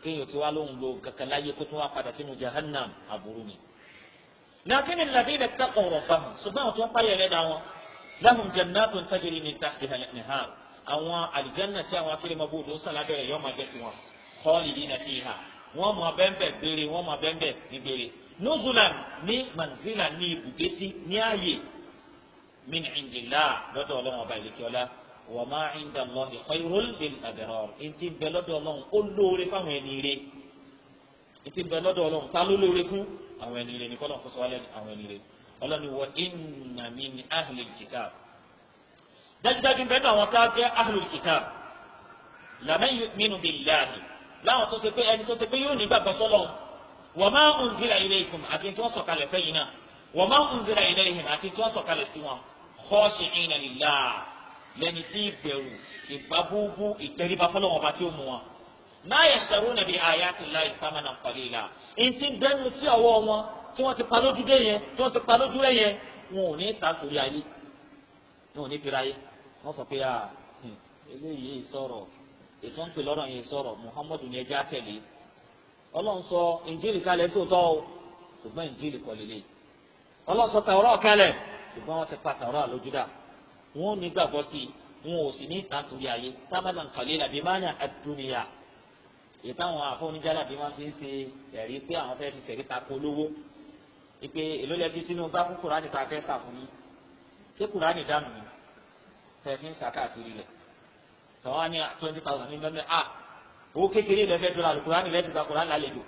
A: kéèyàn tí wàá lóun lo kankan láyé kó tún wá padà sínú jahannam àbúrú ni. لكن الذين اتقوا ربهم سبحانه وتعالى يدعوا لهم جنات تجري من تحتها الانهار àwọn àlìjánà tí àwọn akéré mọ́bù tó sàn lábẹ́rẹ̀ yọ́ máa jẹ́ sí wọn khalidina fiha wọ́n máa bẹ́ńbẹ̀ béèrè wọ́n máa bẹ́ńbẹ̀ ní béèrè nuzulan ní manzila ní ibùdó sí ní ààyè min indillah lọ́dọ̀ ọlọ́run ọba ìlẹ́kẹ́ ọlá wa ma indallahi khairul lil abrar ètí bẹ́ẹ̀ lọ́dọ̀ ọlọ́run ó lóore fáwọn ẹni rẹ̀ ètí bẹ lọ́dọ̀ ọlọ́run ta ló lóore fún àwọn ẹni rẹ nìkan náà kó sọ wálé àwọn ẹni rẹ ọlọ́ni wọ inna min ahlil kitab dájúdájú bẹ́ẹ̀ náà wọn ká jẹ́ ahlul kitab laman yu'minu billahi láwọn tó ṣe pé ẹni tó ṣe pé yóò ní gbàgbọ́ sọ́lọ́ wa ma unzila ilaykum àti tí wọ́n sọ̀kalẹ̀ fẹ́ yìí náà wa ma unzila ilayhim àti tí wọ́n sọ̀kalẹ̀ sí wọn khashi'ina lillah lẹ́ni tí ìbẹ̀rù ìgbàbúbú ìtẹríba fọlọ́wọ́n ọba tí ó mú wọn. ma yashtaruna bi ayati llahi thamanan qalila ntí bẹ́ẹ̀ni tí ọwọ́ wọn tí wọ́n ti pa lójú palo yẹn tí wọ́n ti pa lójú rẹ̀ yẹn ta torí ayé wọn ò fira ayé wọ́n sọ pé a ah, hmm, eléyìí sọ̀rọ̀ ètò muhammadu ni ẹja tẹ̀lé ọlọ́run sọ ìnjílì kalẹ̀ tó tọ́ o ṣùgbọ́n ìnjílì sọ ti pa ìtàwọn àfọwọ́nijálà bí wọ́n fi ń ṣe ẹ̀rí pé àwọn fẹ́ fi ṣẹ̀rí ta ko lówó ìpè èló lẹ́fi sínú bá fún kùránì tá a fẹ́ sà fún yín ṣé kùránì dànù ni tẹ̀ fi ń ṣàkàkiri rẹ̀ tọ́wọ́ ní twenty thousand ní lọ́nà à ah, owó kékeré lẹ́fẹ́ tó ra kùránì lẹ́tì ta kùránì lálejò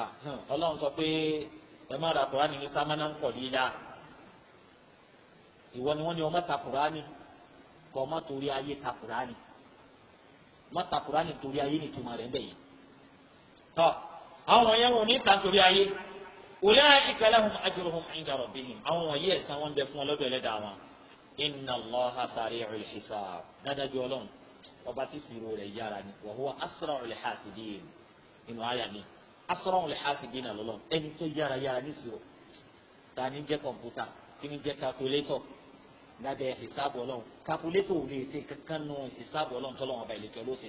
A: ah, ọlọ́run sọ pé ẹ má ra kùránì ní sámánà ń kọ̀ líla ìwọ ni wọ́n ní ọmọ ta kùránì kọ́ ọmọ ta kùránì má ta Kùránì torí ayé ní ìtumọ̀ rẹ̀ bẹ́ẹ̀ yẹn. tọ́ àwọn wọ̀nyẹn wọn ní ta torí ayé ulaika lahum ajruhum inda rabbihim àwọn wọ̀nyí ẹ̀san wọn bẹ fún ọlọ́dọ̀ ẹlẹ́dàá wọn. inna Allaha sari'ul hisab dájú ọlọ́run ọba tí sìrò rẹ̀ yára ni wa huwa asra'ul hasidin inú àyà mi asra'ul hasidin lọ́lọ́ ẹni tó yára yára ní sìrò ta ni calculator lábẹ́ ìsáàbù ọlọ́run kakulétò ò lè ṣe kankan nu ìsáàbù ọlọ́run tó lọ́wọ́ ọba ìlẹ̀kẹ́ ló ṣe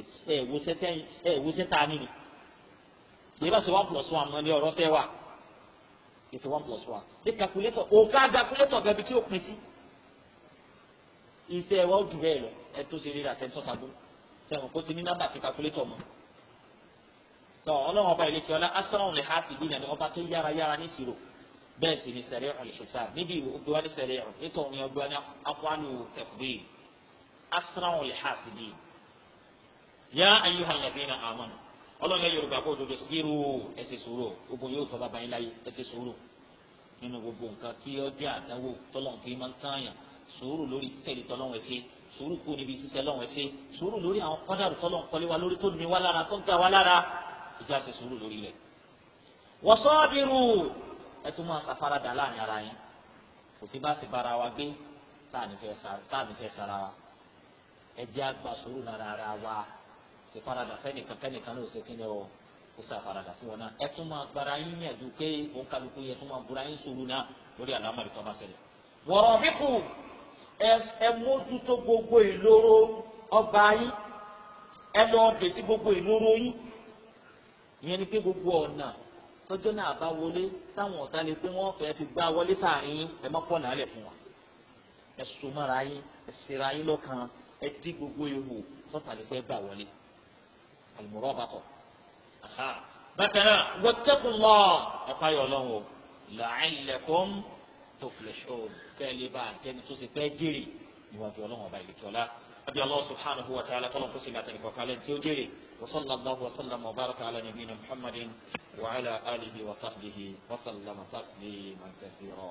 A: ẹ wo sẹ́tà nínú yìí bá ṣe one plus one ní ọ̀rọ̀ sẹ́ wà it's one plus one ṣe kakulétọ̀ òǹkà kakulétọ̀ gẹ̀bi tí ó pin sí iṣẹ́ ẹ̀wọ́ jù bẹ́ẹ̀ lọ ẹ tó ṣe rí ra sẹ́ńtọ́ sago sẹ́wọ̀n kó ti ní nọ́mbà sí kakulétọ̀ mọ́ ọlọ́run ọba ìlẹ̀kẹ́ ọlá asọ́run lè há sí bí ìyànjú ọba tó yára yára ní bẹ́ẹ̀ sì ni sẹ̀rẹ̀ al-hisab níbi ìgbéwá ní sẹ̀rẹ̀ ọ̀ nítorí wọn gbéwá ní afọ́nù tẹ̀fúdì asra'u lihasidi yá ayyuhal ladina amanu ọlọ́run yẹ yorùbá kó dodo síbírù ẹ ṣe sùúrù ogun yóò fọ́ bàbá yín láyé ẹ ṣe sùúrù nínú gbogbo nǹkan tí ó jẹ́ àdánwò tọ́lọ́run fi máa ń tààyàn sùúrù lórí títẹ̀lé tọ́lọ́run ẹ̀ ṣe sùúrù kú níbi ṣiṣẹ́ lọ́wọ́ ẹ̀ ṣe lórí àwọn kọ́dàrú tọ́lọ́run kọ́lé wa lórí tó ní wa lára tó ń ta wa lára ìjà ṣe sùúrù lórí rẹ̀. wasabiru ẹ tún máa ṣàfaradà láàrin ara yín kò sí bá sì bára wa gbé táàmì fẹ́ sara wa ẹ àgbà sùúrù lára ara wa ṣèfaradà fẹ́nìkan fẹ́nìkan ló ṣe kí o kò ṣàfaradà fún wọn náà ẹ tún máa yín yànjú pé òun kálukú yẹ tún máa yín náà lórí
B: gbogbo ọba yín
A: gbogbo yín ni pé tọ́jọ́ náà bá wọlé táwọn ọ̀tá lè pé wọ́n fẹ́ fi gbá wọlé sáàrin yín ẹ má fọ̀nà alẹ̀ fún wa ẹ so mọ́ra yín ẹ sera yín lọ́kàn ẹ dí gbogbo ihò tọ́ta lè fẹ́ gbà wọlé àlùmọ́rọ́ bá tọ̀ bákan náà wọ́tẹ́kùnlọ́ ẹ páyọ̀ ọlọ́run o làálẹ̀kùn tó filẹ̀ ṣọ́ọ̀ kẹ́lẹ́ tó ṣe fẹ́ jèrè níwájú ọlọ́run ọba ìlẹ̀kẹ́ أبي الله سبحانه وتعالى قال قسمة وقال زوجري وصلى الله وسلم وبارك على نبينا محمد وعلى آله وصحبه وسلم تسليما كثيرا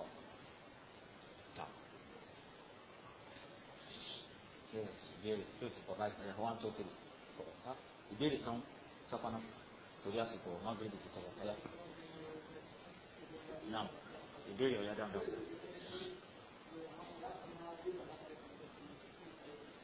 A: ìbéèrè tí ó ti pọ̀ báyìí ẹ̀yà one two three four ha ìbéèrè san sọ́kànnà torí àsìkò má bèrè ti tọ̀rọ̀ fẹ́lá.
B: náà ìbéèrè ọ̀yá dáadáa.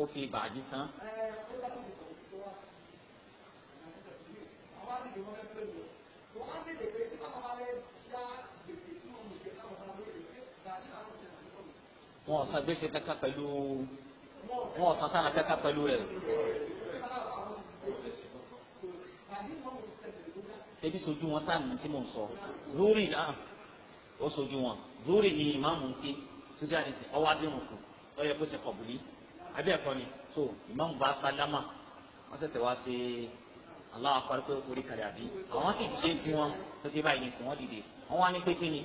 A: ó fi bàájì san. wọn ò san gbèsè kankan pẹ̀lú wọn ò san tánà kankan pẹ̀lú rẹ̀. ebi sojú wọn sáà ní tí mò ń sọ lórí náà ó sojú wọn lórí ni ìmáàmù ń ké sójà ní ọwọ́ adé kù ó yẹ kó ṣe kọ̀bùlí àbí ẹ̀kọ́ ni so ìmáàmù bá sálámà wọ́n ṣẹ̀ṣẹ̀ wá ṣe aláwọ̀ akọ́rẹ́ pé orí kàlẹ́ àbí àwọn sì ṣe tí wọ́n tó ṣe báyìí nìsín wọ́n dìde wọ́n wá ní pé kí ni.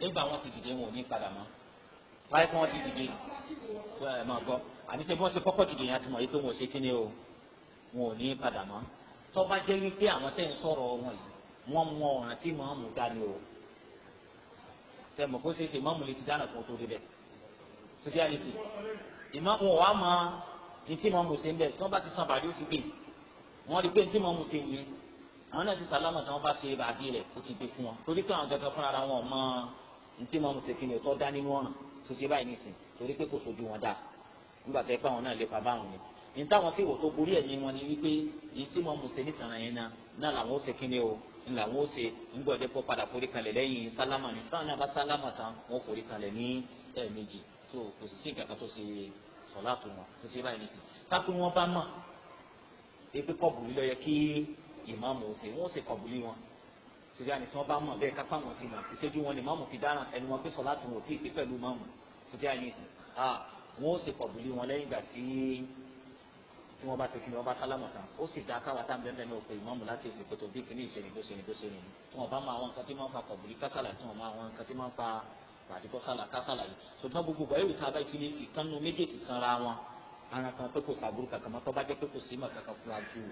A: nígbà wọn ti dìde wọn ò ní padà mọ́ wáyé kí wọ́n ti dìde
B: tó ẹ̀ máa gbọ́
A: àti ṣe bí wọ́n ṣe kọ́kọ́ dìde yẹn àti mọ̀ yìí pé wọn ò ṣe kí o wọn ò ní padà mọ́ tó jẹ́ wípé àwọn tẹ́ ń sọ̀rọ̀ wọn yìí wọ́n mú ọ̀ràn tí màá mú ta ni o sẹ́mu kó ṣeéṣe mọ́mú lè ti dáná fún tó débẹ̀ sọ́jà lè sè ìmọ̀mù wa mọ ntí mọ̀mù ṣe ń bẹ̀ tí wọ́n bá ti san bàdí ó ti gbé wọ́n rí pé ntí mọ̀mù ṣe yìí àwọn náà ṣe sàlámà tí wọ́n bá ṣe bàdí rẹ̀ ó ti gbé fún wọn torí pé àwọn kankan fúnra wọn mọ ntí mọ̀mù ṣe kìnìún tó dá nínú ọ̀ràn tó ṣe báyìí nìsín torí pé kò sojú wọn dá nígbà tó yẹ pé àwọn náà lépa ní ńlá wọn ó ṣe ńgbọ̀dẹ́ kó padà forí kalẹ̀ lẹ́yìn sálámà ni táwọn náà bá sálámà tán wọn forí kalẹ̀ ní ẹ̀ẹ̀mejì tó kò sì sí ìgbàkan tó ṣe sọ̀lá tó wọn tó ṣe báyìí nìsín kápẹ́ wọn bá mọ̀ epe kọ̀bùlì ló yẹ kí ìmáàmù ó ṣe wọn ó ṣe kọ̀bùlì wọn ṣùgbọ́n àní tí wọ́n bá mọ̀ bẹ́ẹ̀ kápá wọn ti mọ̀ ìṣẹ́jú wọn ni máàmù fi dáràn ẹnu wọn pé sọ̀lá tó wọn ò tí ì pé pẹ̀lú máàmù tó jẹ́ ìsìn wọn ó ṣe kọ̀bùlì wọn lẹ́yìn ìgbà tí tí wọ́n bá ṣe kí ni wọ́n bá sálámù tán ó sì dá káwa tá à ń bẹ́ẹ̀ bẹ́ẹ̀ ní òpè ìmọ̀ọ́mù lákèsí pé tó bí kíní ìṣẹ̀lẹ̀ bó ṣe ni bó ṣe ni tí wọ́n bá mọ àwọn nǹkan tí máa ń fa kọ̀bùrí kásàlà tí wọ́n mọ àwọn nǹkan tí máa ń fa pàdíkọ́ sálà kásàlà yìí ṣùgbọ́n gbogbo bọ̀ èrò tá a bá ti ní ìkànnù méjèèjì sanra wọn ara kan pé kò sàbúrú kankan mọ́tọ́ bá jẹ́ pé kò sí kankan fún wa ju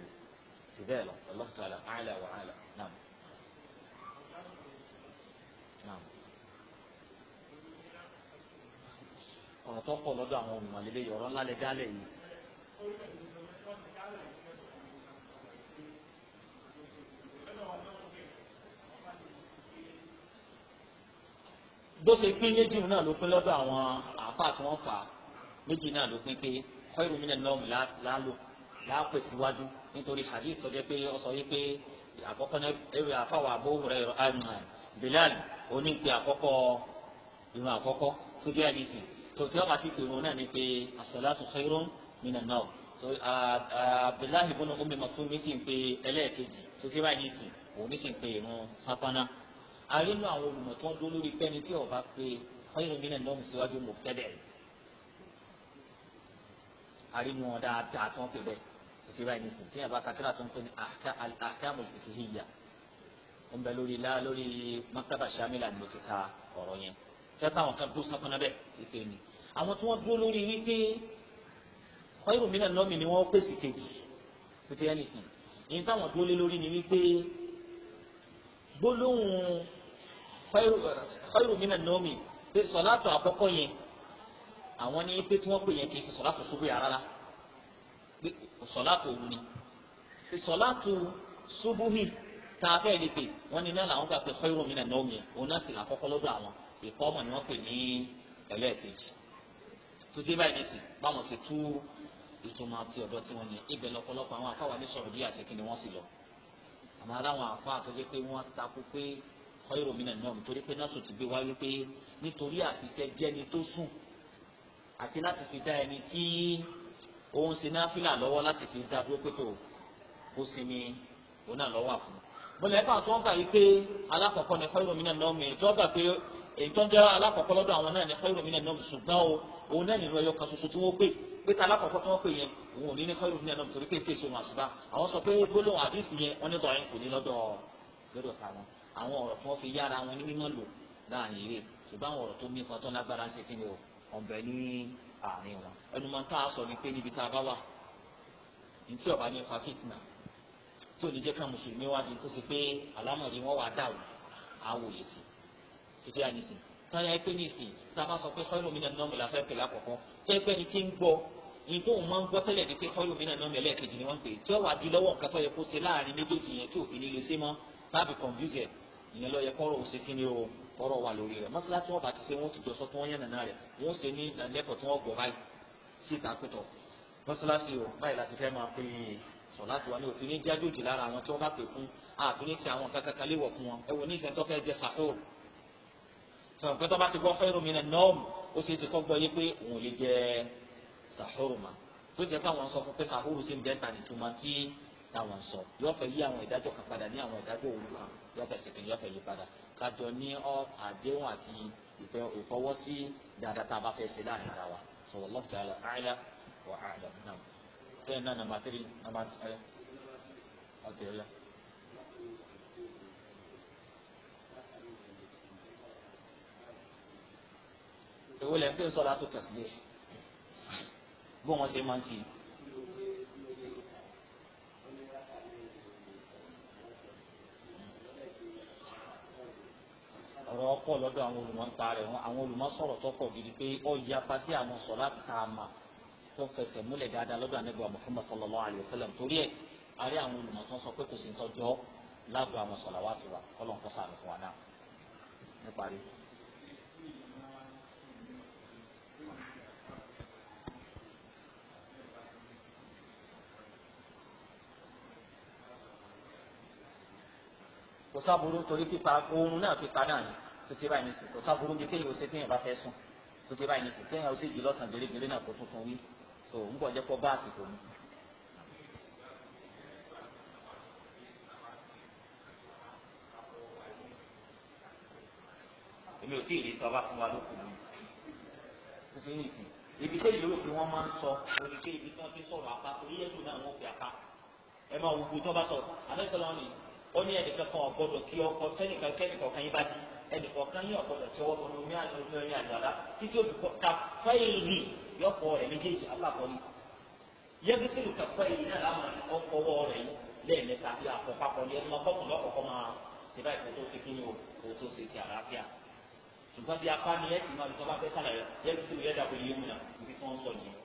A: ọ̀rọ̀ tó pọ̀ lọ́dọ̀ àwọn olùmọ̀lélẹ́yìn ọ̀rọ̀ ńlá lẹ dálẹ̀
B: bó ṣe pín méjì
A: náà ló pín lọ́dọ̀ àwọn àáfàá tí wọ́n fà á méjì náà ló pín pé khairu minan nawm lálò láàpè síwájú nítorí hadith sọ jẹ́ pé ó sọ wípé àkọ́kọ́ náà ẹ̀rọ àfàwọ̀ Abu Hurairah um, Bilal onípe àkọ́kọ́ ìrun àkọ́kọ́ tó jẹ́ àdìsí tó tí wọ́n máa ti pèrò náà ni pé as-salatu khairu minan nawm so uh, uh, Abdullahi ibn Ummi Maktum mi sì ń pe ẹlẹ́ẹ̀kejì tó ti báyìí ní ìsìn òun mi sì ń pe ìrun sápánà àrínú àwọn olùmọ̀ tó ń dúró lórí pẹ́ni tí ọba pé ọyọ́rọ̀ mi náà lọ́mù síwájú mọ̀ tẹ́lẹ̀ rẹ̀ àrínú wọn dáadáa tó ń pè bẹ́ẹ̀ títí báyìí nìsín tí àbá katira tó ń pè ní àkàmù ìfìkìhìyà ń bẹ lórí lá lórí maktaba shamila ni mo ti ka ọ̀rọ̀ yẹn sẹ́pà àwọn kan dúró sápọ́nà bẹ́ẹ̀ ìpè ní àwọn tí wọ́n dúró lórí wípé ọyọ́rọ̀ mi náà lọ́mù ni wọ́n pèsè kejì títí ẹ̀ nìsín ìyẹn táwọn dúró lórí ni wípé gbólóhùn khairu minan nomi pé sọ̀látọ̀ àkọ́kọ́ yẹn àwọn ní pé tí wọ́n pè yẹn kì í ṣe sọ̀látọ̀ ṣubú yàrá rárá pé sọ̀látọ̀ òru ni pé sọ̀látọ̀ ṣubú hì tá a fẹ́ẹ́ lè pè wọ́n ní náà làwọn gbà pé khairu minan nomi yẹn òun náà sì làkọ́kọ́ lọ́dọ̀ àwọn ìkọ́ ọmọ ni wọ́n pè ní ẹlẹ́ẹ̀kejì tó dé báyìí nísì báwọn ṣe tú ìtumọ̀ àti ọ̀dọ́ tí wọ́n yẹn ibẹ̀ lọ́pọ̀lọpọ̀ àwọn àfáwà ní sọ̀rọ̀ díẹ̀ àṣekí ni wọ́n sì lọ àmọ́ aláwọn àfáà tó jẹ́ pé wọ́n takú pé khairu minan nawm torí pé násù ti gbé wáyé pé nítorí àti tẹ jẹni tó sùn àti láti fi dá ẹni tí òun ṣe náfìlà lọ́wọ́ láti fi dá dúró pé tó kó sinmi òun náà lọ́wọ́ àfún bọ́lá ẹ̀ka tó ń gbà yìí pé alákọ̀ọ́kọ́ ni khairu minan nawm tó gbà pé èyí alákọ̀ọ́kọ́ lọ́dọ̀ àwọn náà ni khairu minan nawm ṣùgbọ́n o òun náà nìlú ẹyọ kan ṣoṣo tí wọ́n pè pé ta alákọ̀ọ́kọ́ tí wọ́n pè yẹn òun ò ní ní khairu minan nawm torí pé ètò ìṣòwò àṣùbá àwọn sọ pé gbólóhùn àdìsí yẹn wọ́n ní dọ̀ọ́yìn kò ní lọ́dọ̀ lọ́dọ̀ tàwọn àwọn ọ̀rọ̀ kan fi yára wọn ní mímọ́ lò láàrin eré ṣùgbọ́n àwọn ọ̀rọ̀ tó mí kan tó lágbára ṣe kí ni o ọ̀bẹ ní àárín wọn ẹnu máa ń tá a sọ ni pé níbi tá a bá wà ntí ọba ní fa fitna tí ò ní jẹ́ ká mùsùlùmí wá di tó ṣe pé àlámọ̀rí wọn wà dáwò àwòyè sí títí àníṣin tọ́lá ẹ pé níṣìn tá a bá sọ pé fọ́ọ̀lù náà nọ́ọ̀mù la fẹ́ pè lákọ̀ọ́kọ́ tẹ́ pẹ́ ni tí ń gbọ́ ní tó máa ń gbọ́ tẹ́lẹ̀ ni pé fọ́ọ̀lù náà nọ́ọ̀mù ẹlẹ́ẹ̀kejì ni wọ́n pè tí ó wà di lọ́wọ́ nǹkan tó yẹ kó ṣe láàrin méjèèjì yẹn tí òfin ní lè ṣe mọ́ tàbí confuse ìyẹn lọ yẹ kọ́rọ̀ òsè kí ni o kọ́rọ̀ wà lórí rẹ̀ mọ́sálásí wọn bá ti ṣe wọn ti jọsọ tí wọ́n yẹn nàná rẹ̀ wọ́n ṣe ní eh, lẹ́kọ̀ọ́ tí wọ́n gbọ̀ báyìí sí ìta pẹ̀tọ̀ mọ́sálásí o báyìí láti fẹ́ máa pè é sọ̀láàtì wa ni òfin ní jájòjì lára àwọn tí wọ́n bá pè fún àfin ní ti àwọn kankan kan léwọ̀ fún wọn ẹ wò ní ìṣẹ́ tó fẹ́ jẹ sàfẹ́ò sọ̀rọ̀ pé tó bá ti gbọ́ fẹ́rù mi náà nọ́ọ̀mù ó ṣeé ṣe kọ́ gbọ́ yé pé òun táwọn sọ yóò fẹ́ yí àwọn ìdájọ́ kan padà ní àwọn ìdájọ́ òru kan yóò fẹ́ sèkìn yóò fẹ́ yí padà kájọ ní ọ àdéhùn àti ìfọwọ́sí dáadáa tá a bá fẹ́ ṣe láàrin ara wa sọlọ lọ́ọ̀tì àlọ àyà wà àlọ náà bẹ́ẹ̀ náà nàmbà tírì nàmbà ẹ ọ̀tẹ̀ ọ̀yà. èwo lẹ́yìn pé sọ́lá tó tẹ̀sílẹ̀ bó wọ́n ṣe máa ń kí ọ̀rọ̀ ọkọ̀ lọ́dọ̀ àwọn olùmọ̀ǹpa rẹ̀ wọn àwọn olùmọ̀sọ̀rọ̀ tọkọ̀ gidi pé ó yapa sí àwọn sọ̀lá tààmà tó fẹsẹ̀ múlẹ̀ dáadáa lọ́dọ̀ ànábì wa Muhammad sallallahu alayhi wa sallam torí ẹ̀ àrí àwọn olùmọ̀tán sọ pé kò sí ntọ́jọ́ lágbo àwọn sọ̀lá wa ti wà kọ́lọ́n kọ́ sàmì fún wa náà ní parí. kò sábúrú torí pípa oorun náà pípa náà ni tó ti báyìí nìsín kò sábúrú bí kéèyàn ó ṣe téèyàn bá fẹ́ sùn tó ti báyìí nìsín kéèyàn ó sì jí lọ́sàn-án gèrègèrè náà kó tuntun wí tó ń bọ̀ jẹ́ pọ́ bá àsìkò
B: mi. èmi ò tí ì rí sọ́ba fún wa lókun mi
A: tó ti nìsín ibi tẹ́lẹ̀ lórí pé wọ́n máa ń sọ orí pé ibi tí wọ́n ti sọ̀rọ̀ apá torí ẹ̀dùn náà wọ́n fi apá ẹ máa wù kú tó bá sọ̀rọ̀ àlẹ́ sọ̀rọ̀ ni ó ní ẹnìkan kan ọ̀gbọ́dọ̀ kí ọkọ tẹ́nìkan kẹ́nìkan kan yín bá jí ẹnì kọ̀ọ̀kan yóò gbọdọ̀ tọwọ́ fọnù ní àlùmí àlùmọ́lá títí olùkọ́ kàfẹ́ ìrì yọkọ̀ rẹ̀ méjèèjì alákọ̀ọ́ ni yẹ́bísìlù kàfẹ́ ìrì náà láwọn ọkọ̀wọ́ rẹ̀ yìí lẹ́ẹ̀mẹ́ta bí àkọ́pàkọ́ ni ẹni ọkọ̀kùn lọ́kọ̀ọ́kọ́ máa ṣe báyìí kó tó ṣe kí ni o kó tó ṣe ti àlàáfíà ṣùgbọ́n bí apá ni ẹ sì máa lọ sọ́ba fẹ́ sálẹ̀ yẹ́bísìlù yẹ́dà kò yé mu nà ibi tí wọ́n sọ nìyẹn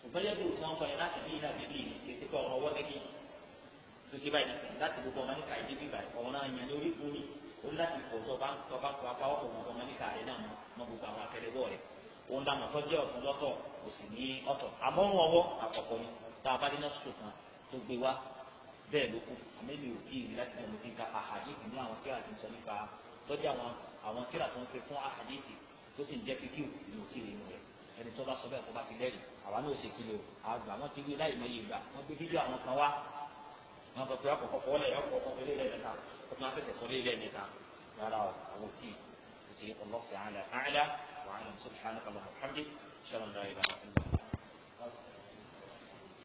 A: ṣùgbọ́n yẹ́bísìlù tí wọ́n kọ́ yẹn láti bí iná bíbí yìí kì í ṣe pé ọ̀rọ̀ ọwọ́ gẹ́gẹ́ tó ṣe báyìí láti gbogbo ọmọ níka ìdí bíbá ọ̀rọ̀ náà yẹn lórí o ní láti fò tó bá tó bá tó apá ọkọ̀ gbogbo mẹ́ríkà rẹ̀ náà mọ gbogbo àwọn akẹlẹ́wọ̀ rẹ̀ o ní àmọ̀ tọ́jú ọ̀tún lọ́tọ̀ kò sì ní ọ̀tọ̀ àmọ́ ń ọwọ́ àkọ́kọ́ ni tá a bá dé náà sọ̀kan tó gbé wá bẹ́ẹ̀ ló kù àmẹ́lì ò tí ì rí láti tẹ̀lé ti ka àhàdìsì ní àwọn tíra ti sọ nípa tọ́jú àwọn àwọn tíra tó ń ṣe fún àhàdìsì tó sì ń jẹ́ kíkíw ò tí ì rí inú rẹ̀ ẹni tó bá sọ bẹ́ẹ̀ kó bá ti lẹ́rìí àwa náà ò 那都不要搞活了，要搞活累累的他，不拿这些活累累的他，那老无忌，无忌，Allah سبحانك اللهم وبحمدك أشهد أن لا إله إلا أنت